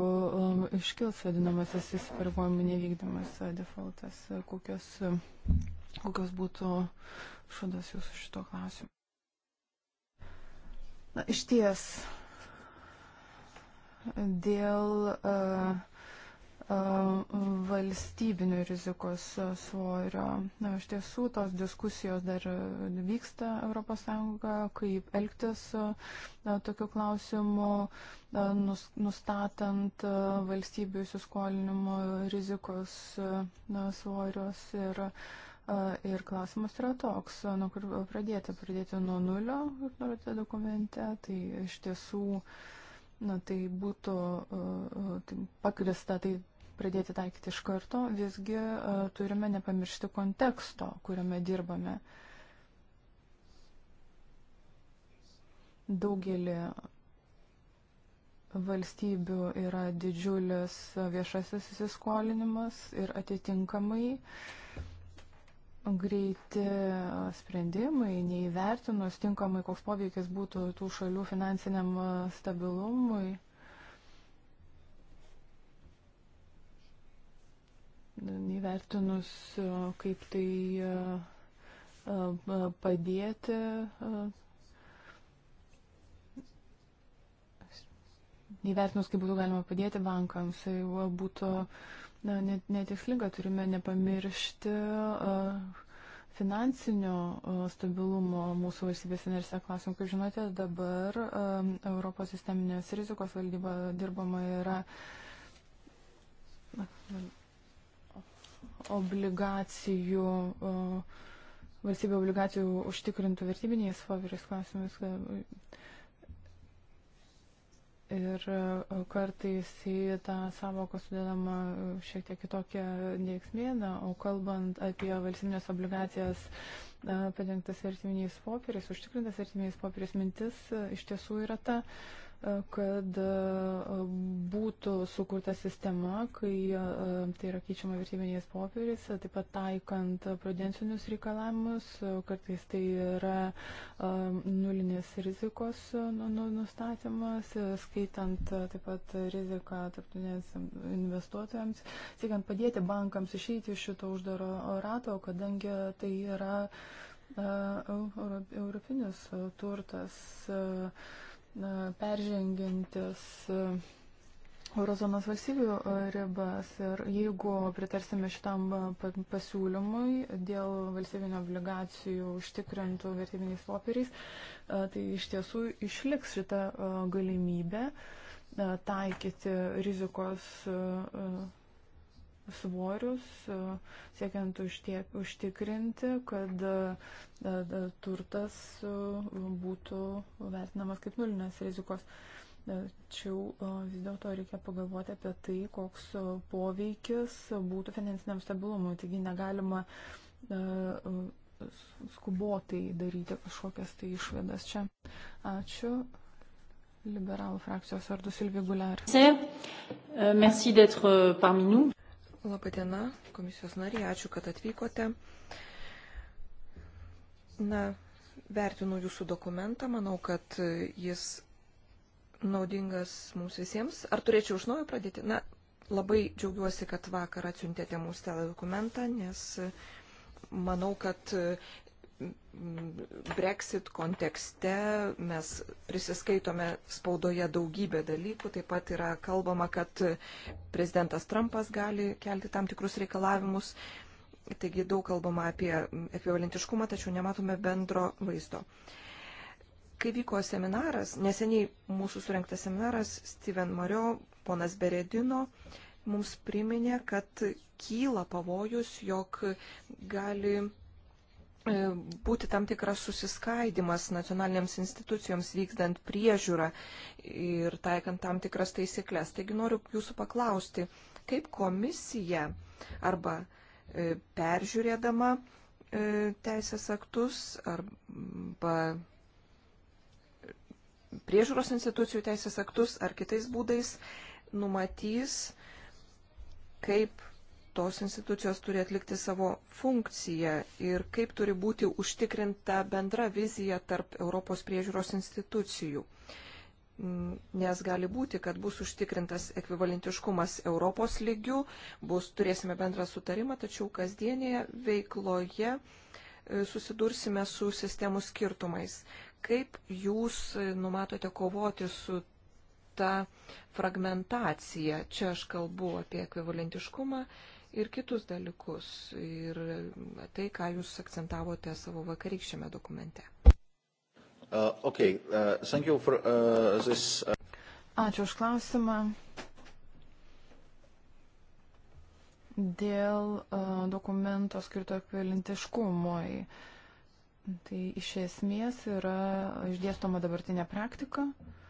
iškils vadinamasis įsipareigojimų nevykdymas e, defaultas, e, kokios, kokios būtų šadas jūsų šito klausimu. Na, iš ties, dėl uh, e, uh, e, valstybinio rizikos svorio, na, iš tiesų tos diskusijos dar vyksta ES, kaip elgtis uh, tokiu klausimu, uh, nus, nustatant uh, valstybių įsiskolinimo rizikos uh, svorios ir uh, Ir klausimas yra toks, nuo kur pradėti, pradėti nuo nulio, kaip norite dokumente, tai iš tiesų, na, tai būtų tai pakrista, tai pradėti taikyti iš karto, visgi turime nepamiršti konteksto, kuriame dirbame. Daugelį valstybių yra didžiulis viešasis įsiskolinimas ir atitinkamai uh, greiti sprendimai, neįvertinus tinkamai, koks poveikis būtų tų šalių finansiniam stabilumui. Neįvertinus, kaip tai padėti neįvertinus, kaip būtų galima padėti bankams, tai būtų uh, na, net, netikslinga, turime nepamiršti finansinio stabilumo mūsų valstybės inersia klausimų. Kaip žinote, dabar Europos sisteminės rizikos valdyba dirbama yra obligacijų, valstybė obligacijų užtikrintų vertybiniais favoriais klausimais Ir e, kartais į tą savoką sudedama e, šiek tiek kitokia dėksmėna, o kalbant apie valstybinės obligacijas e, padengtas vertybiniais popieriais, užtikrintas vertybiniais popieriais, mintis iš tiesų yra ta, uh, kad e, būtų sukurta sistema, kai e, tai yra keičiama vertybiniais popieriais, taip pat taikant prudencinius reikalavimus, kartais tai yra e, nulinės rizikos nu, nu, nustatymas, skaitant taip pat riziką tarptautinės investuotojams, siekiant padėti bankams išeiti iš šito uždaro rato, kadangi tai yra europinis turtas. Uh, peržengiantis e, eurozonos valstybių e, ribas. Ir jeigu pritarsime šitam e, pasiūlymui dėl valstybinio obligacijų užtikrintų vertybiniais popieriais, tai iš tiesų išliks šita galimybė taikyti rizikos svorius, e, siekiant užtiek, užtikrinti, kad e, e, turtas būtų vertinamas kaip nulinės rizikos. Tačiau vis dėlto reikia pagalvoti apie tai, koks poveikis būtų finansiniam stabilumui. Taigi negalima skubotai daryti kažkokias tai išvadas čia. Ačiū. Liberalų frakcijos vardu Silvi Guler. Merci euh, d'être euh, parmi nous. Labadiena, komisijos nariai, ačiū, kad atvykote. Na, vertinu jūsų dokumentą, manau, kad jis naudingas mums visiems. Ar turėčiau iš naujo pradėti? Na, labai džiaugiuosi, kad vakar atsiuntėte mums tą dokumentą, nes manau, kad Brexit kontekste mes prisiskaitome spaudoje daugybę dalykų, taip pat yra kalbama, kad prezidentas Trumpas gali kelti tam tikrus reikalavimus, taigi daug kalbama apie ekvivalentiškumą, tačiau nematome bendro vaizdo. Kai vyko seminaras, neseniai mūsų surinktas seminaras, Steven Mario, ponas Beredino, mums priminė, kad kyla pavojus, jog gali E, būti tam tikras susiskaidimas nacionalinėms institucijoms vykdant priežiūrą ir taikant tam tikras taisyklės. Taigi noriu jūsų paklausti, kaip komisija arba e, peržiūrėdama e, teisės aktus arba priežiūros institucijų teisės aktus ar kitais būdais numatys, kaip tos institucijos turi atlikti savo funkciją ir kaip turi būti užtikrinta bendra vizija tarp Europos priežiūros institucijų. Nes gali būti, kad bus užtikrintas ekvivalentiškumas Europos lygių, bus, turėsime bendrą sutarimą, tačiau kasdienėje veikloje e, susidursime su sistemų skirtumais. Kaip jūs e, numatote kovoti su ta fragmentacija? Čia aš kalbu apie ekvivalentiškumą ir kitus dalykus, ir tai, ką jūs akcentavote savo vakarykščiame dokumente. Uh, okay. uh, for, uh, this, uh... Ačiū už klausimą. Dėl uh, dokumento skirto ekvivalentiškumui. Tai iš esmės yra išdėstoma dabartinė praktika. Uh,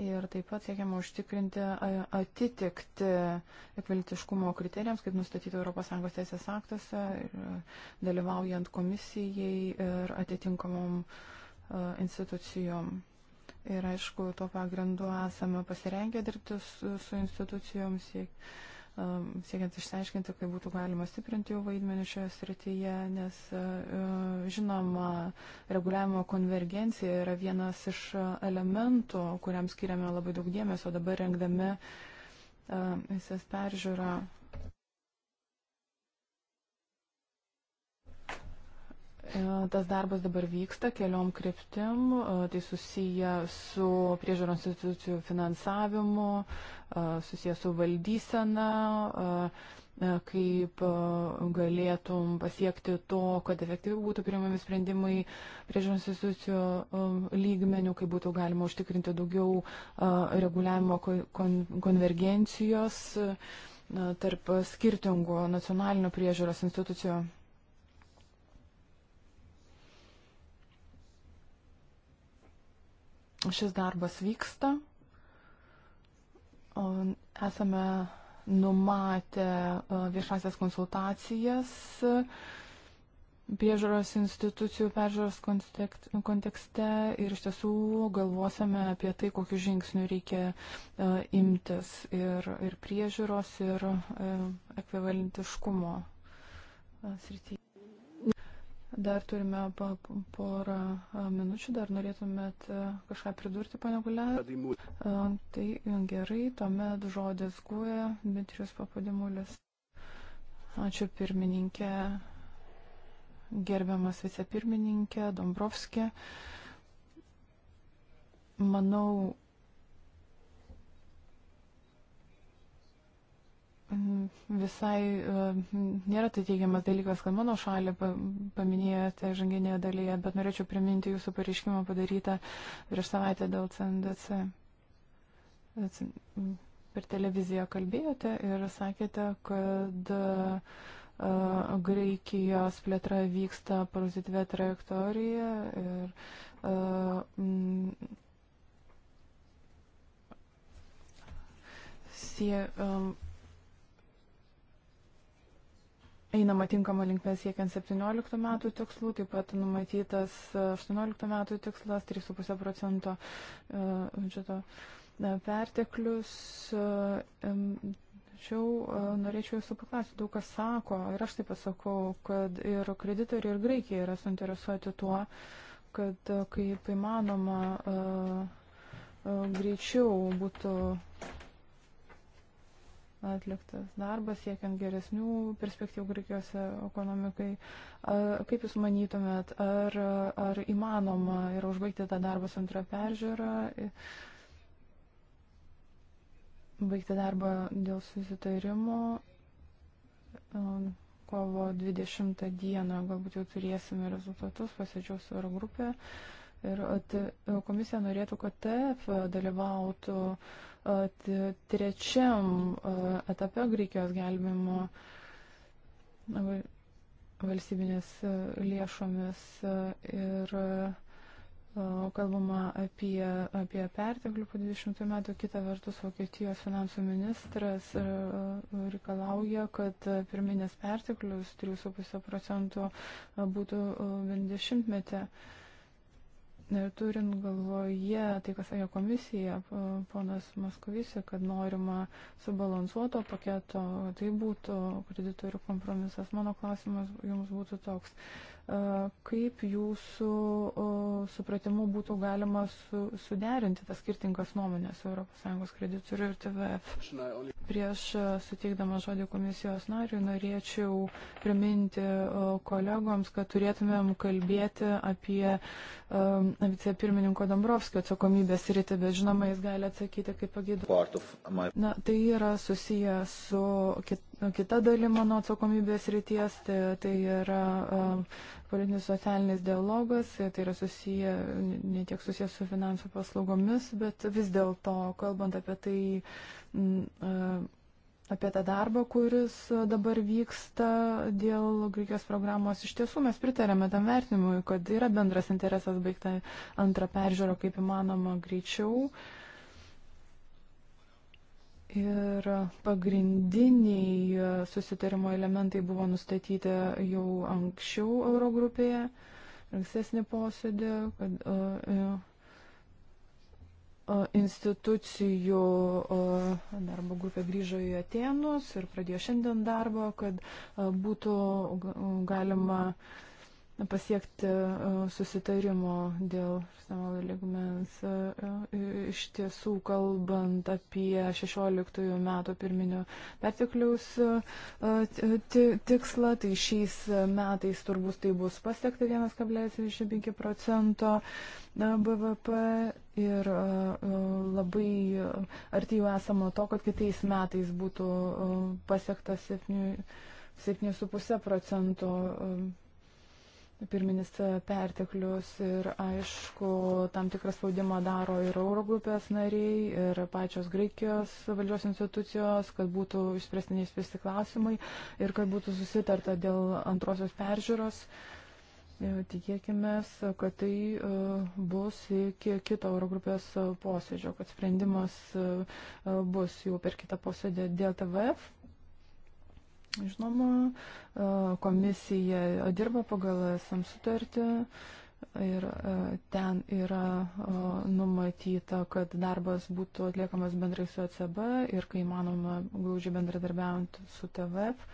Ir taip pat siekiama užtikrinti atitikti ekviltiškumo kriterijams, kaip nustatyti ES teisės aktuose, dalyvaujant komisijai ir atitinkamom institucijom. Ir aišku, tuo pagrindu esame pasirengę dirbti su, su institucijoms, siek, Um, siekiant išsiaiškinti, kaip būtų galima stiprinti jų vaidmenį šioje srityje, nes uh, žinoma, reguliavimo konvergencija yra vienas iš uh, elementų, kuriam skiriame labai daug dėmesio dabar rengdami uh, visas peržiūrą E, tas darbas dabar vyksta keliom kryptim, e, tai susiję su priežiūros institucijų finansavimu, e, susiję su valdysena, kaip galėtum pasiekti to, kad efektyviai būtų priimami sprendimai priežiūros institucijų lygmenių, kaip būtų galima užtikrinti daugiau reguliavimo konvergencijos tarp skirtingų nacionalinių priežiūros institucijų šis darbas vyksta. Esame numatę e, viešasias konsultacijas priežaros institucijų peržiūros kontekste ir iš tiesų galvosime apie tai, kokiu žingsniu reikia uh, imtis ir, ir priežiūros, ir uh, ekvivalentiškumo uh, srityje. Dar turime porą minučių, dar norėtumėt kažką pridurti, pane Gulia. Tai gerai, tuomet žodis guoja Dmitrijus Papadimulis. Ačiū pirmininkė, gerbiamas vicepirmininkė Dombrovskė. Manau, Mm, visai e, nėra tai teigiamas dalykas, kad mano šalį paminėjote žanginėje dalyje, bet norėčiau priminti jūsų pareiškimą padarytą prieš savaitę dėl CNDC. E, per televiziją kalbėjote ir sakėte, kad e, Graikijos plėtra vyksta pozityvę trajektoriją ir sie, um, einama tinkama linkme siekiant 17 metų tikslų, taip pat numatytas 18 metų tikslas 3,5 procento e, biudžeto e, perteklius. E, tačiau norėčiau jūsų paklausti, daug kas sako, ir aš taip pasakau, kad ir kreditoriai, ir Graikija yra suinteresuoti tuo, kad kaip įmanoma greičiau būtų atliktas darbas siekiant geresnių perspektyvų Graikijos ekonomikai. Kaip Jūs manytumėt, ar, ar įmanoma yra užbaigti tą darbą su antra peržiūra, baigti darbą dėl susitarimo? Kovo 20 dieną galbūt jau turėsime rezultatus, pasėdžiau su Eurogrupė. grupė Ir tai, komisija norėtų, kad TF dalyvautų trečiam etape Greikijos gelbimo valstybinės lėšomis. Ir kalbama apie, apie perteklių po 20 metų, kita vertus Vokietijos finansų ministras reikalauja, kad pirminės perteklius 3,5 procentų būtų 20 metį. Ir turint galvoje tai, kas sakė komisija, ponas Moskovysi, kad norima subalansuoto paketo, tai būtų kreditorių kompromisas. Mano klausimas jums būtų toks. E, kaip jūsų e, supratimu būtų galima su, suderinti tas skirtingas nuomonės ES kreditorių ir TVF. Prieš e, suteikdama žodį komisijos nariui norėčiau priminti kolegoms, kad turėtumėm kalbėti apie vicepirmininko Dombrovskio atsakomybės rytį, bet žinoma, jis gali atsakyti kaip pagėdų. Na, tai yra susiję su kit kita dalim mano atsakomybės ryties, tai, tai yra e, politinis socialinis dialogas, tai yra susiję, ne tiek susiję su finansų paslaugomis, bet vis dėlto, kalbant apie tai, e, apie tą darbą, kuris dabar vyksta dėl Graikijos programos, iš tiesų mes pritarėme tam vertinimui, kad yra bendras interesas baigti antrą peržiūrą kaip įmanoma greičiau. Uh, Ir pagrindiniai susitarimo elementai buvo nustatyti jau anksčiau Eurogrupėje, ankstesnį posėdį, kad institucijų darbo grupė grįžo į Atenus ir pradėjo šiandien darbą, kad būtų galima uh, pasiekti e, susitarimo dėl samalų ligmens. E, e, iš tiesų, kalbant apie 16 metų pirminio pertekliaus tikslą, tai šiais metais turbūt tai bus pasiekta 1,25 procento BVP ir labai arti jau esama to, kad kitais metais būtų pasiektas 7,5 procento BVP pirminis e, perteklius ir aišku, tam tikrą spaudimą daro ir Eurogrupės nariai, ir pačios Graikijos valdžios institucijos, kad būtų išspręstiniai visi klausimai ir kad būtų susitarta dėl antrosios peržiūros. E, tikėkime, kad tai e, bus iki kito Eurogrupės posėdžio, kad sprendimas bus jau per kitą posėdį dėl TVF Žinoma, e, komisija dirba pagal SM sutartį ir e, ten yra e, numatyta, kad darbas būtų atliekamas bendrai su ECB ir, kai manoma, glaudžiai bendradarbiaujant su TVF.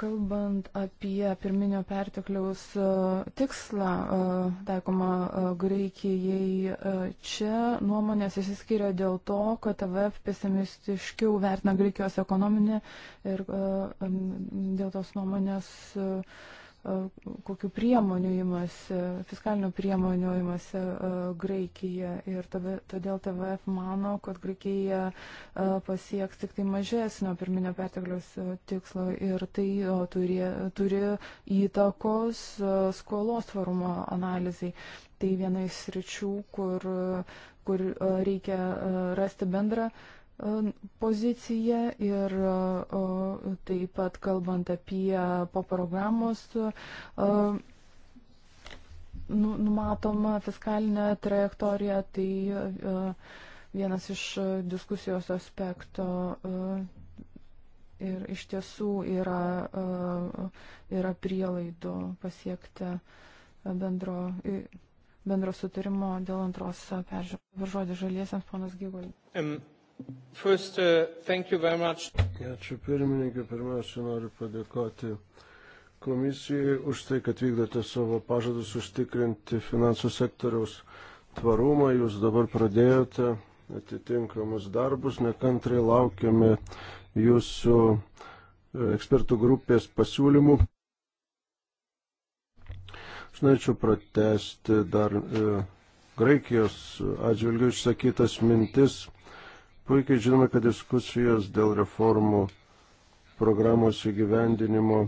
Kalbant apie pirminio pertekliaus e, tikslą e, taikomą e, Graikijai, čia nuomonės įsiskiria dėl to, kad TVF pesimistiškiau vertina Graikijos ekonominę ir dėl tos nuomonės. Uh, kokiu priemonių įmasi, fiskalinių priemonių įmasi e, Graikija. Ir todėl TVF mano, kad Graikija e, pasieks tik tai mažesnio pirminio pertekliaus e, tikslo ir tai turi, turi įtakos skolos tvarumo analizai. Tai viena iš sričių, kur, kur reikia rasti bendrą poziciją ir taip pat kalbant apie po programos nu, numatomą fiskalinę trajektoriją, tai vienas iš diskusijos aspekto ir iš tiesų yra, yra prielaidų pasiekti bendro, bendro sutarimo dėl antros peržiūros. Žodį žaliesiams, ponas Gygolis. Um. First, uh, thank you very much. Ačiū pirmininkai, pirmiausia noriu padėkoti komisijai už tai, kad vykdote savo pažadus užtikrinti finansų sektoriaus tvarumą. Jūs dabar pradėjote atitinkamus darbus, nekantrai laukiame jūsų e, ekspertų grupės pasiūlymų. Aš norėčiau pratesti dar e, Graikijos atžvilgių išsakytas mintis Puikiai žinome, kad diskusijos dėl reformų programos įgyvendinimo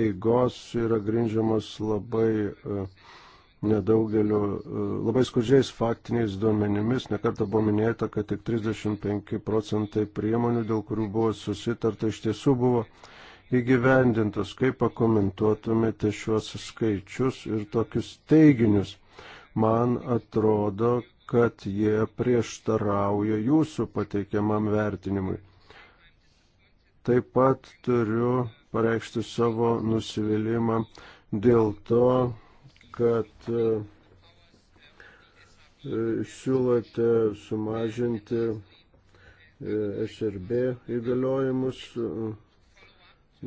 eigos yra grindžiamas labai e, nedaugeliu, e, labai skurdžiais faktiniais duomenimis. Nekartą buvo minėta, kad tik 35 procentai priemonių, dėl kurių buvo susitarta, iš tiesų buvo įgyvendintos. Kaip pakomentuotumėte šiuos skaičius ir tokius teiginius? Man atrodo, kad jie prieštarauja jūsų pateikiamam vertinimui. Taip pat turiu pareikšti savo nusivylimą dėl to, kad e, siūlote sumažinti e, SRB įgaliojimus, e,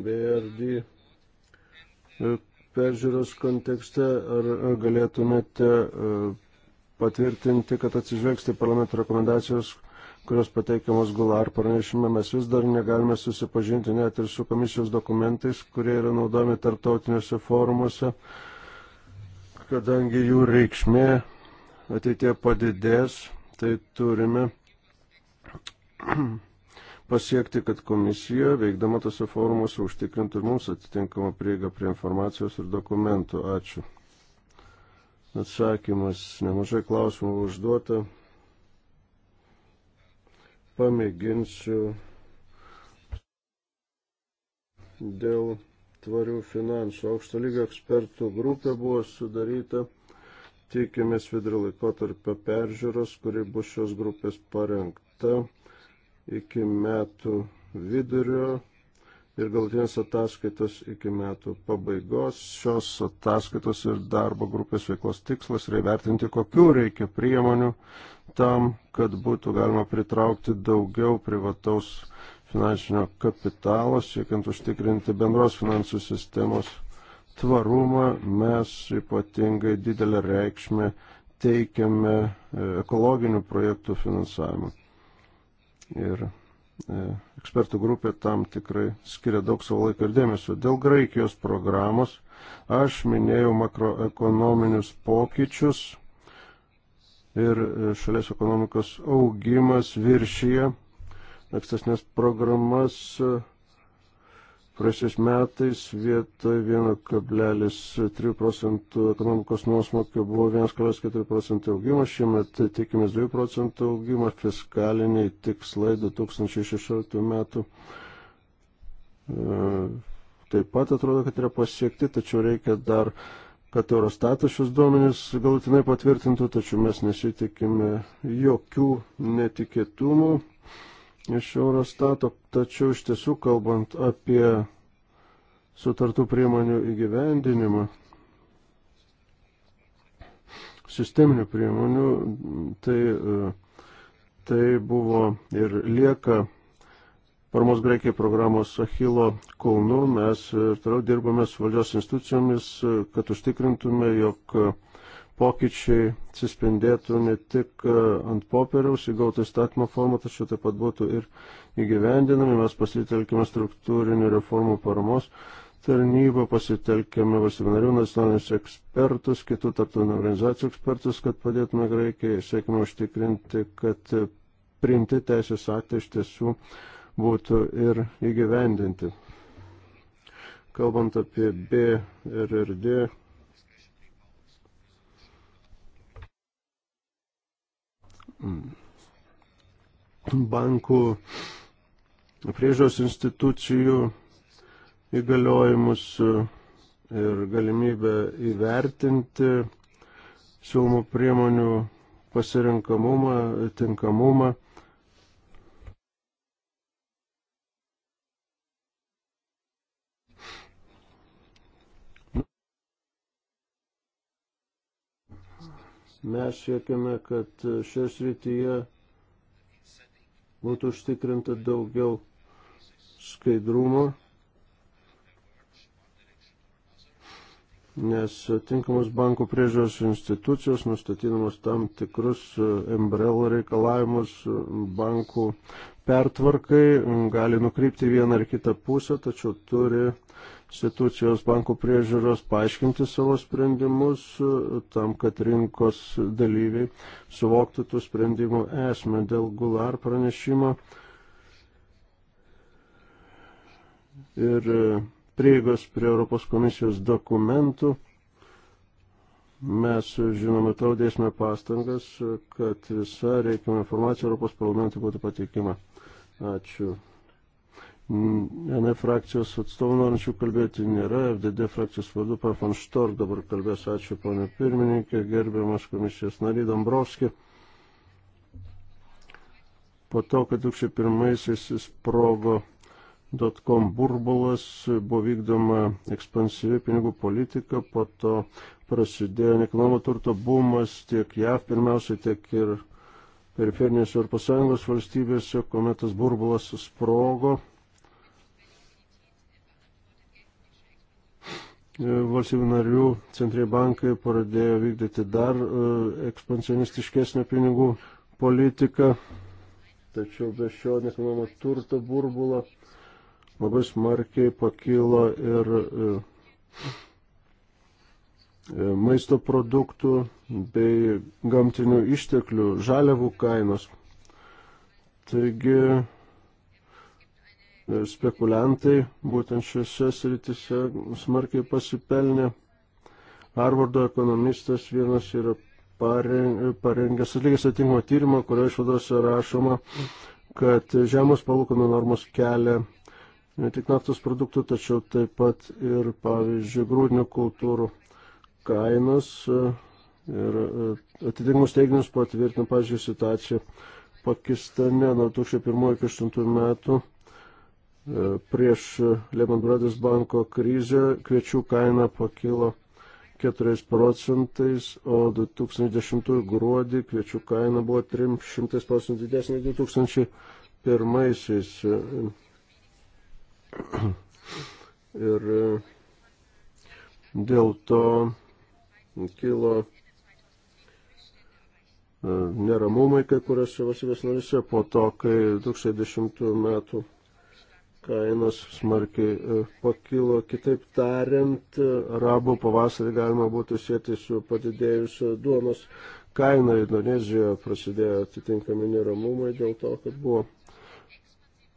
BRD peržiūros kontekste, ar galėtumėte patvirtinti, kad atsižvelgsti parlamento rekomendacijos, kurios pateikiamos Gular pranešime, mes vis dar negalime susipažinti net ir su komisijos dokumentais, kurie yra naudojami tarptautiniuose forumuose, kadangi jų reikšmė ateitie padidės, tai turime <clears throat> pasiekti, kad komisija, veikdama tose forumuose, užtikrintų ir mums atitinkamą prieigą prie informacijos ir dokumentų. Ačiū atsakymas. Nemažai klausimų užduota. Pamėginsiu dėl tvarių finansų. Aukšto lygio ekspertų grupė buvo sudaryta. Tikimės vidurio laikotarpio peržiūros, kuri bus šios grupės parengta iki metų vidurio ir galutinės ataskaitos iki metų pabaigos. Šios ataskaitos ir darbo grupės veiklos tikslas yra įvertinti, kokiu reikia priemonių tam, kad būtų galima pritraukti daugiau privataus finansinio kapitalo, siekiant užtikrinti bendros finansų sistemos tvarumą. Mes ypatingai didelę reikšmę teikiame e, ekologinių projektų finansavimą. Ir E, ekspertų grupė tam tikrai skiria daug savo laiko ir dėmesio. Dėl Graikijos programos aš minėjau makroekonominius pokyčius ir e, šalies ekonomikos augimas viršyje ankstesnės programas e, Praėjusiais metais vietoj 1,3 procentų ekonomikos nuosmokio buvo 1,4 procentų augimas, šiemet tikimės 2 procentų augimą, fiskaliniai tikslai 2016 metų e, taip pat atrodo, kad yra pasiekti, tačiau reikia dar, kad Eurostatas šios duomenys galutinai patvirtintų, tačiau mes nesitikime jokių netikėtumų iš Eurostato, tačiau iš tiesų kalbant apie sutartų priemonių įgyvendinimą, sisteminių priemonių, tai, e, tai buvo ir lieka paramos greikiai programos Achilo Kaunu. Mes ir e, toliau dirbame su valdžios institucijomis, e, kad užtikrintume, jog pokyčiai atsispindėtų ne tik e, ant popieriaus įgautų įstatymo formą, tačiau taip pat būtų ir įgyvendinami. Mes pasitelkime struktūrinių reformų paramos tarnybą, pasitelkėme valstybinarių nacionalinius ekspertus, kitų tarptautinių organizacijų ekspertus, kad padėtume Graikijai, siekime užtikrinti, kad priimti teisės aktai iš tiesų būtų ir įgyvendinti. Kalbant apie B ir D bankų priežiūros institucijų įgaliojimus ir galimybę įvertinti siūlomų priemonių pasirinkamumą, tinkamumą. Mes siekiame, kad šioje srityje būtų užtikrinta daugiau skaidrumo, nes tinkamos bankų priežiūros institucijos nustatydamos tam tikrus e, MBRL reikalavimus e, bankų pertvarkai gali nukrypti vieną ar kitą pusę, tačiau turi institucijos bankų priežiūros paaiškinti savo sprendimus e, tam, kad rinkos dalyviai suvoktų tų sprendimų esmę dėl gular pranešimo. Ir e, prieigos prie Europos komisijos dokumentų mes, e, žinoma, tau dėsime pastangas, kad visa reikiama informacija Europos parlamentui būtų pateikima. Ačiū. Viena mm, frakcijos atstovų norinčių kalbėti nėra, FDD frakcijos vadu Pafan Štor dabar kalbės, ačiū ponė pirmininkė, gerbiamas komisijos nary Dombrovski. Po to, kad 2001-aisiais sprogo dotcom burbulas, buvo vykdoma ekspansyvi pinigų politika, po to prasidėjo nekilnojamo turto bumas tiek JAV pirmiausiai, tiek ir periferinės Europos Sąjungos valstybėse, kuomet tas burbulas sprogo E, valstybių narių centriniai bankai pradėjo vykdyti dar e, ekspansionistiškesnę pinigų politiką, tačiau be šio nekilnojamo turto burbulo labai smarkiai pakilo ir e, maisto produktų bei gamtinių išteklių žaliavų kainos. Taigi E, spekuliantai būtent šiuose sritise smarkiai pasipelnė. Harvardo ekonomistas vienas yra parengęs atlikęs atitinkamą tyrimą, kurio išvadose rašoma, kad žemos palūkanų normos kelia ne tik naftos produktų, tačiau taip pat ir, pavyzdžiui, grūdinių kultūrų kainas e, ir e, atitinkamus teiginius patvirtina, pavyzdžiui, situacija Pakistane nuo 2001 iki 2008 metų E, prieš Lehman Brothers banko krizę kviečių kaina pakilo 4 procentais, o 2010 gruodį kviečių kaina buvo 300 procentų didesnė 2001. E, ir e, dėl to kilo neramumai kai kuriuose valstybės narise po to, kai 2010 metų kainos smarkiai e, pakilo. Kitaip tariant, arabų pavasarį galima būtų sėti su padidėjusio duonos kaina. Indonezijoje prasidėjo atitinkami neramumai dėl to, kad buvo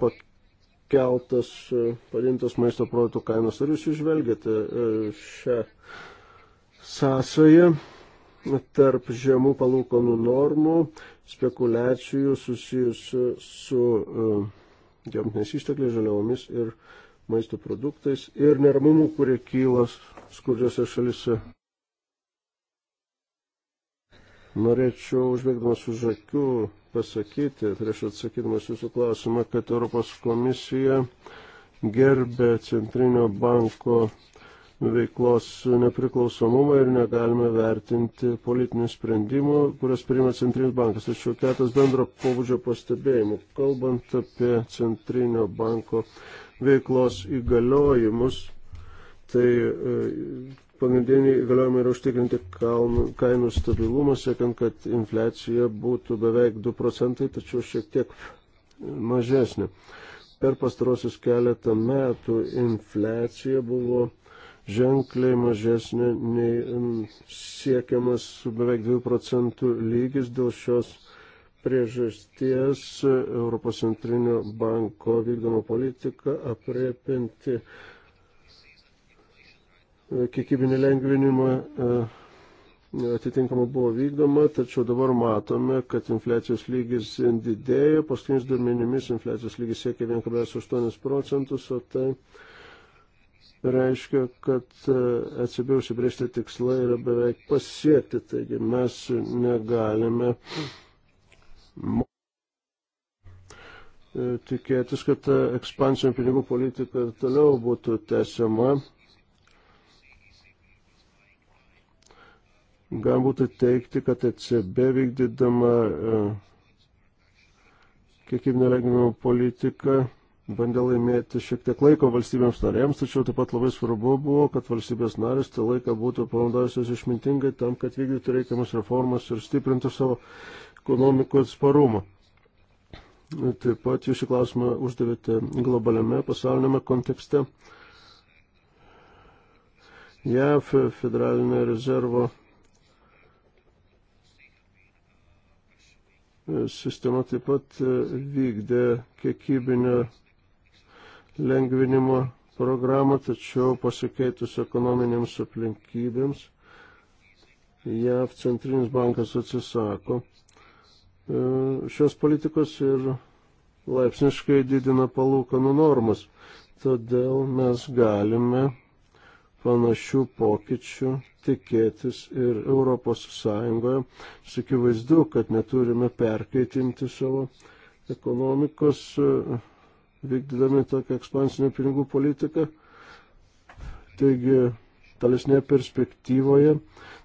pakeltas, e, padintas maisto produktų kainos. Ar jūs išvelgėte e, šią sąsąją? tarp žemų palūkanų normų, spekulacijų susijusių su uh, gamtiniais ištekliais, žaliavomis ir maisto produktais ir neramumų, kurie kyla skurdžiose šalise. Norėčiau užbėgdamas už akių pasakyti, prieš atsakydamas jūsų klausimą, kad Europos komisija gerbė Centrinio banko veiklos nepriklausomumą ir negalime vertinti politinių sprendimų, kurias priima Centrinis bankas. Tačiau ketas bendro pobūdžio pastebėjimų. Kalbant apie Centrinio banko veiklos įgaliojimus, tai e, pagrindiniai įgaliojimai yra užtikrinti kainų stabilumą, siekiant, kad infliacija būtų beveik 2 procentai, tačiau šiek tiek mažesnė. Per pastarosius keletą metų infliacija buvo ženkliai mažesnė nei siekiamas beveik 2 procentų lygis dėl šios priežasties Europos centrinio banko vykdoma politika apriepinti e, kiekybinį lengvinimą e, atitinkama buvo vykdoma, tačiau dabar matome, kad infliacijos lygis didėja, paskutiniais duomenimis infliacijos lygis siekia 1,8 procentus, o tai reiškia, kad ECB užsibriežti tikslai yra beveik pasiekti, taigi mes negalime e, tikėtis, kad ta ekspansinė pinigų politika ir toliau būtų tęsiama. Galima būtų teikti, kad ECB vykdydama e, kiekybinio reginimo politiką bandė laimėti šiek tiek laiko valstybėms narėms, tačiau taip pat labai svarbu buvo, kad valstybės narės tą laiką būtų panaudojusios išmintingai tam, kad vykdytų reikiamas reformas ir stiprintų savo ekonomikų atsparumą. Taip pat jūs šį klausimą uždavėte globaliame pasaulinėme kontekste. JAF federalinė rezervo sistema taip pat vykdė kiekybinę lengvinimo programą, tačiau pasikeitus ekonominėms aplinkybėms JAV centrinis bankas atsisako e, šios politikos ir laipsniškai didina palūkanų normas. Todėl mes galime panašių pokyčių tikėtis ir Europos Sąjungoje. Sakivaizdu, kad neturime perkaitinti savo ekonomikos e, vykdydami tokią ekspansinę pinigų politiką. Taigi, talesnėje perspektyvoje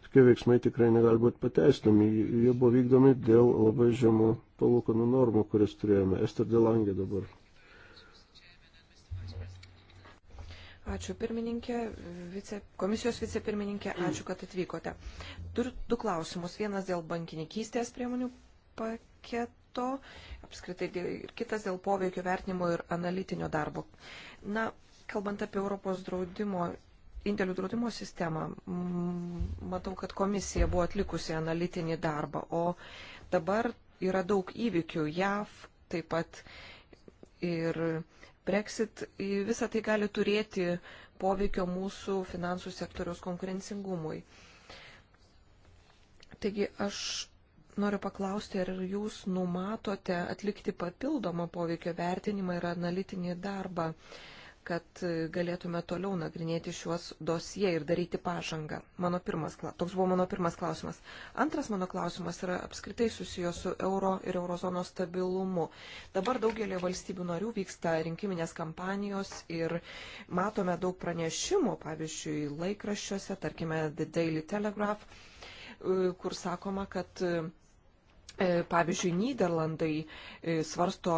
tokie veiksmai tikrai negali būti pateisnami. Jie buvo vykdomi dėl labai žemų palūkanų normų, kurias turėjome. Ester Delangė dabar. Ačiū pirmininkė, vice, komisijos vicepirmininkė, ačiū, kad atvykote. Turiu du klausimus. Vienas dėl bankininkystės priemonių paketo to, apskritai ir kitas dėl poveikio vertinimo ir analitinio darbo. Na, kalbant apie Europos draudimo, indėlių draudimo sistemą, matau, kad komisija buvo atlikusi analitinį darbą, o dabar yra daug įvykių JAV, taip pat ir Brexit, visa tai gali turėti poveikio mūsų finansų sektoriaus konkurencingumui. Taigi aš noriu paklausti, ar jūs numatote atlikti papildomą poveikio vertinimą ir analitinį darbą, kad galėtume toliau nagrinėti šiuos dosie ir daryti pažangą. Mano pirmas, toks buvo mano pirmas klausimas. Antras mano klausimas yra apskritai susijęs su euro ir eurozono stabilumu. Dabar daugelį valstybių narių vyksta rinkiminės kampanijos ir matome daug pranešimų, pavyzdžiui, laikraščiuose, tarkime, The Daily Telegraph kur sakoma, kad E, pavyzdžiui, Niderlandai e, svarsto,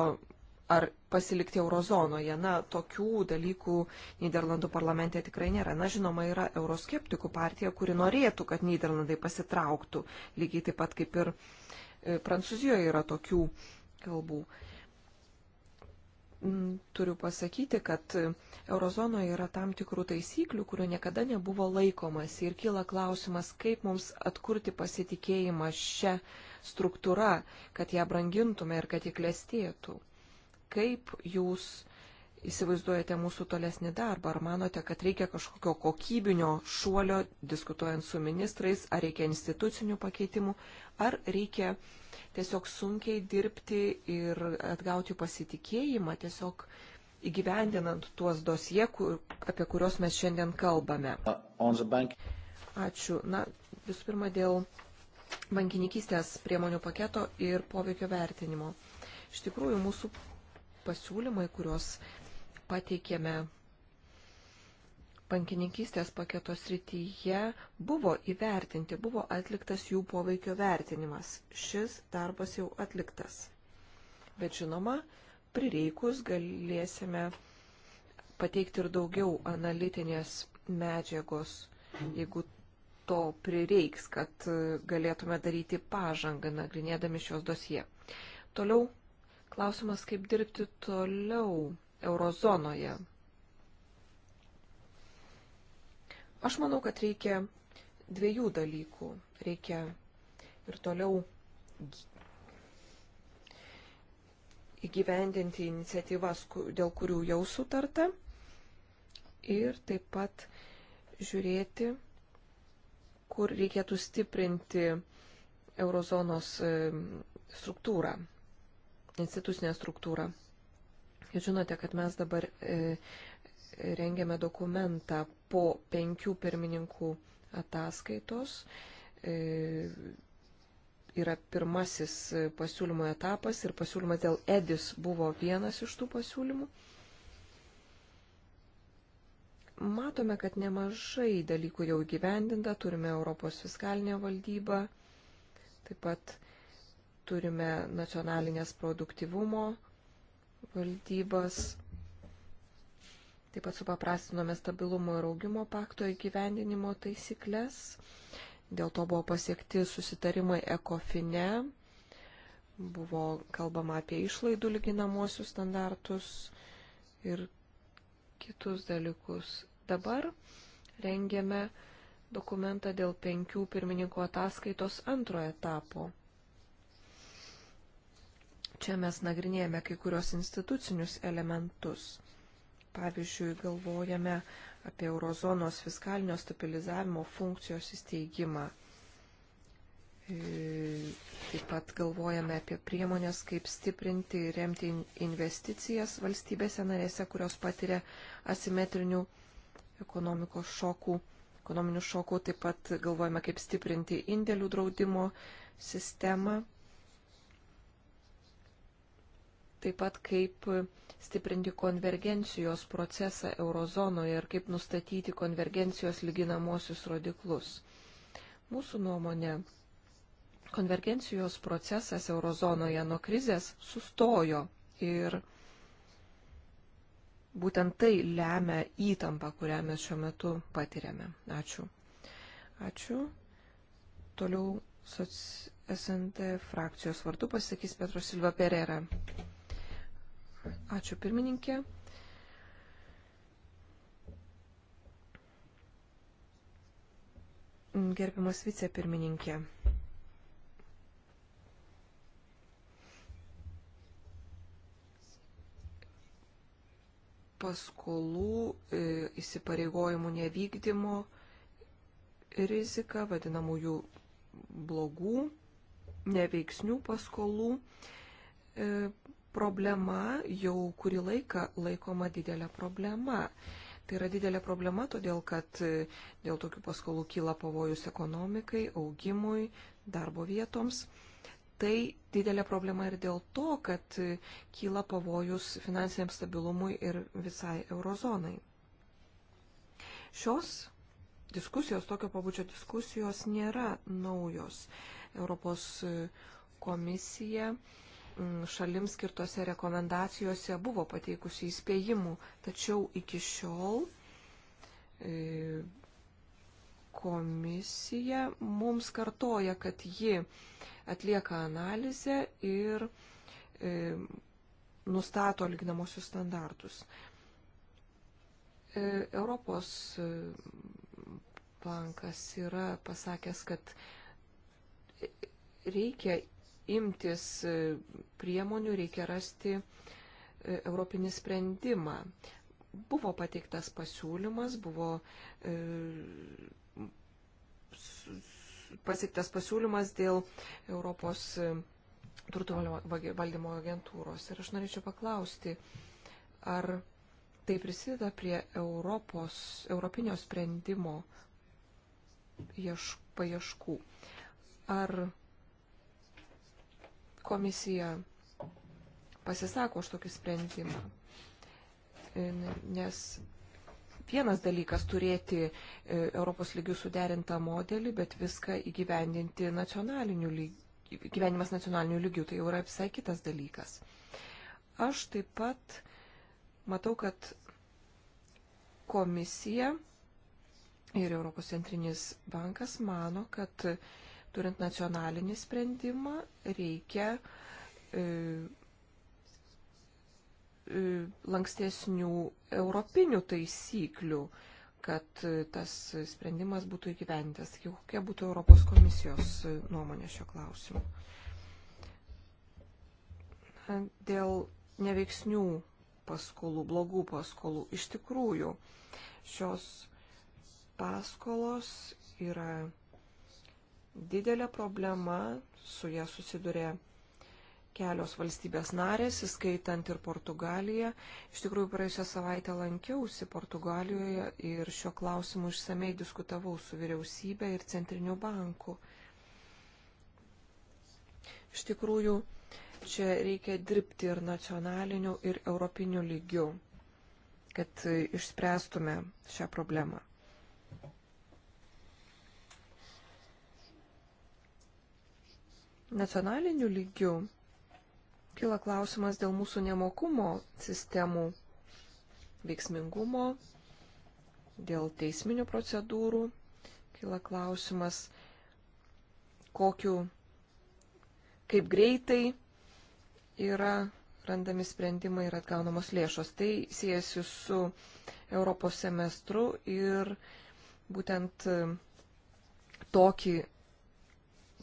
ar pasilikti eurozonoje. Na, tokių dalykų Niderlandų parlamente tikrai nėra. Na, žinoma, yra euroskeptikų partija, kuri norėtų, kad Niderlandai pasitrauktų. Lygiai taip pat kaip ir e, Prancūzijoje yra tokių kalbų. Mm, turiu pasakyti, kad Eurozonoje yra tam tikrų taisyklių, kurių niekada nebuvo laikomas ir kyla klausimas, kaip mums atkurti pasitikėjimą šią struktūrą, kad ją brangintume ir kad ji klestėtų. Kaip jūs įsivaizduojate mūsų tolesnį darbą? Ar manote, kad reikia kažkokio kokybinio šuolio, diskutuojant su ministrais, ar reikia institucinių pakeitimų, ar reikia tiesiog sunkiai dirbti ir atgauti pasitikėjimą, tiesiog įgyvendinant tuos dosie, kur, apie kuriuos mes šiandien kalbame. Uh, Ačiū. Na, visų pirma, dėl bankininkystės priemonių paketo ir poveikio vertinimo. Iš tikrųjų, mūsų pasiūlymai, kuriuos pateikėme bankininkystės paketo srityje, buvo įvertinti, buvo atliktas jų poveikio vertinimas. Šis darbas jau atliktas. Bet žinoma, prireikus galėsime pateikti ir daugiau analitinės medžiagos, jeigu to prireiks, kad galėtume daryti pažangą nagrinėdami šios dosie. Toliau klausimas, kaip dirbti toliau eurozonoje. Aš manau, kad reikia dviejų dalykų. Reikia ir toliau įgyvendinti iniciatyvas, dėl kurių jau sutarta ir taip pat žiūrėti, kur reikėtų stiprinti eurozonos e, struktūrą, institucinę struktūrą. Jūs žinote, kad mes dabar e, rengiame dokumentą po penkių pirmininkų ataskaitos e, yra pirmasis pasiūlymo etapas ir pasiūlymas dėl Edis buvo vienas iš tų pasiūlymų. Matome, kad nemažai dalykų jau įgyvendinta, turime Europos fiskalinę valdybą, taip pat turime nacionalinės produktivumo valdybas, taip pat supaprastinome stabilumo ir augimo pakto įgyvendinimo taisyklės Dėl to buvo pasiekti susitarimai ekofine, buvo kalbama apie išlaidų lyginamosius standartus ir kitus dalykus. Dabar rengiame dokumentą dėl penkių pirmininko ataskaitos antrojo etapo. Čia mes nagrinėjame kai kurios institucinius elementus. Pavyzdžiui, galvojame apie eurozonos fiskalinio stabilizavimo funkcijos įsteigimą. E, taip pat galvojame apie priemonės, kaip stiprinti ir remti investicijas valstybėse narėse, kurios patiria asimetrinių ekonomikos šokų, ekonominių šokų. Taip pat galvojame, kaip stiprinti indėlių draudimo sistemą taip pat kaip stiprinti konvergencijos procesą eurozonoje ir kaip nustatyti konvergencijos lyginamosius rodiklus. Mūsų nuomonė, konvergencijos procesas eurozonoje nuo krizės sustojo ir būtent tai lemia įtampą, kurią mes šiuo metu patiriame. Ačiū. Ačiū. Toliau soc... SNT frakcijos vardu pasakys Petro Silva Pereira. Ačiū pirmininkė. Gerbiamas vicepirmininkė. paskolų e, įsipareigojimų nevykdymo rizika, vadinamųjų blogų, neveiksnių paskolų e, problema jau kurį laiką laikoma didelė problema. Tai yra didelė problema, todėl kad e, dėl tokių paskolų kyla pavojus ekonomikai, augimui, darbo vietoms. Tai didelė problema ir dėl to, kad e, kyla pavojus finansiniam stabilumui ir visai eurozonai. Šios diskusijos, tokio pabudžio diskusijos nėra naujos. Europos e, komisija Mm, šalims skirtose rekomendacijose buvo pateikusi įspėjimų, tačiau iki šiol e, komisija mums kartoja, kad ji atlieka analizę ir e, nustato lyginamosius standartus. E, Europos bankas yra pasakęs, kad reikia imtis e, priemonių, reikia rasti e, europinį sprendimą. Buvo pateiktas pasiūlymas, buvo e, pasiektas pasiūlymas dėl Europos turtų valdymo agentūros. Ir aš norėčiau paklausti, ar tai prisideda prie Europos, europinio sprendimo ieš, paieškų. Ar Komisija pasisako už tokį sprendimą, e, nes vienas dalykas turėti e, Europos lygių suderintą modelį, bet viską įgyvendinti nacionaliniu lygiu. Gyvenimas nacionaliniu lygiu tai jau yra visai kitas dalykas. Aš taip pat matau, kad komisija ir Europos centrinis bankas mano, kad Turint nacionalinį sprendimą, reikia e, e, lankstesnių europinių taisyklių, kad e, tas sprendimas būtų įgyvendęs. Kokia būtų Europos komisijos e, nuomonė šio klausimu? Dėl neveiksnių paskolų, blogų paskolų. Iš tikrųjų, šios paskolos yra didelė problema, su ja susiduria kelios valstybės narės, įskaitant ir Portugaliją. Iš tikrųjų, praėjusią savaitę lankiausi Portugalijoje ir šio klausimu išsamei diskutavau su vyriausybė ir centriniu banku. Iš tikrųjų, čia reikia dirbti ir nacionaliniu, ir europiniu lygiu, kad išspręstume šią problemą. Nacionaliniu lygiu kila klausimas dėl mūsų nemokumo sistemų veiksmingumo, dėl teisminių procedūrų, kila klausimas, kokiu, kaip greitai yra randami sprendimai ir atgaunamos lėšos. Tai siejasi su Europos semestru ir būtent tokį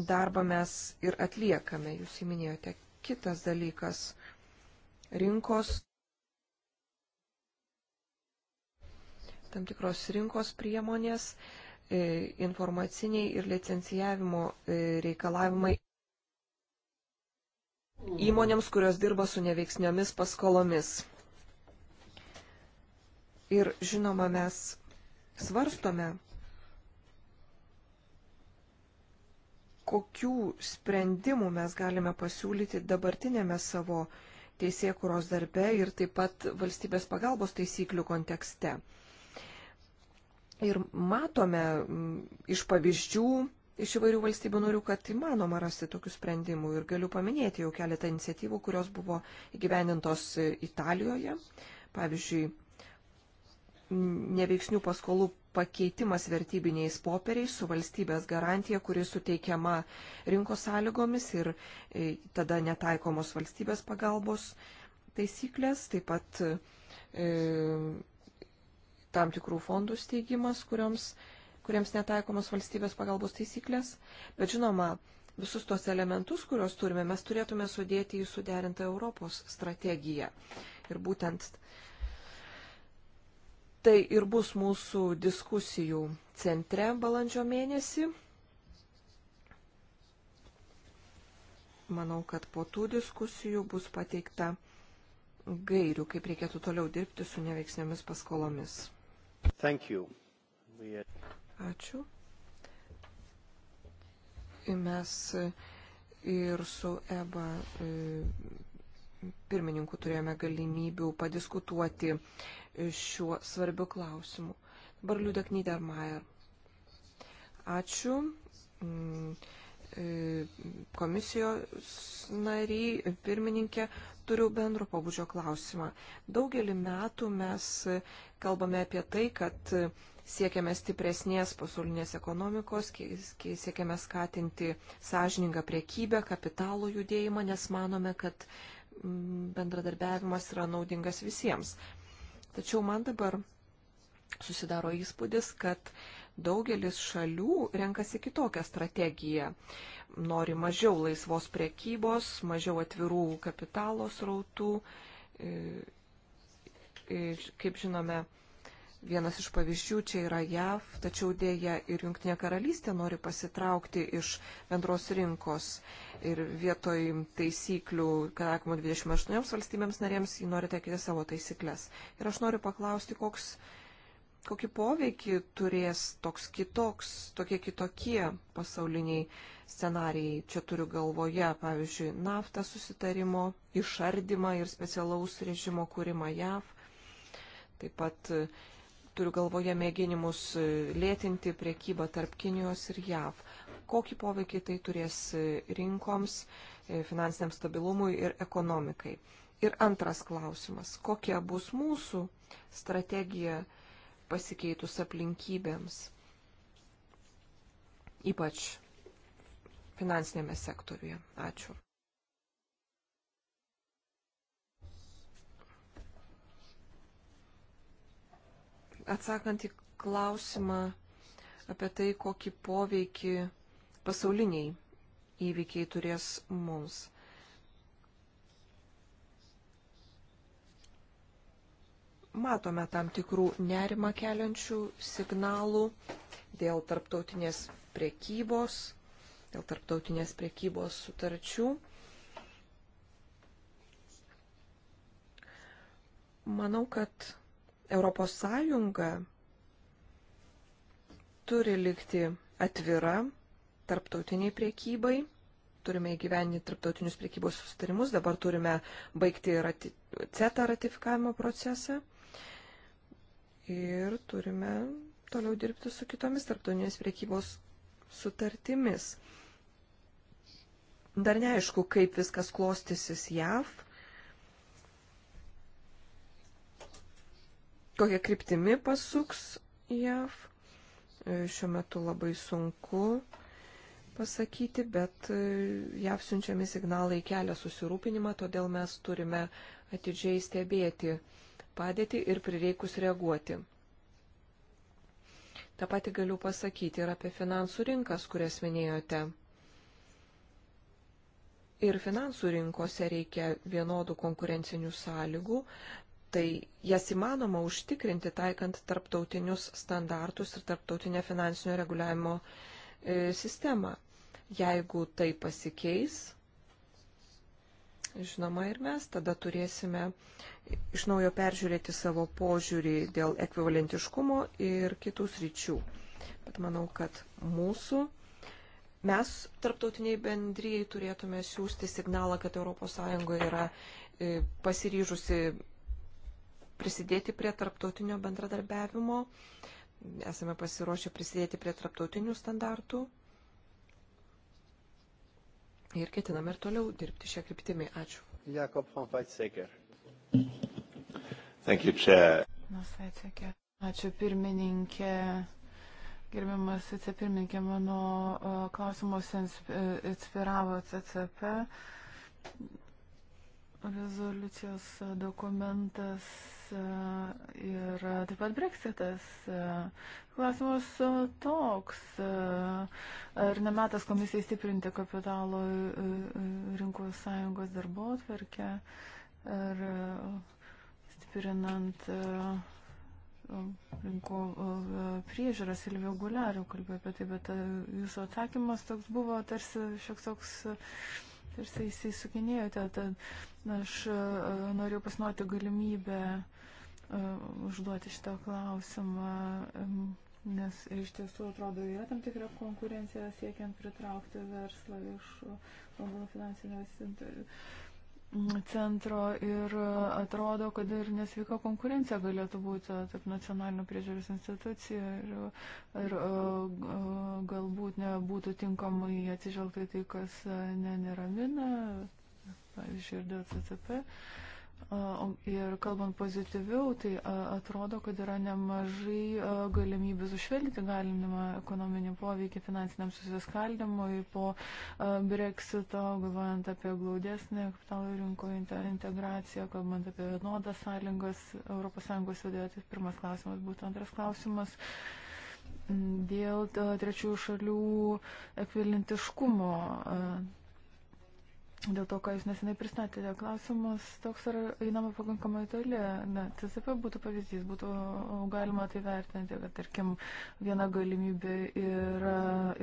darbą mes ir atliekame. Jūs įminėjote kitas dalykas - rinkos. Tam tikros rinkos priemonės, e, informaciniai ir licencijavimo e, reikalavimai įmonėms, kurios dirba su neveiksniomis paskolomis. Ir žinoma, mes svarstome kokių sprendimų mes galime pasiūlyti dabartinėme savo teisėkuros darbe ir taip pat valstybės pagalbos taisyklių kontekste. Ir matome mm, iš pavyzdžių iš įvairių valstybių norių, kad įmanoma rasti tokių sprendimų. Ir galiu paminėti jau keletą iniciatyvų, kurios buvo įgyvendintos Italijoje. Pavyzdžiui, neveiksnių paskolų pakeitimas vertybiniais popieriais su valstybės garantija, kuri suteikiama rinkos sąlygomis ir e, tada netaikomos valstybės pagalbos taisyklės, taip pat e, tam tikrų fondų steigimas, kurioms, kuriems netaikomos valstybės pagalbos taisyklės. Bet žinoma, visus tos elementus, kuriuos turime, mes turėtume sudėti į suderintą Europos strategiją. Ir būtent e, Tai ir bus mūsų diskusijų centre balandžio mėnesį. Manau, kad po tų diskusijų bus pateikta gairių, kaip reikėtų toliau dirbti su neveiksnėmis paskolomis. We... Ačiū. Mes e, ir su EBA e, pirmininku turėjome galimybių padiskutuoti šiuo svarbiu klausimu. Dabar Liudek Niedermayer. Ačiū. Mm, e, komisijos nariai, pirmininkė, turiu bendro pabudžio klausimą. Daugelį metų mes kalbame apie tai, kad siekiame stipresnės pasaulinės ekonomikos, siekiame skatinti sąžiningą priekybę, kapitalo judėjimą, nes manome, kad mm, bendradarbiavimas yra naudingas visiems. Tačiau man dabar susidaro įspūdis, kad daugelis šalių renkasi kitokią strategiją. Nori mažiau laisvos priekybos, mažiau atvirų kapitalo srautų. Ir, e, e, kaip žinome, Vienas iš pavyzdžių čia yra JAV, tačiau dėja ir Junktinė karalystė nori pasitraukti iš bendros rinkos ir vietoj taisyklių, kadangi 28 valstybėms narėms, jį nori taikyti savo taisyklės. Ir aš noriu paklausti, koks, kokį poveikį turės toks kitoks, tokie kitokie pasauliniai scenarijai. Čia turiu galvoje, pavyzdžiui, naftą susitarimo, išardymą ir specialaus režimo kūrimą JAV. Taip pat turiu galvoje mėginimus e, lėtinti priekybą tarp Kinijos ir JAV. Kokį poveikį tai turės e, rinkoms, e, finansiniam stabilumui ir ekonomikai? Ir antras klausimas. Kokia bus mūsų strategija pasikeitus aplinkybėms, ypač finansinėme sektoriuje? Ačiū. atsakant į klausimą apie tai, kokį poveikį pasauliniai įvykiai turės mums. Matome tam tikrų nerimą keliančių signalų dėl tarptautinės priekybos, dėl tarptautinės priekybos sutarčių. Manau, kad Europos Sąjunga turi likti atvira tarptautiniai priekybai, turime įgyveninti tarptautinius priekybos sustarimus, dabar turime baigti rati, CETA ratifikavimo procesą ir turime toliau dirbti su kitomis tarptautinės priekybos sutartimis. Dar neaišku, kaip viskas klostysis JAV, kokia kryptimi pasuks JAV. E, šiuo metu labai sunku pasakyti, bet e, JAV siunčiami signalai kelia susirūpinimą, todėl mes turime atidžiai stebėti padėtį ir prireikus reaguoti. Ta pati galiu pasakyti ir apie finansų rinkas, kurias minėjote. Ir finansų rinkose reikia vienodų konkurencinių sąlygų, tai jas įmanoma užtikrinti taikant tarptautinius standartus ir tarptautinę finansinio reguliavimo e, sistemą. Jeigu tai pasikeis, žinoma, ir mes tada turėsime iš naujo peržiūrėti savo požiūrį dėl ekvivalentiškumo ir kitų sričių. Bet manau, kad mūsų mes tarptautiniai bendryjai turėtume siūsti signalą, kad ES yra e, pasiryžusi prisidėti prie tarptautinio bendradarbiavimo, esame pasiruošę prisidėti prie tarptautinių standartų ir ketiname ir toliau dirbti šią kryptimį. Ačiū. Jakob von Weizsäcker. Thank you, Chair. Ačiū pirmininkė. Gerbiamas vicepirmininkė, mano klausimus e, inspiravo CCP rezoliucijos dokumentas ir e, taip pat breksitas. E, klausimas toks, e, ar nematas komisijai stiprinti kapitalo rinkų sąjungos darbo atverkę, ar stiprinant rinkų priežiūrą Silvio Guliario kalbėjo apie tai, bet jūsų atsakymas toks buvo tarsi šioks toks. toks tarsi įsisukinėjote, tad aš e, noriu pasnuoti galimybę e, užduoti šitą klausimą, nes iš tiesų atrodo yra tam tikra konkurencija siekiant pritraukti verslą iš e, globalų finansinės centro ir atrodo, kad ir nesveika konkurencija galėtų būti tarp nacionalinių priežiūros institucijų ir, ir e, e, galbūt nebūtų tinkamai atsižvelgta į tai, kas e, ne, neramina, pavyzdžiui, ir dėl CCP. Uh, ir kalbant pozityviau, tai atrodo, kad yra nemažai galimybių sušvelninti galimą ekonominį poveikį finansiniam susiskaldimui po breksito, galvojant apie glaudesnį kapitalo rinko integraciją, kalbant apie vienodas sąlygas ES viduje. Tai pirmas klausimas būtų antras klausimas. Dėl trečiųjų šalių ekvivalentiškumo Dėl to, ką jūs nesenai pristatėte, klausimas toks, ar einama pakankamai toli. Na, CCP būtų pavyzdys, būtų galima tai vertinti, kad, tarkim, viena galimybė yra,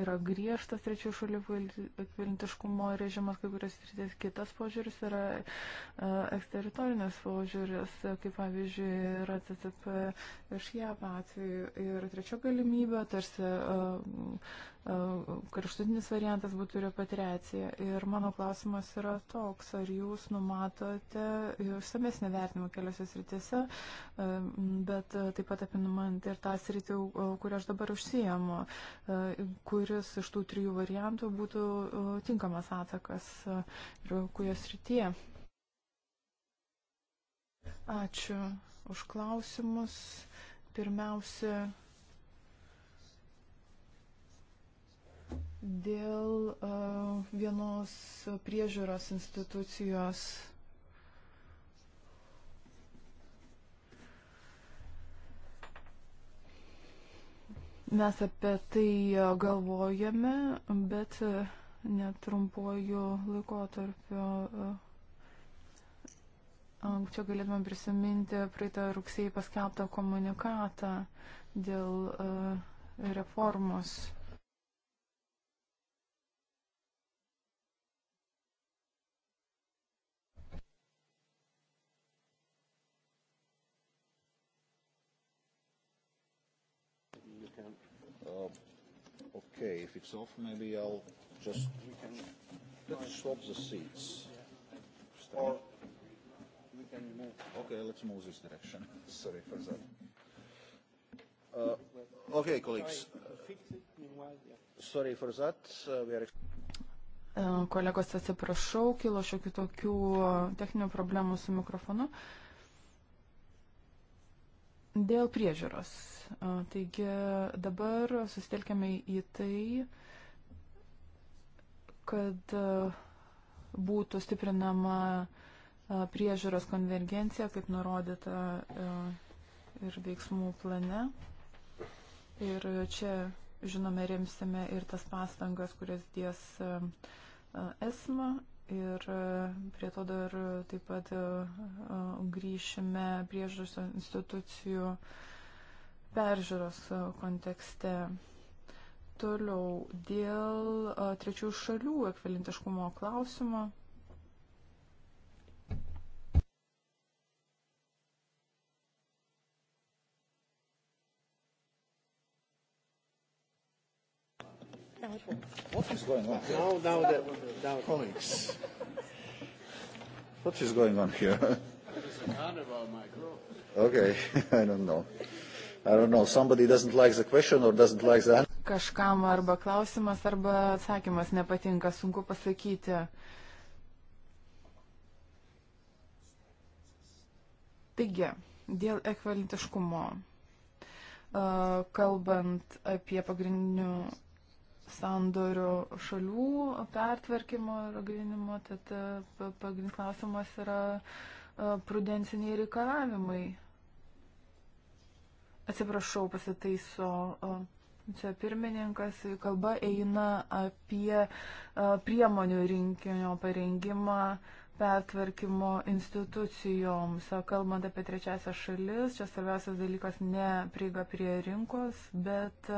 yra griežtas trečių šalių ekvivalentiškumo režimas, kai kurias rytis kitas požiūris yra e, eksteritorinis požiūris, kaip pavyzdžiui, yra CCP iš JAV atveju. Ir trečia galimybė, tarsi. Uh, E, kraštutinis variantas būtų repatriacija. Ir mano klausimas yra toks, ar jūs numatote išsamesnį vertinimą keliose sritise, e, bet taip pat apinumant ir tą sritį, e, kurią aš dabar užsijamu, kuris iš tų trijų variantų būtų tinkamas atsakas ir kurio srityje. Ačiū už klausimus. Pirmiausia, dėl uh, vienos priežiūros institucijos. Mes apie tai galvojame, bet netrumpuoju laikotarpiu. E, čia galėtume prisiminti praeitą rugsėjį paskelbtą komunikatą dėl e, reformos Okay, if it's off, maybe I'll just we can let's swap the seats. Yeah. Or we can move. Okay, let's move this direction. <laughs> Sorry for that. Uh, okay, colleagues. Sorry for that. Uh, we are. Uh, kolegos, atsiprašau, kilo šiokių tokių uh, techninių problemų su mikrofonu. Uh, Dėl priežiūros. Taigi dabar susitelkėme į tai, kad būtų stiprinama priežiūros konvergencija, kaip nurodyta ir veiksmų plane. Ir čia, žinome, remsime ir tas pastangas, kurias dės ESMA Ir e, prie to dar e, taip pat e, grįšime priežiūros institucijų peržiūros kontekste. Toliau dėl trečių šalių ekvivalentiškumo klausimo. is going on here? Now, now, the, now colleagues. What is going on here? It's a carnival, Michael. Okay, <laughs> I don't know. I don't know. Somebody doesn't like the question or doesn't like the answer. Kažkam arba klausimas, arba atsakymas nepatinka, sunku pasakyti. Taigi, dėl ekvalentiškumo, kalbant apie pagrindinių sandorių šalių pertvarkymo ir gaivinimo, tad e, pagrindinis klausimas yra e, prudenciniai reikalavimai. Atsiprašau, pasitaiso e, čia pirmininkas, kalba eina apie priemonių rinkinio parengimą pertvarkymo institucijoms. Kalbant apie trečiasią šalis, čia svarbiausias dalykas ne prieiga prie rinkos, bet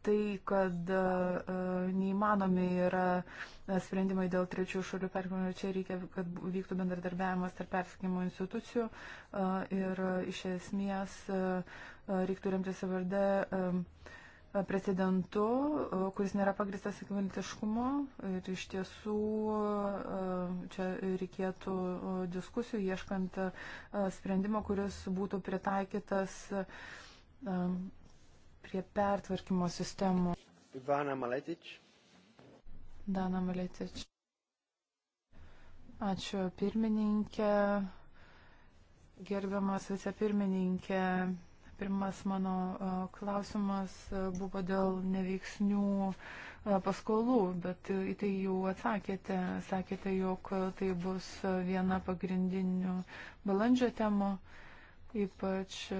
tai, kad e, e, neįmanomi yra e, sprendimai dėl trečių šalių perkelimo ir čia reikia, kad vyktų bendradarbiavimas tarp persikimo institucijų ir iš esmės reiktų remtis vardą precedentu, kuris nėra pagristas ekviltiškumu ir iš tiesų čia reikėtų diskusijų ieškant sprendimo, kuris būtų pritaikytas prie pertvarkymo sistemų. Ivana Maletič. Dana Maletič. Ačiū pirmininkė, gerbiamas vicepirmininkė. Pirmas mano klausimas buvo dėl neveiksnių paskolų, bet į tai jau atsakėte. Sakėte, jog tai bus viena pagrindinių balandžio temų. Ypač e,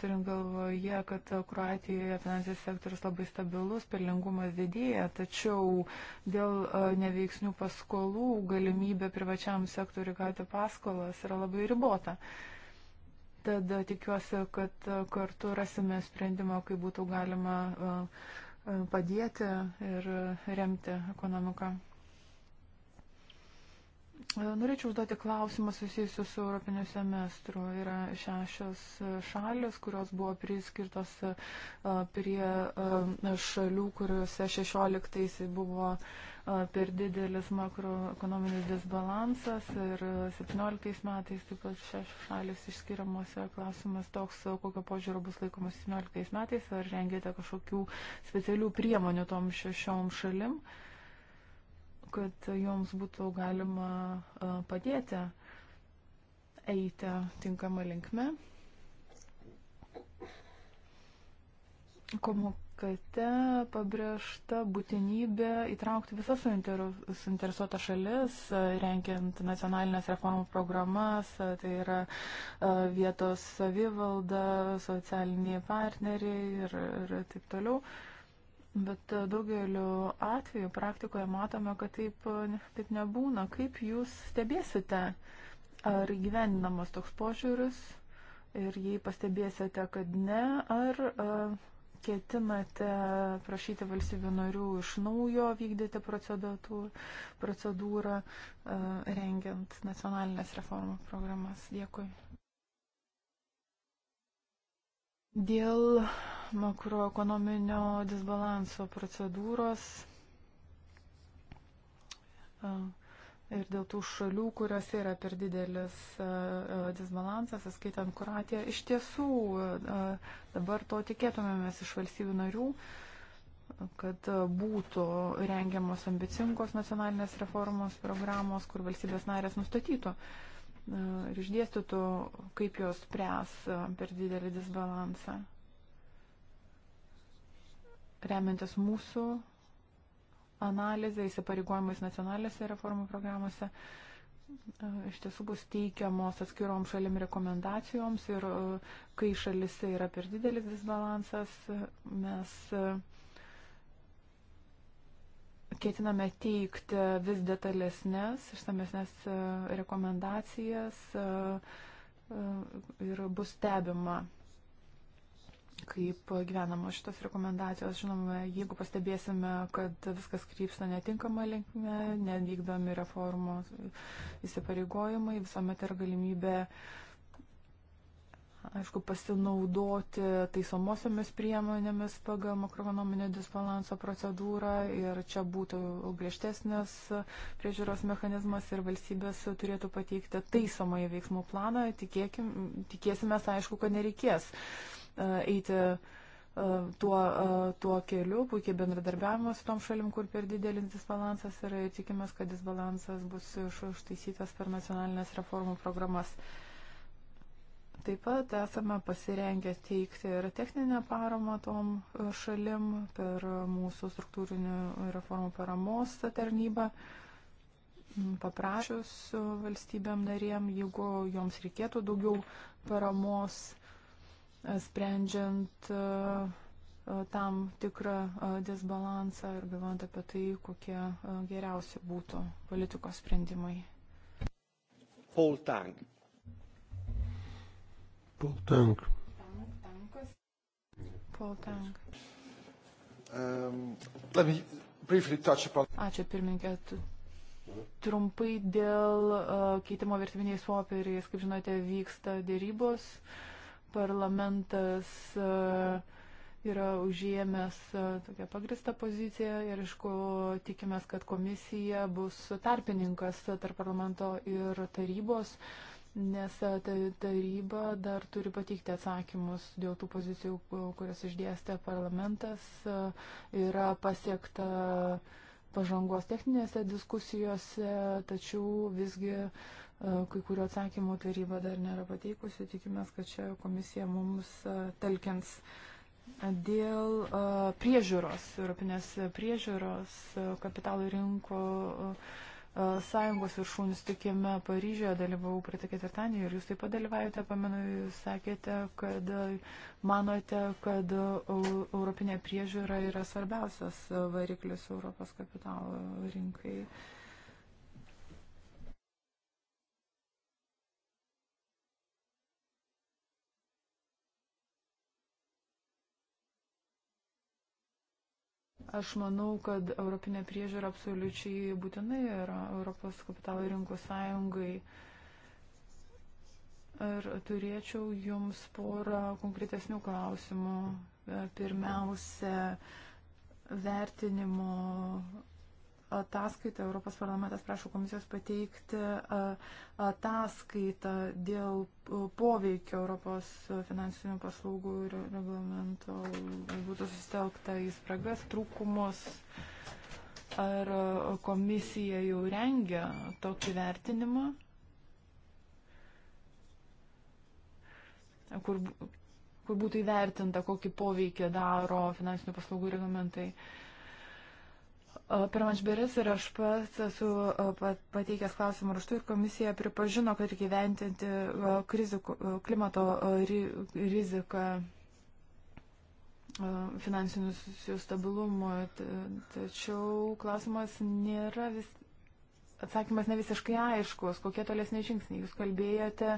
turint galvoje, kad Kroatijoje finansinis sektorius labai stabilus, pelningumas didėja, tačiau dėl e, neveiksnių paskolų galimybė privačiam sektoriu gauti paskolas yra labai ribota. Tad e, tikiuosi, kad kartu rasime sprendimą, kaip būtų galima padėti ir remti ekonomiką. Norėčiau užduoti klausimą susijusiu su Europiniu semestru. Yra šešios šalis, kurios buvo priskirtos e, prie e, šalių, kuriuose 16 buvo e, per didelis makroekonominis disbalansas ir 17 metais taip pat šešios šalis išskiriamos. Klausimas toks, kokio požiūro bus laikomas 17 metais, ar rengėte kažkokių specialių priemonių tom šešiom šalim? Uh, kad joms būtų galima padėti eiti tinkamą linkmę. Komokate pabrėžta būtinybė įtraukti visas suinteresuotas šalis, renkiant nacionalinės reformų programas, tai yra vietos savivalda, socialiniai partneriai ir, ir taip toliau. Bet e, daugeliu atveju praktikoje matome, kad taip, e, taip nebūna. Kaip jūs stebėsite, ar gyveninamas toks požiūris ir jei pastebėsite, kad ne, ar a, e, ketinate prašyti valstybių narių iš naujo vykdyti procedūrą, a, rengiant nacionalinės reformų programas. Dėkui. Dėl makroekonominio disbalanso procedūros ir dėl tų šalių, kuriuose yra per didelis disbalansas, skaitant Kroatiją, iš tiesų dabar to tikėtumėmės iš valstybių narių kad būtų rengiamos ambicingos nacionalinės reformos programos, kur valstybės narės nustatytų uh, E, ir išdėstytų, kaip jos pres e, per didelį disbalansą. Remiantis mūsų analizė, įsipareigojimais nacionalinėse reformų programuose, e, iš tiesų bus teikiamos atskirom šalim rekomendacijoms ir kai šalise yra per didelis disbalansas, mes ketiname teikti vis detalesnės, išsamesnės e, rekomendacijas e, e, ir bus stebima kaip gyvenama šitos rekomendacijos. Žinoma, jeigu pastebėsime, kad viskas krypsta netinkama linkme, nevykdomi reformos įsipareigojimai, visuomet yra galimybė uh, aišku, pasinaudoti taisomosiomis priemonėmis pagal makroekonominio disbalanso procedūrą ir čia būtų griežtesnės priežiūros mechanizmas ir valstybės turėtų pateikti taisomąjį veiksmų planą. Tikėkim, tikėsime, aišku, kad nereikės e, eiti e, tuo, e, tuo keliu, puikiai bendradarbiavimo su tom šalim, kur per didelis disbalansas yra ir tikimės, kad disbalansas bus ištaisytas per nacionalinės reformų programas. Uh, Taip pat esame pasirengę teikti ir techninę paramą tom e, šalim per mūsų struktūrinių reformų paramos tarnybą, paprašius valstybėm narėm, jeigu joms reikėtų daugiau paramos, e, sprendžiant e, tam tikrą disbalansą ir galvojant apie tai, kokie geriausi būtų politikos sprendimai. Paul Tang. Paul Tank. Paul Tank. Um, upon... Ačiū pirmininkė. Trumpai dėl uh, keitimo vertybiniais popieriais, kaip žinote, vyksta dėrybos. Parlamentas uh, yra užėmęs uh, tokią pagristą poziciją ir, aišku, tikimės, kad komisija bus tarpininkas tarp parlamento ir tarybos. Uh, nes e, taryba dar turi pateikti atsakymus dėl tų pozicijų, kurias išdėstė parlamentas. E, yra pasiekta pažangos techninėse diskusijose, tačiau visgi e, kai kurių atsakymų taryba dar nėra pateikusi. Tikimės, kad čia komisija mums telkins. Dėl priežiūros, europinės priežiūros kapitalų rinko. Uh, sąjungos viršūnių sutikime Paryžioje dalyvavau praeitą ketvirtadienį ir jūs taip pat dalyvaujate, pamenu, jūs sakėte, kad manote, kad europinė priežiūra yra svarbiausias variklis Europos kapitalo rinkai. Uh, Aš manau, kad Europinė priežiūra absoliučiai būtinai yra Europos kapitalo rinkų sąjungai. Ir turėčiau jums porą konkretesnių klausimų. Pirmiausia, vertinimo ataskaitą. Europos parlamentas prašo komisijos pateikti ataskaitą dėl poveikio Europos finansinių paslaugų reglamento. Būtų susitelkta į spragas, trūkumus. Ar komisija jau rengia tokį vertinimą? Kur, kur būtų įvertinta, kokį poveikį daro finansinių paslaugų reglamentai. Uh, Pirmas Beres ir aš pats esu pateikęs klausimą raštu ir komisija pripažino, kad gyventinti krizių, klimato riziką finansinius jų stabilumų. Tačiau klausimas nėra vis, atsakymas ne visiškai aiškus, kokie tolesni žingsniai. Jūs kalbėjote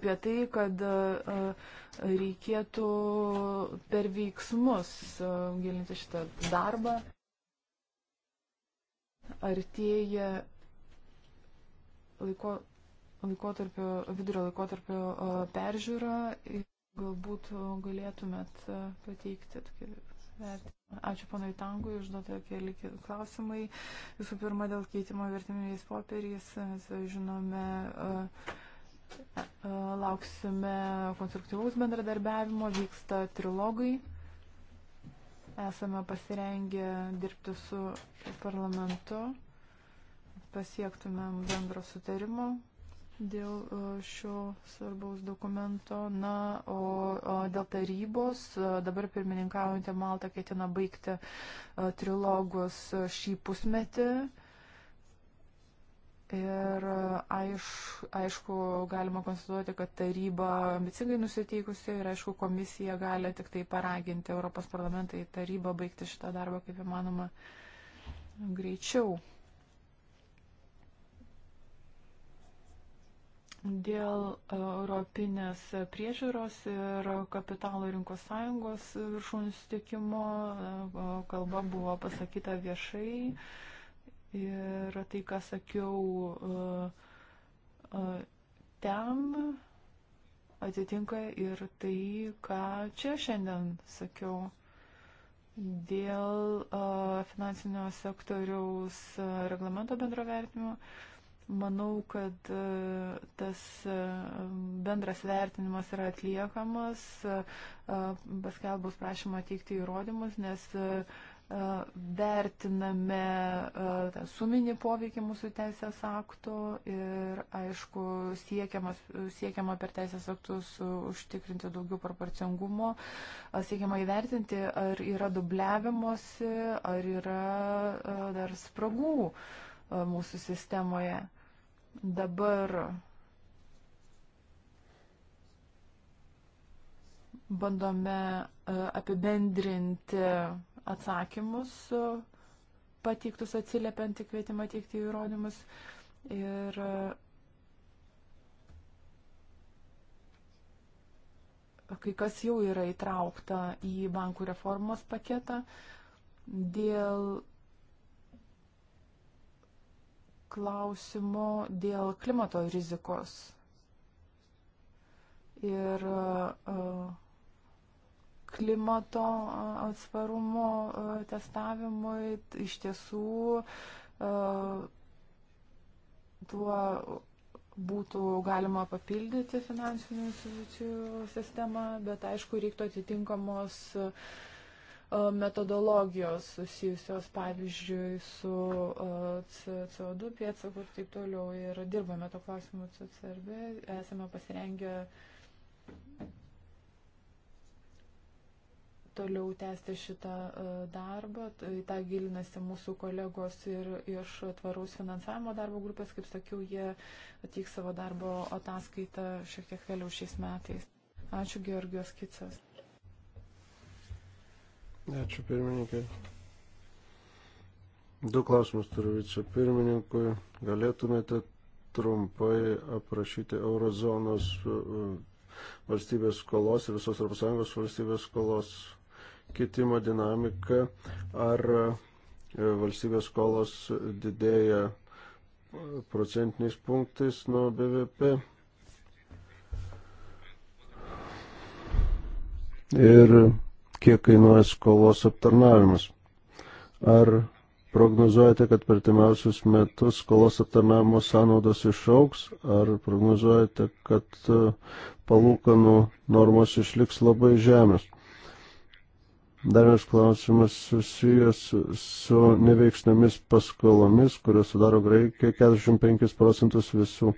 apie tai, kad reikėtų per veiksmus gilinti šitą darbą artėja laiko, laikotarpio, vidurio laikotarpio peržiūra. Galbūt galėtumėt pateikti tokį vertinimą. Ačiū panai Tangui, užduota keli klausimai. Visų pirma, dėl keitimo vertiminiais popieriais, mes žinome, lauksime konstruktyvaus bendradarbiavimo, vyksta trilogai. Esame pasirengę dirbti su parlamentu, pasiektumėm bendro sutarimo dėl e, šio svarbaus dokumento. Na, o, o dėl tarybos e, dabar pirmininkaujantį Maltą ketina baigti e, trilogus šį pusmetį. Ir aiš, aišku, galima konstatuoti, kad taryba ambicingai nusiteikusi ir aišku, komisija gali tik tai paraginti Europos parlamentą į tarybą baigti šitą darbą kaip įmanoma greičiau. Dėl e, Europinės priežiūros ir kapitalo rinkos sąjungos viršūnų sutikimo e, kalba buvo pasakyta viešai. Mm Ir tai, ką sakiau e, e, ten, atitinka ir tai, ką čia šiandien sakiau dėl e, finansinio sektoriaus reglamento bendrovertinimo. Manau, kad tas bendras vertinimas yra atliekamas, paskelbus prašymą teikti įrodymus, nes E, vertiname e, tą suminį poveikį mūsų teisės aktų ir, aišku, siekiamas, siekiama per teisės aktus užtikrinti daugiau proporcingumo, e, siekiama įvertinti, ar yra dubliavimosi, ar yra dar spragų mūsų sistemoje. Dabar bandome apibendrinti atsakymus e, pateiktus atsiliepiant į kvietimą teikti įrodymus. Ir e, kai kas jau yra įtraukta į bankų reformos paketą dėl klausimo dėl klimato rizikos. Ir uh, klimato atsparumo testavimui iš tiesų tuo būtų galima papildyti finansinių institucijų sistemą, bet aišku, reiktų atitinkamos metodologijos susijusios, pavyzdžiui, su CO2 pėtsaku ir taip toliau. Ir dirbame to klausimu CCRB, esame pasirengę toliau tęsti šitą e, darbą. Ta gilinasi mūsų kolegos ir iš tvaraus finansavimo darbo grupės. Kaip sakiau, jie atvyks savo darbo ataskaitą šiek tiek vėliau šiais metais. Ačiū Georgijos Kicas. Ačiū pirmininkai. Du klausimus turiu vicepirmininkui. Galėtumėte trumpai aprašyti eurozonos e, valstybės skolos ir visos ES valstybės skolos kitimo dinamika, ar e, valstybės skolos didėja procentiniais punktais nuo BVP. Ir kiek kainuoja skolos aptarnavimas. Ar prognozuojate, kad per timiausius metus skolos aptarnavimo sąnaudos išauks, ar prognozuojate, kad e, palūkanų normos išliks labai žemės? Dar vienas klausimas susijęs su neveiksniomis paskolomis, kurios sudaro Graikija 45 procentus visų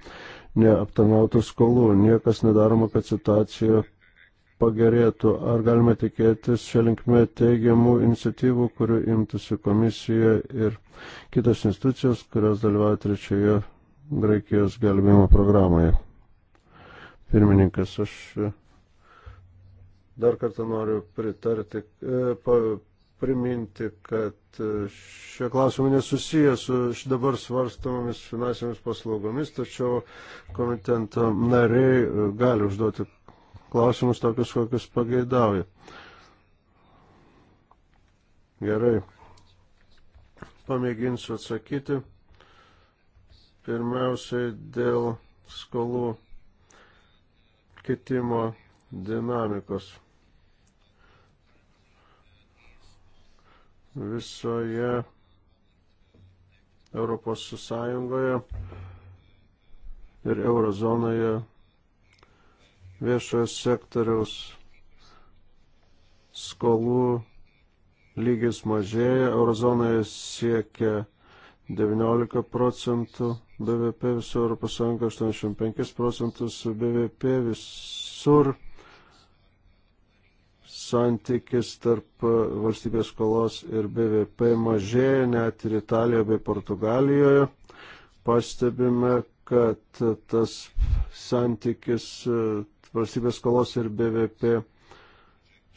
neaptarnautų skolų. Niekas nedaroma, kad situacija pagerėtų. Ar galima tikėtis šią linkmę teigiamų iniciatyvų, kurių imtųsi komisija ir kitos institucijos, kurios dalyvauja trečioje Graikijos gelbėjimo programoje? Pirmininkas, aš Dar kartą noriu pritarti, e, priminti, kad e, šie klausimai nesusiję su dabar svarstamomis finansinėmis paslaugomis, tačiau komiteto nariai e, gali užduoti klausimus tokius, kokius pageidauja. Gerai. Pamėginsiu atsakyti. Pirmiausiai dėl skolų kitimo dinamikos. visoje Europos Sąjungoje ir eurozonoje viešojo sektoriaus skolų lygis mažėja, eurozonoje siekia 19 procentų BVP, viso Europos Sąjunga 85 procentus BVP, visur santykis tarp e, valstybės skolos ir BVP mažėja net ir Italijoje bei Portugalijoje. Pastebime, kad tas santykis e, valstybės skolos ir BVP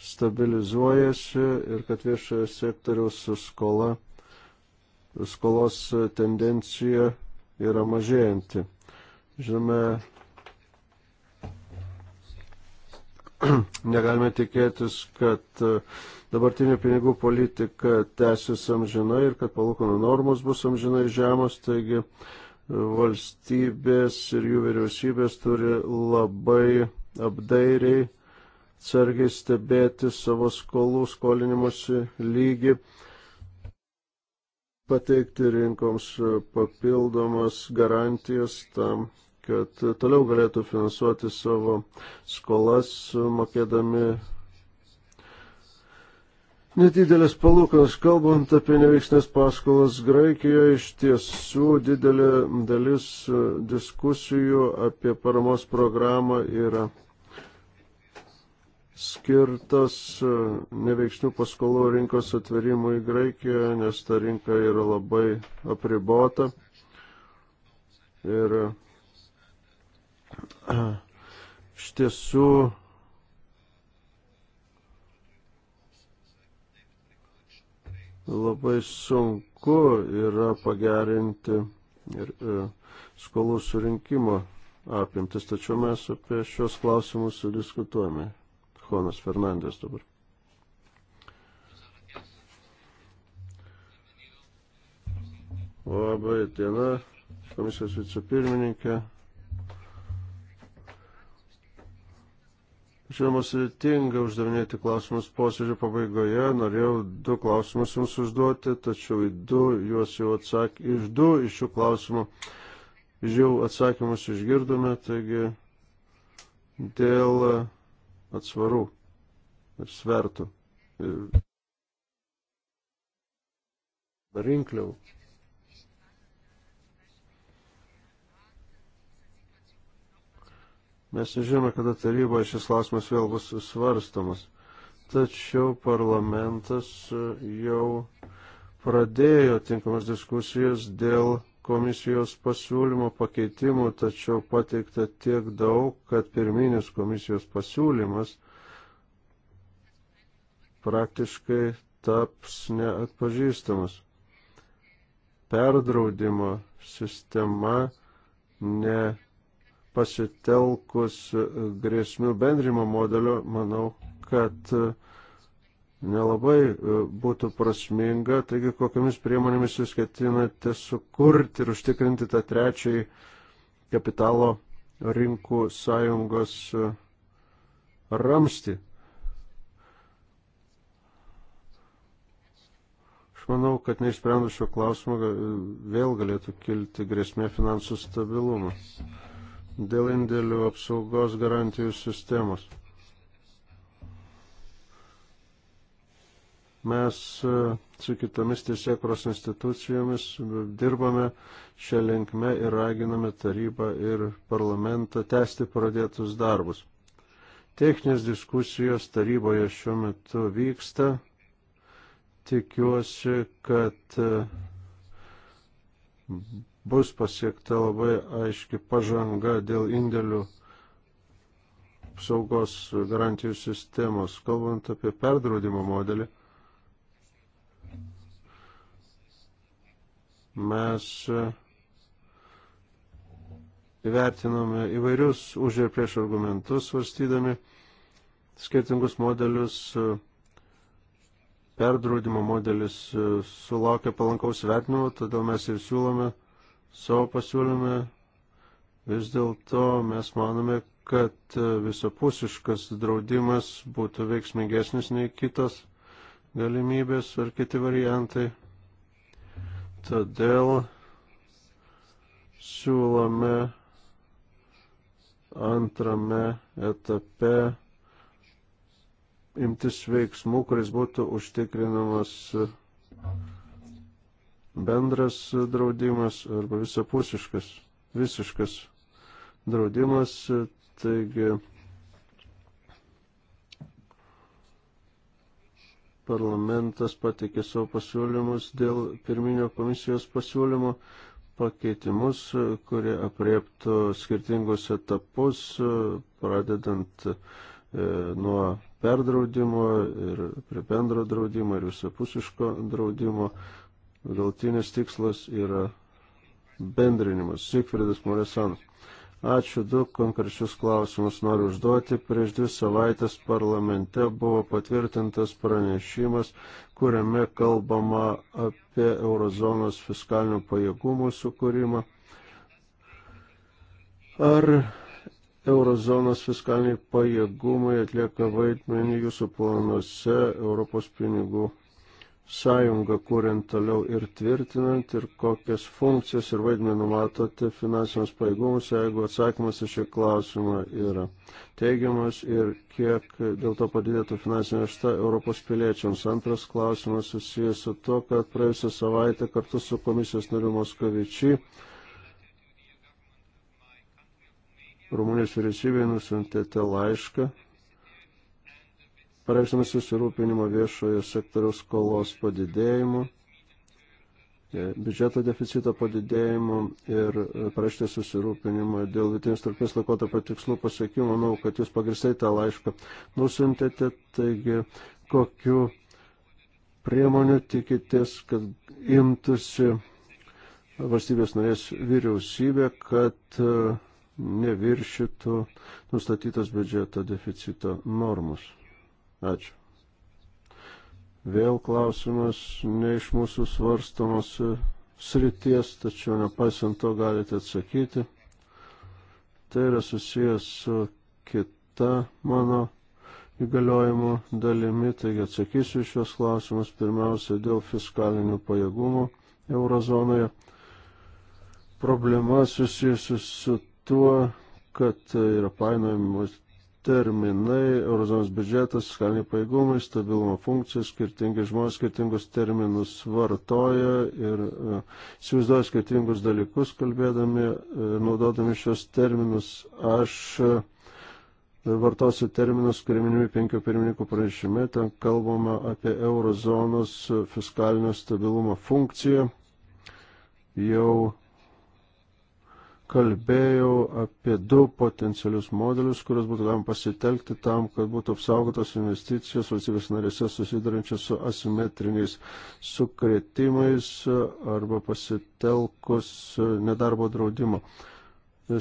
stabilizuojasi ir kad viešojo sektoriaus skola, skolos tendencija yra mažėjanti. Žinome, <clears throat> negalime tikėtis, kad e, dabartinė pinigų politika tęsis amžinai ir kad palūkanų normos bus amžinai žemos, taigi e, valstybės ir jų vyriausybės turi labai apdairiai, atsargiai stebėti savo skolų skolinimuose lygį, pateikti rinkoms papildomas garantijas tam, kad toliau galėtų finansuoti savo skolas, mokėdami nedidelės palūkanas. Kalbant apie neveiksnės paskolas Graikijoje, iš tiesų didelė dalis diskusijų apie paramos programą yra skirtas neveiksnių paskolų rinkos atverimui Graikijoje, nes ta rinka yra labai apribota. Ir Iš tiesų labai sunku yra pagerinti ir e, skolų surinkimo apimtis, tačiau mes apie šios klausimus diskutuojame. Jonas Fernandės dabar. Labai diena, komisijos vicepirmininkė. Žinoma, sudėtinga uždavinėti klausimus posėdžio pabaigoje. Norėjau du klausimus jums užduoti, tačiau į du juos jau atsakė. Iš du iš šių klausimų jau atsakymus išgirdome, taigi dėl atsvarų ir svertų. Ir rinkliau. Mes žinome, kada taryboje šis klausimas vėl bus svarstamas. Tačiau parlamentas e, jau pradėjo tinkamas diskusijas dėl komisijos pasiūlymo pakeitimų, tačiau pateikta tiek daug, kad pirminis komisijos pasiūlymas praktiškai taps neatpažįstamas. Perdraudimo sistema ne pasitelkus grėsmių bendrimo modelio, manau, kad e, nelabai e, būtų prasminga. Taigi, kokiamis priemonėmis jūs ketinate sukurti ir užtikrinti tą trečiąjį kapitalo rinkų sąjungos e, ramsti. Aš manau, kad neišsprendus šio klausimo vėl galėtų kilti grėsmė finansų stabilumą dėl indėlių apsaugos garantijų sistemos. Mes e, su kitomis teisėkros institucijomis dirbame šią linkmę ir raginame tarybą ir parlamentą tęsti pradėtus darbus. Techninės diskusijos taryboje šiuo metu vyksta. Tikiuosi, kad bus pasiekta labai aiški pažanga dėl indėlių apsaugos garantijų sistemos. Kalbant apie perdraudimo modelį, mes įvertinome įvairius už ir prieš argumentus, svarstydami skirtingus modelius. Perdraudimo modelis sulaukia palankaus vertinimo, todėl mes ir siūlome savo pasiūlyme, vis dėlto mes manome, kad visapusiškas draudimas būtų veiksmingesnis nei kitos galimybės ar kiti variantai. Todėl siūlome antrame etape imtis veiksmų, kuris būtų užtikrinamas bendras draudimas arba visapusiškas, visiškas draudimas. Taigi parlamentas pateikė savo pasiūlymus dėl pirminio komisijos pasiūlymo pakeitimus, kurie apriektų skirtingus etapus, pradedant e, nuo perdraudimo ir prie bendro draudimo ir visapusiško draudimo. E, Galtinis tikslas yra bendrinimas. Sikfridas Moresanas. Ačiū, du konkrečius klausimus noriu užduoti. Prieš dvi savaitės parlamente buvo patvirtintas pranešimas, kuriame kalbama apie eurozonos fiskalinių pajėgumų sukūrimą. Ar eurozonos fiskaliniai pajėgumai atlieka vaidmenį jūsų planuose Europos pinigų sąjungą kuriant toliau ir tvirtinant ir kokias funkcijas ir vaidmenį numatote finansiniams paėgumus, jeigu atsakymas į šį klausimą yra teigiamas ir kiek dėl to padidėtų finansinė našta Europos piliečiams. Antras klausimas susijęs su to, kad praėjusią savaitę kartu su komisijos nariu Moskovičiai Rumunijos vyriausybėje nusintėte laišką pareikštame susirūpinimą viešojo sektoriaus skolos padidėjimu, e, biudžeto deficito padidėjimu ir e, pareikštė susirūpinimą dėl vidinės trukmės laikotarpio tikslų pasiekimų. Manau, kad jūs pagristai tą laišką nusintėte, taigi kokiu priemonių tikitės, kad imtųsi valstybės narės vyriausybė, kad e, neviršytų nustatytos biudžeto deficito normus. Ačiū. Vėl klausimas ne iš mūsų svarstamos srities, tačiau nepaisant to galite atsakyti. Tai yra susijęs su kita mano įgaliojimų dalimi, taigi atsakysiu šios klausimus pirmiausia dėl fiskalinių pajėgumų eurozonoje. Problema susijusi su tuo, kad yra painojamos terminai, eurozonos biudžetas, skaliniai paėgumai, stabilumo funkcijos, skirtingi žmonės skirtingus terminus vartoja ir e, įsivaizduoja skirtingus dalykus, kalbėdami ir e, naudodami šios terminus. Aš e, vartosiu terminus, kurie minimi penkių pirmininkų pranešime, ten kalbama apie eurozonos fiskalinio stabilumo funkciją. Jau kalbėjau apie du potencialius modelius, kuriuos būtų galima pasitelkti tam, kad būtų apsaugotos investicijos valstybės narėse susidarančios su asimetriniais sukretimais arba pasitelkus nedarbo draudimo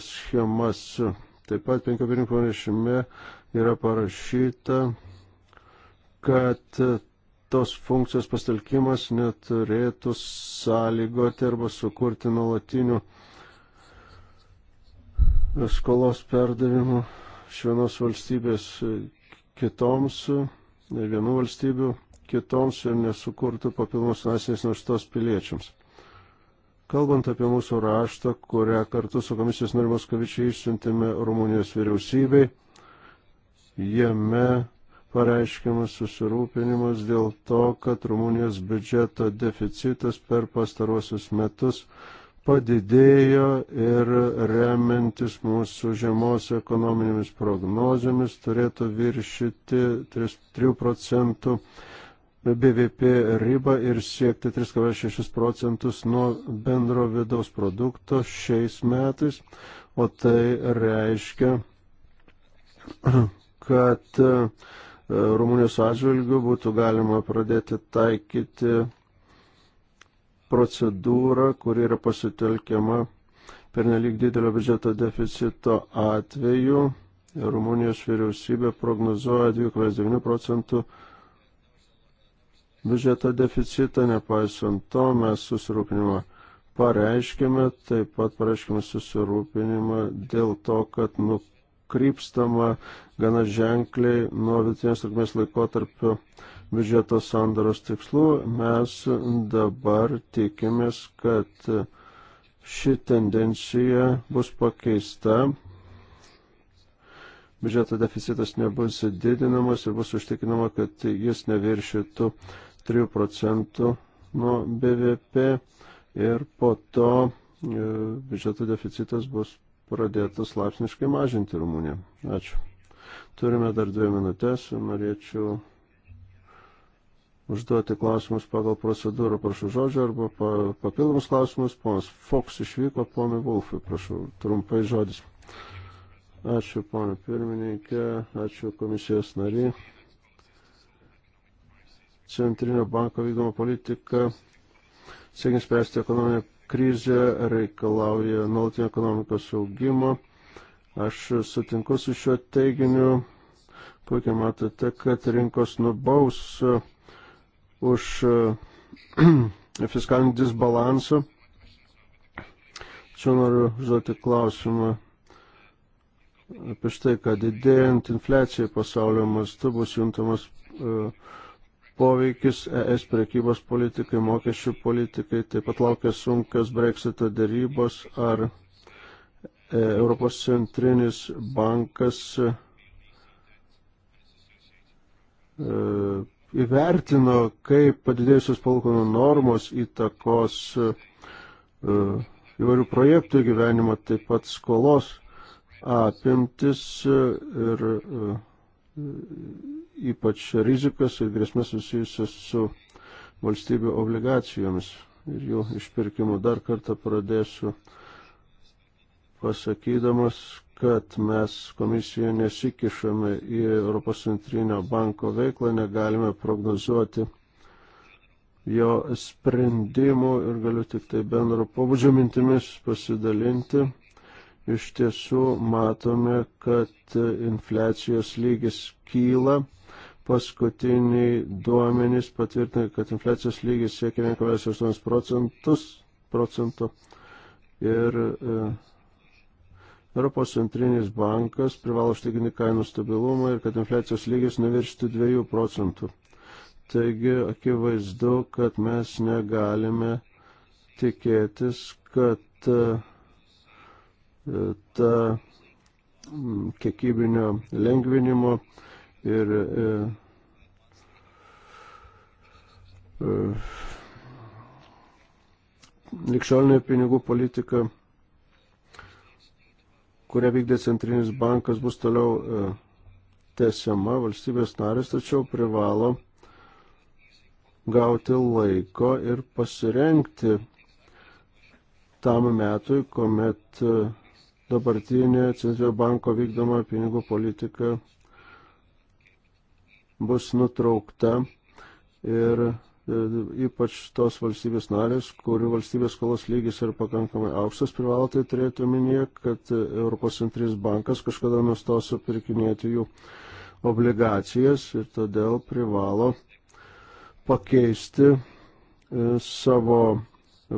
schemas. Taip pat 5.1 pranešime yra parašyta, kad tos funkcijos pastelkimas neturėtų sąlygoti arba sukurti nuolatinių skolos perdavimu iš vienos valstybės kitoms, vienų valstybių kitoms ir nesukurtų papildomos nasinės naštos piliečiams. Kalbant apie mūsų raštą, kurią kartu su komisijos nariu Moskavičiai išsiuntėme Rumunijos vyriausybei, jame pareiškiamas susirūpinimas dėl to, kad Rumunijos biudžeto deficitas per pastaruosius metus padidėjo ir remiantis mūsų žemos ekonominėmis prognozėmis turėtų viršyti 3, 3 procentų BVP ribą ir siekti 3,6 procentus nuo bendro vidaus produkto šiais metais, o tai reiškia, <clears throat> kad e, Rumunijos atžvilgių būtų galima pradėti taikyti procedūrą, kuri yra pasitelkiama per nelik didelio biudžeto deficito atveju. Rumunijos vyriausybė prognozuoja 2,9 procentų biudžeto deficitą, nepaisant to mes susirūpinimą pareiškime, taip pat pareiškime susirūpinimą dėl to, kad nukrypstama gana ženkliai nuo vidutinės trukmės laikotarpio tarp biudžeto sandaros tikslų, mes dabar tikimės, kad ši tendencija bus pakeista. Biudžeto deficitas nebus didinamas ir bus užtikinama, kad jis neviršytų 3 procentų nuo BVP ir po to e, biudžeto deficitas bus pradėtas laipsniškai mažinti Rumuniją. Ačiū. Turime dar dvi minutės ir norėčiau užduoti klausimus pagal procedūrą. Prašau žodžio arba pa, papildomus klausimus. Ponas Fox išvyko, ponui Wolfui, prašau, trumpai žodis. Ačiū, ponė pirmininkė, ačiū komisijos nariai. Centrinio banko vykdoma politika, siekiant spręsti ekonominę krizę, reikalauja nuolatinio ekonomikos augimo. Aš sutinku su šiuo teiginiu. Puikiai matote, kad rinkos nubaus už e, <clears throat> fiskalinį disbalansą. Čia noriu žodį klausimą apie štai, kad didėjant infliacijai pasaulio mastu bus juntamas e, poveikis ES prekybos politikai, mokesčių politikai, taip pat laukia sunkios breksito darybos, ar e, Europos centrinis bankas įvertino, kaip padidėjusios palūkanų normos įtakos e, e, įvairių projektų gyvenimą, taip pat skolos apimtis e, ir ypač rizikas ir grėsmės susijusias su valstybių obligacijomis ir jų išpirkimu. Dar kartą pradėsiu pasakydamas, kad mes komisijoje nesikišame į Europos centrinio banko veiklą, negalime prognozuoti jo sprendimų ir galiu tik tai bendro pobūdžio mintimis pasidalinti. Iš tiesų matome, kad infliacijos lygis kyla paskutiniai duomenys patvirtina, kad infliacijos lygis siekia 1,8 procentus procento ir e, Europos centrinis bankas privalo užtikrinti kainų stabilumą ir kad infliacijos lygis neviršti 2 procentų. Taigi akivaizdu, kad mes negalime tikėtis, kad e, ta kiekybinio lengvinimo ir e, e, likščiolinė pinigų politika kurią vykdė Centrinis bankas, bus toliau e, tesiama valstybės narės, tačiau privalo gauti laiko ir pasirenkti tam metui, kuomet e, dabartinė Centrinio banko vykdoma pinigų politika bus nutraukta ir E, ypač tos valstybės narės, kurių valstybės skolos lygis yra pakankamai aukštas, privalo tai turėti omenyje, kad Europos centrinis bankas kažkada nustos supirkinėti jų obligacijas ir todėl privalo pakeisti e, savo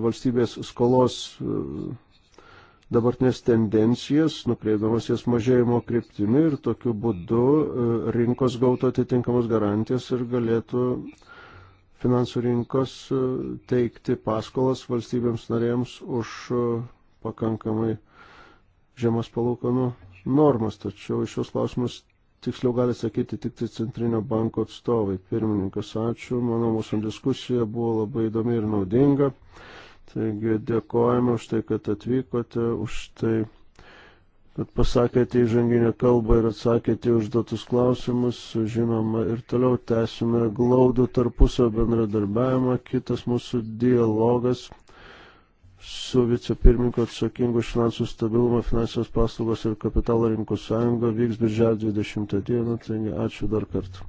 valstybės skolos e, dabartinės tendencijas, nukreipdamas jas mažėjimo kryptimi ir tokiu būdu rinkos gautų atitinkamas garantijas ir galėtų uh, finansų rinkos e, teikti paskolas valstybėms narėms už e, pakankamai žemas palūkanų normas, tačiau iš šios klausimus tiksliau gali sakyti tik tai Centrinio banko atstovai. Pirmininkas, ačiū, manau, mūsų diskusija buvo labai įdomi ir naudinga. Taigi dėkojame už tai, kad atvykote, už tai kad pasakėte įžanginę kalbą ir atsakėte užduotus klausimus. Žinoma, ir toliau tęsime glaudų tarpusio bendradarbiavimą. Kitas mūsų dialogas su vicepirmininku atsakingu iš finansų stabilumą, finansijos paslaugos ir kapitalo rinkų sąjunga vyks birželio 20 dieną. Taigi ačiū dar kartą.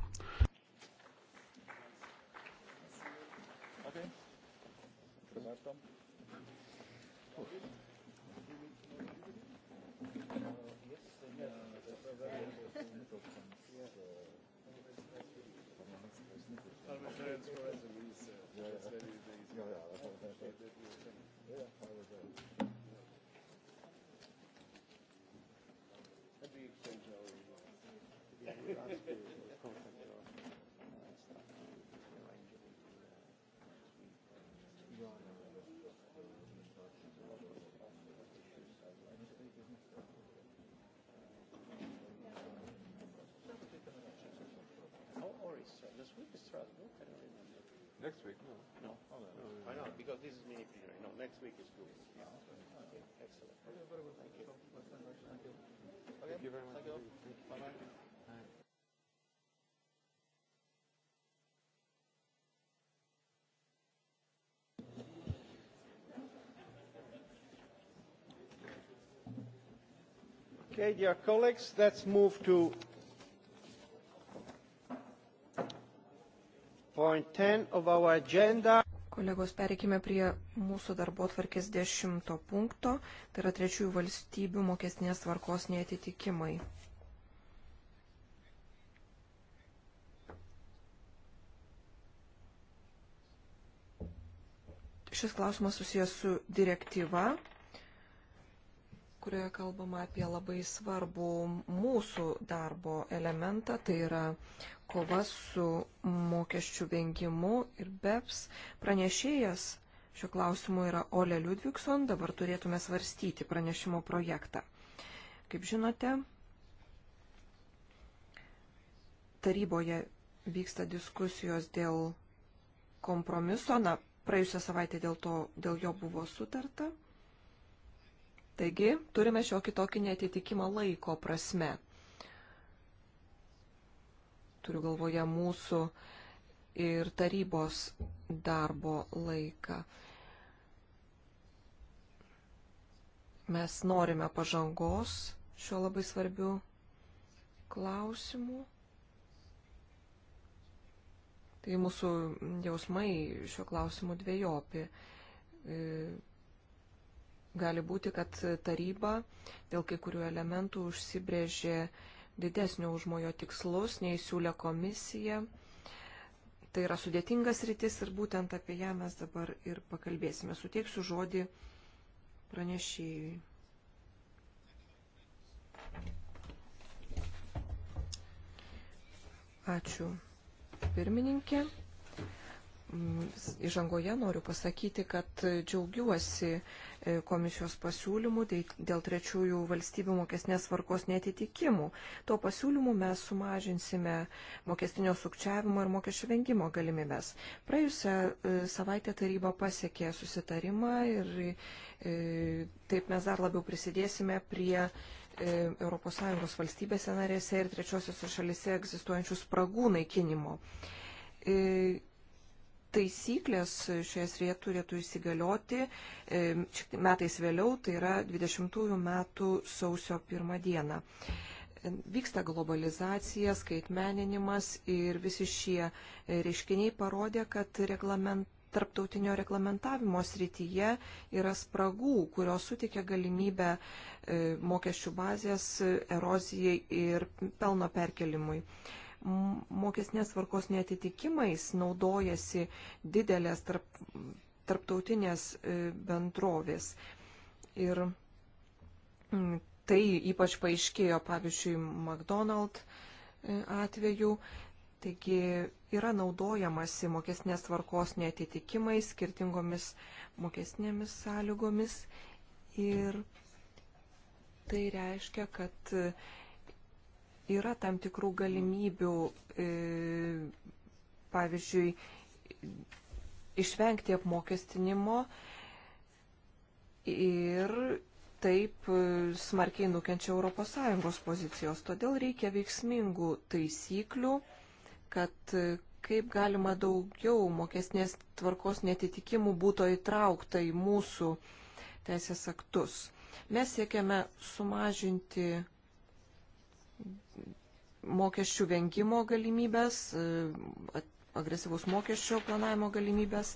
Strasbourg? I don't remember. Next week? No. No. Oh, no. no. I know, because this is mini plenary. No, next week is good. Yeah. Okay. Excellent. Okay, very well. Thank you. Thank you. Okay. Thank you very much. Thank you. Thank you. Bye-bye. Okay, dear colleagues, let's move to Kolegos, pereikime prie mūsų darbo tvarkės dešimto punkto, tai yra trečiųjų valstybių mokestinės tvarkos neatitikimai. Šis klausimas susijęs su direktyva, kurioje kalbama apie labai svarbų mūsų darbo elementą, tai yra kova su mokesčių vengimu ir BEPS. Pranešėjas šio klausimu yra Ole Ludvigson, dabar turėtume svarstyti pranešimo projektą. Kaip žinote, taryboje vyksta diskusijos dėl kompromiso, na, praėjusią savaitę dėl, to, dėl jo buvo sutarta. Taigi, turime šiokį tokį netitikimą laiko prasme turiu galvoje mūsų ir tarybos darbo laiką. Mes norime pažangos šiuo labai svarbiu klausimu. Tai mūsų jausmai šiuo klausimu dviejopi. E, gali būti, kad taryba dėl kai kurių elementų užsibrėžė didesnio užmojo tikslus, nei siūlė komisija. Tai yra sudėtingas rytis ir būtent apie ją mes dabar ir pakalbėsime. Suteiksiu žodį pranešėjui. Ačiū pirmininkė. Mm, įžangoje noriu pasakyti, kad džiaugiuosi e, komisijos pasiūlymų dėl trečiųjų valstybių mokesnės varkos netitikimų. Tuo pasiūlymu mes sumažinsime mokestinio sukčiavimo ir mokesčių vengimo galimybės. Praėjusią e, savaitę taryba pasiekė susitarimą ir e, taip mes dar labiau prisidėsime prie ES valstybėse narėse ir trečiosios šalise egzistuojančių spragų naikinimo taisyklės šioje srityje turėtų įsigalioti e, metais vėliau, tai yra 20 metų sausio pirmą dieną. Vyksta globalizacija, skaitmeninimas ir visi šie e, reiškiniai parodė, kad reglament, tarptautinio reglamentavimo srityje yra spragų, kurios suteikia galimybę e, mokesčių bazės erozijai ir pelno perkelimui mokesnės tvarkos netitikimais naudojasi didelės tarp, tarptautinės e, bendrovės. Ir tai ypač paaiškėjo, pavyzdžiui, McDonald e, atveju. Taigi yra naudojamasi mokesnės tvarkos netitikimais, skirtingomis mokesnėmis sąlygomis. Ir tai reiškia, kad yra tam tikrų galimybių, e, pavyzdžiui, išvengti apmokestinimo ir taip e, smarkiai nukenčia ES pozicijos. Todėl reikia veiksmingų taisyklių, kad e, kaip galima daugiau mokesnės tvarkos netitikimų būtų įtraukta į mūsų teisės aktus. Mes siekiame sumažinti mokesčių vengimo galimybės, e, agresyvus mokesčio planavimo galimybės.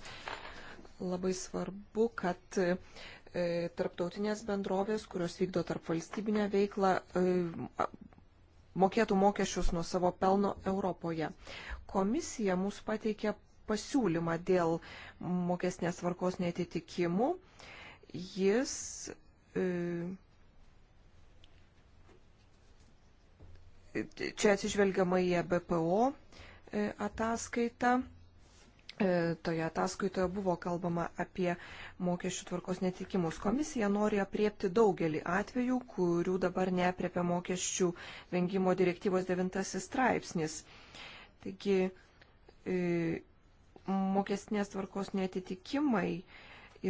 Labai svarbu, kad e, tarptautinės bendrovės, kurios vykdo tarp valstybinę veiklą, e, mokėtų mokesčius nuo savo pelno Europoje. Komisija mūsų pateikė pasiūlymą dėl mokesnės tvarkos netitikimų. Jis e, Čia atsižvelgiama į e BPO e, ataskaitą. E, toje ataskaitoje buvo kalbama apie mokesčių tvarkos netikimus. Komisija nori apriepti daugelį atvejų, kurių dabar neapriepia mokesčių vengimo direktyvos devintasis straipsnis. Taigi mokestinės tvarkos netitikimai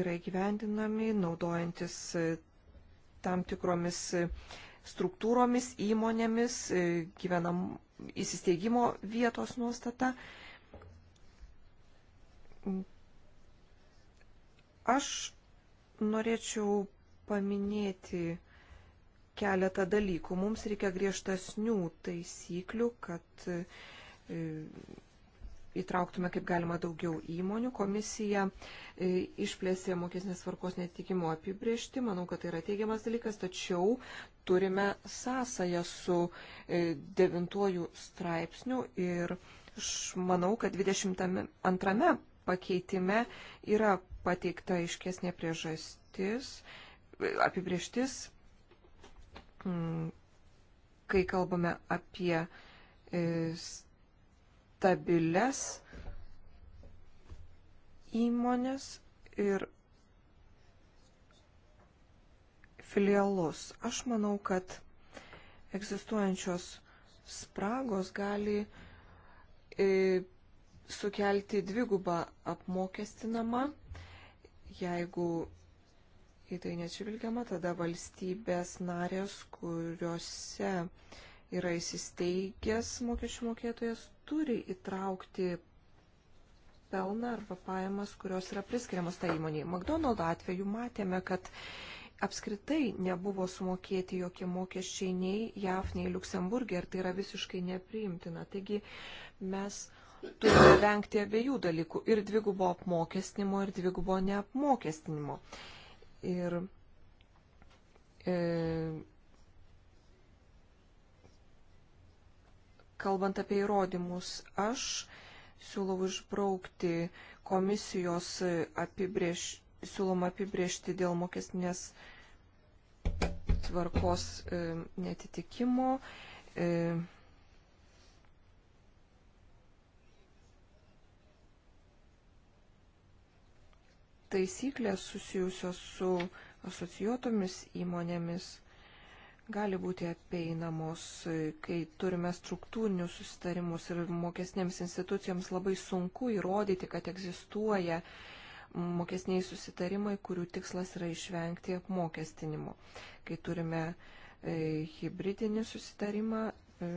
yra įgyvendinami naudojantis tam tikromis struktūromis, įmonėmis, e, gyvenam įsisteigimo vietos nuostata. Aš norėčiau paminėti keletą dalykų. Mums reikia griežtasnių taisyklių, kad e, įtrauktume kaip galima daugiau įmonių. Komisija e, išplėsė mokesnės tvarkos netikimo apibriežti. Manau, kad tai yra teigiamas dalykas, tačiau turime sąsają su e, devintuoju straipsniu ir aš manau, kad 22 pakeitime yra pateikta iškesnė priežastis, e, apibrieštis, kai kalbame apie stabiles įmonės ir filialus. Aš manau, kad egzistuojančios spragos gali e, sukelti dvigubą apmokestinamą, jeigu į tai neatsivilgiama, tada valstybės narės, kuriuose yra įsisteigęs mokesčių mokėtojas, turi įtraukti pelną arba pajamas, kurios yra priskiriamos tai įmoniai. McDonald's atveju matėme, kad apskritai nebuvo sumokėti jokie mokesčiai nei JAV, nei Luksemburgė ir tai yra visiškai nepriimtina. Taigi mes turime vengti abiejų dalykų - ir dvigubo apmokestinimo, ir dvigubo neapmokestinimo. Ir e, kalbant apie įrodymus, aš siūlau išbraukti komisijos apibrieš, siūloma apibriežti dėl mokestinės tvarkos e, netitikimo. E, taisyklės susijusios su asocijuotomis įmonėmis gali būti apeinamos, kai turime struktūrinius susitarimus ir mokesnėms institucijoms labai sunku įrodyti, kad egzistuoja mokesniai susitarimai, kurių tikslas yra išvengti apmokestinimo. Kai turime e, hybridinį susitarimą, e,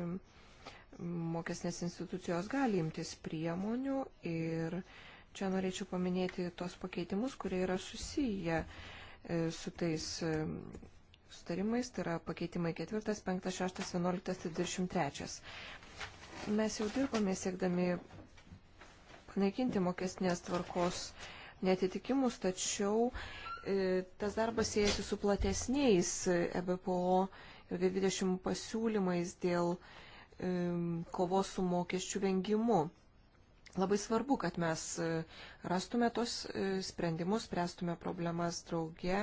mokesnės institucijos gali imtis priemonių ir čia norėčiau paminėti tos pakeitimus, kurie yra susiję e, su tais sutarimais, tai yra pakeitimai 4, 5, 6, 11 ir 23. Mes jau dirbame siekdami panaikinti mokestinės tvarkos netitikimus, tačiau e, tas darbas siejasi su platesniais EBPO e ir G20 pasiūlymais dėl e, kovos su mokesčių vengimu. Labai svarbu, kad mes e, rastume tos e, sprendimus, spręstume problemas drauge.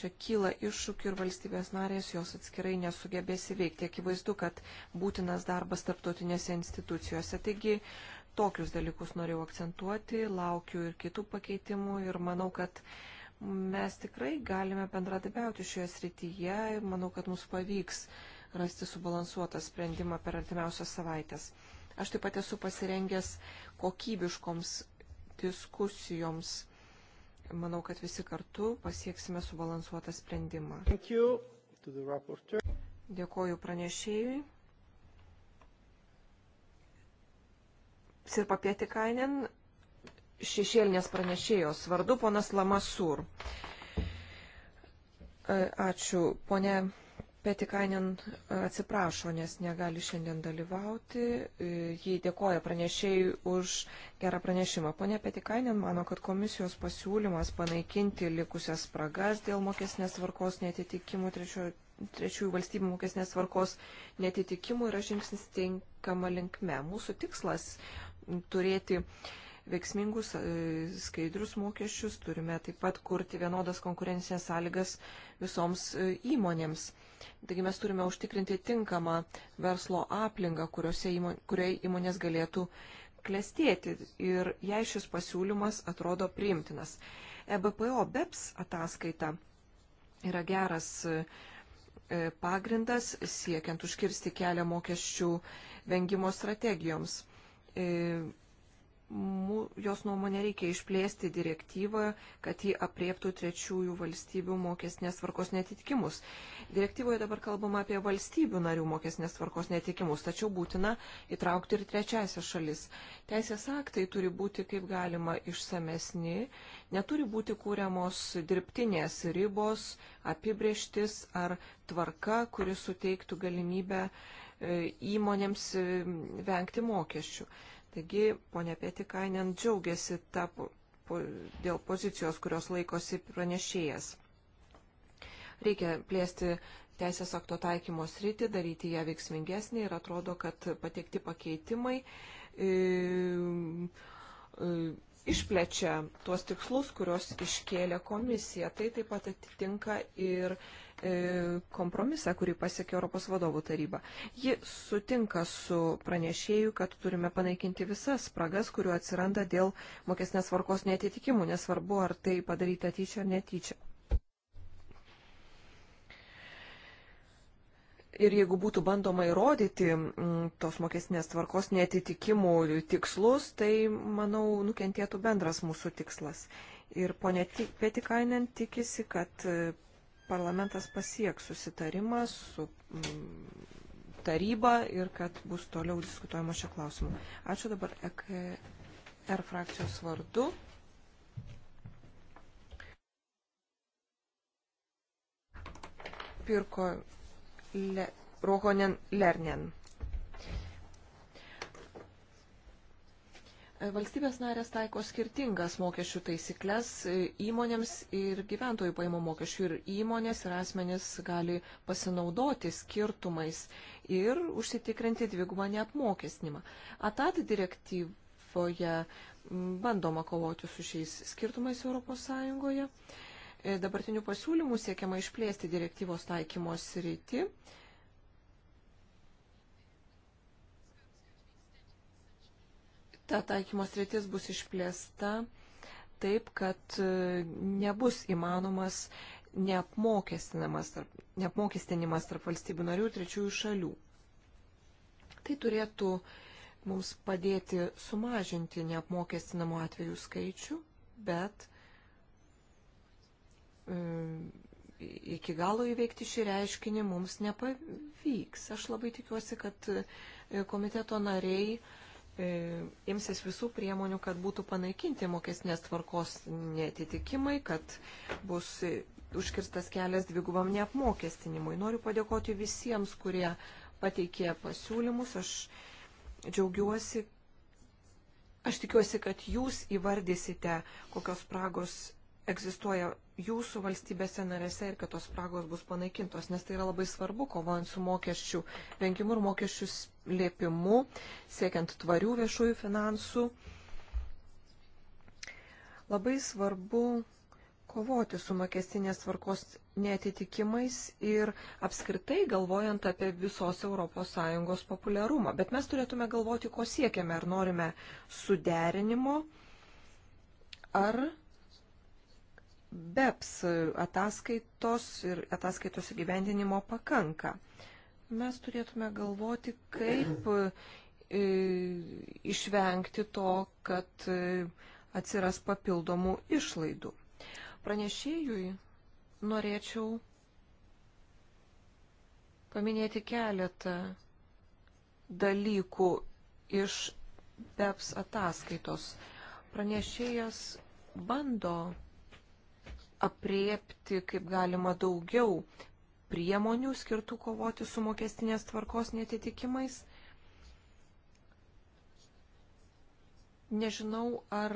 Čia kyla iššūkių ir valstybės narės jos atskirai nesugebės įveikti. Akivaizdu, kad būtinas darbas tarptautinėse institucijose. Taigi tokius dalykus norėjau akcentuoti, laukiu ir kitų pakeitimų ir manau, kad mes tikrai galime bendradabiauti šioje srityje ir manau, kad mums pavyks rasti subalansuotą sprendimą per artimiausias savaitės. Aš taip pat esu pasirengęs kokybiškoms diskusijoms. Manau, kad visi kartu pasieksime subalansuotą sprendimą. Dėkoju pranešėjui. Sirpa Pietikainen, šešėlinės pranešėjos vardu, ponas Lamasur. E, ačiū, ponė Petikainen e, atsiprašo, nes negali šiandien dalyvauti. E, jį dėkoja pranešėjai už gerą pranešimą. Pone Petikainen mano, kad komisijos pasiūlymas panaikinti likusias spragas dėl mokesnės tvarkos netitikimų trečio, trečiųjų valstybių mokesnės tvarkos netitikimų yra žingsnis tinkama linkme. Mūsų tikslas turėti veiksmingus, e, skaidrus mokesčius, turime taip pat kurti vienodas konkurencinės sąlygas visoms įmonėms. Taigi mes turime užtikrinti tinkamą verslo aplinką, įmon, kurioje įmonės galėtų klestėti. Ir jei šis pasiūlymas atrodo priimtinas. EBPO BEPS ataskaita yra geras e, pagrindas siekiant užkirsti kelią mokesčių vengimo strategijoms e, jos nuomonė reikia išplėsti direktyvą, kad ji apriektų trečiųjų valstybių mokesnės tvarkos netitikimus. Direktyvoje dabar kalbama apie valstybių narių mokesnės tvarkos netitikimus, tačiau būtina įtraukti ir trečiasias šalis. Teisės aktai turi būti kaip galima išsamesni, neturi būti kūriamos dirbtinės ribos, apibrieštis ar tvarka, kuri suteiktų galimybę e, įmonėms e, vengti mokesčių. Taigi, ponia Pietikainen džiaugiasi ta, po, dėl pozicijos, kurios laikosi pranešėjas. Reikia plėsti teisės akto taikymo sritį, daryti ją veiksmingesnį ir atrodo, kad pateikti pakeitimai. E, e, išplečia tuos tikslus, kuriuos iškėlė komisija. Tai taip pat atitinka ir e, kompromisą, kurį pasiekė Europos vadovų taryba. Ji sutinka su pranešėju, kad turime panaikinti visas spragas, kuriuo atsiranda dėl mokesnės varkos netitikimų, nesvarbu, ar tai padaryta tyčia ar netyčia. Ir jeigu būtų bandoma įrodyti mm, tos mokestinės tvarkos netitikimų tikslus, tai, manau, nukentėtų bendras mūsų tikslas. Ir ponė Petikainen tikisi, kad e, parlamentas pasieks susitarimą su mm, taryba ir kad bus toliau diskutuojama šio klausimu. Ačiū dabar EKR e frakcijos vardu. Pirko Le, Rohonen Lernen. Valstybės narės taiko skirtingas mokesčių taisyklės įmonėms ir gyventojų paimų mokesčių ir įmonės ir asmenys gali pasinaudoti skirtumais ir užsitikrinti dvigubą neapmokestinimą. Atat direktyvoje bandoma kovoti su šiais skirtumais ES E, dabartinių pasiūlymų siekiama išplėsti direktyvos taikymos rytį. Ta taikymos rytis bus išplėsta taip, kad e, nebus įmanomas neapmokestinimas tarp, neapmokestinimas tarp valstybių narių ir trečiųjų šalių. Tai turėtų mums padėti sumažinti neapmokestinamų atvejų skaičių, bet E, iki galo įveikti šį reiškinį mums nepavyks. Aš labai tikiuosi, kad e, komiteto nariai e, imsis visų priemonių, kad būtų panaikinti mokesnės tvarkos netitikimai, kad bus užkirstas kelias dvigubam neapmokestinimui. Noriu padėkoti visiems, kurie pateikė pasiūlymus. Aš džiaugiuosi, aš tikiuosi, kad jūs įvardysite, kokios spragos egzistuoja jūsų valstybėse narėse ir kad tos spragos bus panaikintos, nes tai yra labai svarbu, kovojant su mokesčių vengimu ir mokesčių slėpimu, siekiant tvarių viešųjų finansų. Labai svarbu kovoti su mokestinės tvarkos netitikimais ir apskritai galvojant apie visos ES populiarumą. Bet mes turėtume galvoti, ko siekiame, ar norime suderinimo, ar BEPS ataskaitos ir ataskaitos įgyvendinimo pakanka. Mes turėtume galvoti, kaip e, išvengti to, kad e, atsiras papildomų išlaidų. Pranešėjui norėčiau paminėti keletą dalykų iš BEPS ataskaitos. Pranešėjas bando apriepti kaip galima daugiau priemonių skirtų kovoti su mokestinės tvarkos netitikimais. Nežinau, ar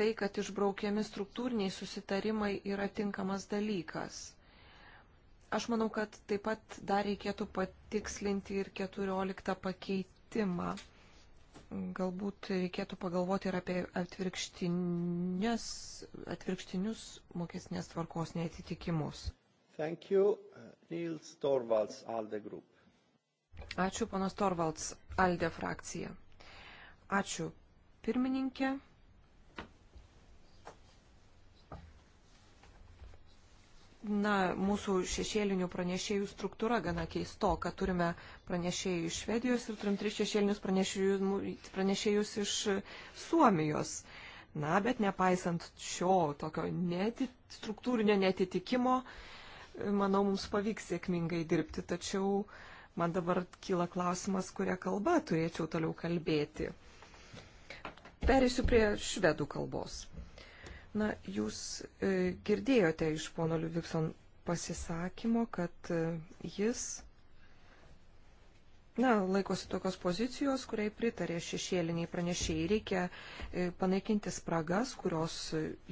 tai, kad išbraukiami struktūriniai susitarimai yra tinkamas dalykas. Aš manau, kad taip pat dar reikėtų patikslinti ir 14 pakeitimą galbūt reikėtų pagalvoti ir apie atvirkštinius mokesnės tvarkos neatitikimus. Thank you, Nils Torvalds, ALDE Group. Ačiū, panas Torvalds, ALDE frakcija. Ačiū, pirmininkė. na, mūsų šešėlinių pranešėjų struktūra gana keisto, kad turime pranešėjų iš Švedijos ir turim tris šešėlinius pranešėjus, pranešėjus iš Suomijos. Na, bet nepaisant šio tokio neti, struktūrinio netitikimo, manau, mums pavyks sėkmingai dirbti, tačiau man dabar kyla klausimas, kurią kalbą turėčiau toliau kalbėti. Perėsiu prie švedų kalbos. Na, jūs e, girdėjote iš pono Liuvikson pasisakymo, kad e, jis na, laikosi tokios pozicijos, kuriai pritarė šešėliniai pranešėjai. Reikia e, panaikinti spragas, kurios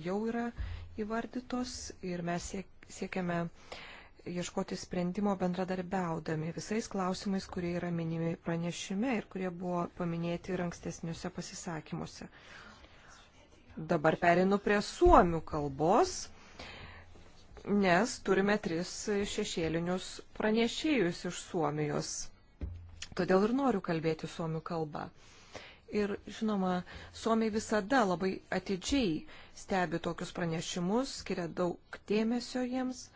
jau yra įvardytos ir mes siekiame ieškoti sprendimo bendradarbiaudami visais klausimais, kurie yra minimi pranešime ir kurie buvo paminėti ir ankstesniuose pasisakymuose. Dabar perinu prie suomių kalbos, nes turime tris šešėlinius pranešėjus iš Suomijos. Todėl ir noriu kalbėti suomių kalbą. Ir, žinoma, Suomiai visada labai atidžiai stebi tokius pranešimus, skiria daug dėmesio jiems.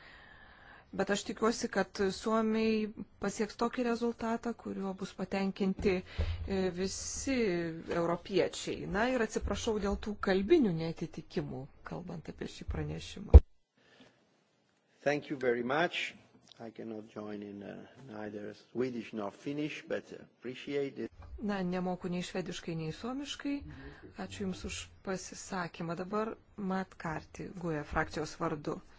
Bet aš tikiuosi, kad Suomiai pasieks tokį rezultatą, kuriuo bus patenkinti e, visi europiečiai. Na ir atsiprašau dėl tų kalbinių netitikimų, kalbant apie šį pranešimą. Thank you very much. I cannot join in uh, neither Swedish nor Finnish, but appreciate it. Na, nemoku nei švediškai, nei suomiškai. Ačiū Jums už pasisakymą. Dabar Matkarti, GUE frakcijos vardu. Uh,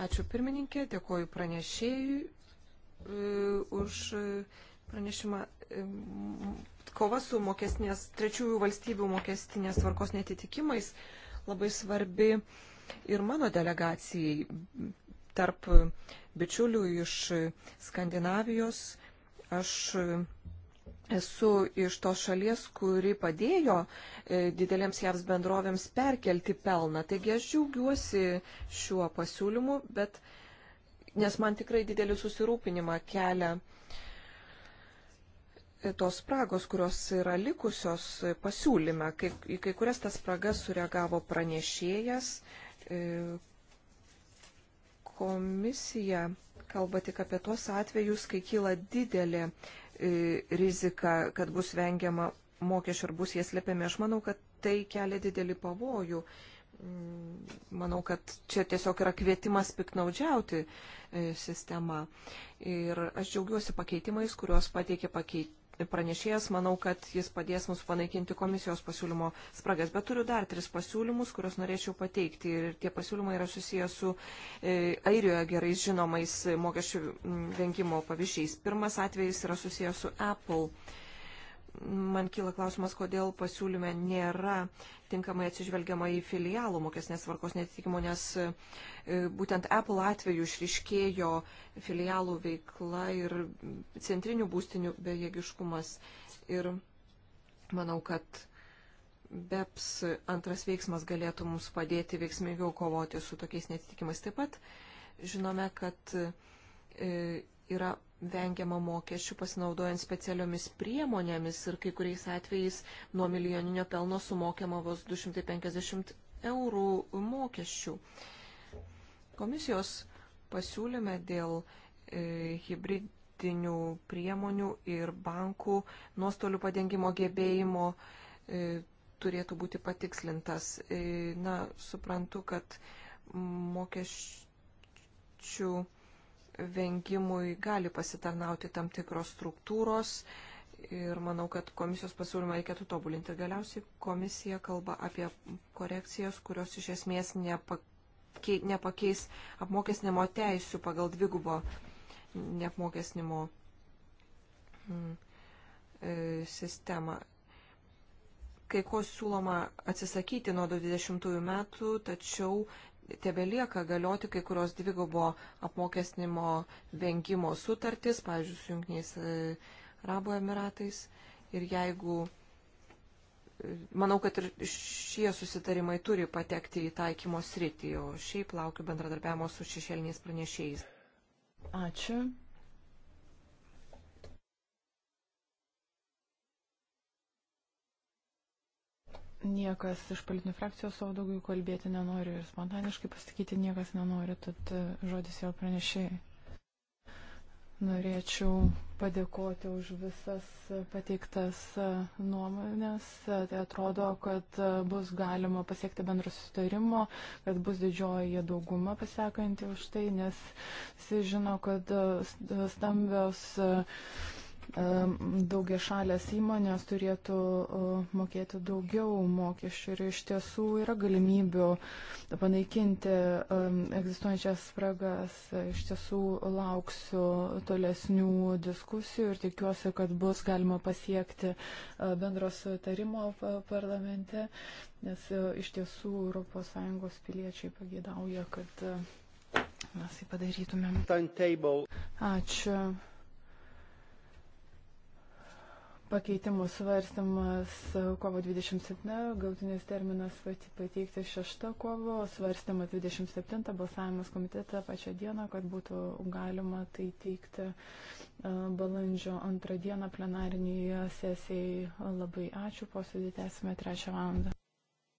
Ačiū pirmininkė, dėkoju pranešėjui e, už e, pranešimą. E, kova su mokestinės, trečiųjų valstybių mokestinės tvarkos netitikimais labai svarbi ir mano delegacijai tarp bičiulių iš Skandinavijos. Aš esu iš tos šalies, kuri padėjo e, didelėms JAV bendrovėms perkelti pelną. Taigi aš džiaugiuosi šiuo pasiūlymu, bet nes man tikrai didelį susirūpinimą kelia e, tos spragos, kurios yra likusios pasiūlyme. Kai, į kai kurias tas spragas sureagavo pranešėjas. E, komisija kalba tik apie tuos atvejus, kai kyla didelė E, rizika, kad bus vengiama mokesčių ir bus jie slepiami. Aš manau, kad tai kelia didelį pavojų. Mm, manau, kad čia tiesiog yra kvietimas piknaudžiauti e, sistema. Ir aš džiaugiuosi pakeitimais, kuriuos pateikė pakeit pranešėjas, manau, kad jis padės mums panaikinti komisijos pasiūlymo spragas. Bet turiu dar tris pasiūlymus, kuriuos norėčiau pateikti. Ir tie pasiūlymai yra susijęs su e, Airijoje gerai žinomais mokesčių vengimo pavyzdžiais. Pirmas atvejis yra susijęs su Apple man kyla klausimas, kodėl pasiūlyme nėra tinkamai atsižvelgiama į filialų mokesnės tvarkos netitikimo, nes e, būtent Apple atveju išriškėjo filialų veikla ir centrinių būstinių bejėgiškumas. Ir manau, kad BEPS antras veiksmas galėtų mums padėti veiksmingiau kovoti su tokiais netitikimais. Taip pat žinome, kad e, yra vengiama mokesčių pasinaudojant specialiomis priemonėmis ir kai kuriais atvejais nuo milijoninio pelno sumokiama vos 250 eurų mokesčių. Komisijos pasiūlyme dėl e, hybridinių priemonių ir bankų nuostolių padengimo gebėjimo e, turėtų būti patikslintas. E, na, suprantu, kad mokesčių vengimui gali pasitarnauti tam tikros struktūros ir manau, kad komisijos pasiūlymą reikėtų tobulinti. Galiausiai komisija kalba apie korekcijas, kurios iš esmės nepakeis, nepakeis apmokesnimo teisių pagal dvigubo neapmokesnimo mm, e, sistemą. Kai ko siūloma atsisakyti nuo 20 metų, tačiau tebelieka galioti kai kurios dvigubo apmokestinimo vengimo sutartys, pavyzdžiui, su Junktiniais e, Arabų Emiratais. Ir jeigu, e, manau, kad ir šie susitarimai turi patekti į taikymo sritį, o šiaip laukiu bendradarbiavimo su šešėliniais pranešėjais. Ačiū. Niekas iš politinių frakcijos savo daugiau kalbėti nenori ir spontaniškai pasakyti niekas nenori, tad e, žodis jau pranešėjai. Norėčiau padėkoti už visas pateiktas e, nuomonės. E, tai atrodo, kad bus galima pasiekti bendro sustarimo, kad bus didžioji dauguma pasiekanti už tai, nes visi žino, kad stambios. Uh, daugia šalės įmonės turėtų e, mokėti daugiau mokesčių ir iš tiesų yra galimybių panaikinti egzistuojančias spragas. Iš tiesų lauksiu tolesnių diskusijų ir tikiuosi, kad bus galima pasiekti e, bendro sutarimo parlamente, nes e, iš tiesų ES piliečiai pagėdauja, kad mes jį padarytumėm. Ačiū. Pakeitimų svarstymas kovo 27, gautinis terminas pateikti 6 kovo, svarstymas 27, balsavimas komitete pačią dieną, kad būtų galima tai teikti balandžio antrą dieną plenarinėje sesijai. Labai ačiū, posėdį tęsime 3 valandą.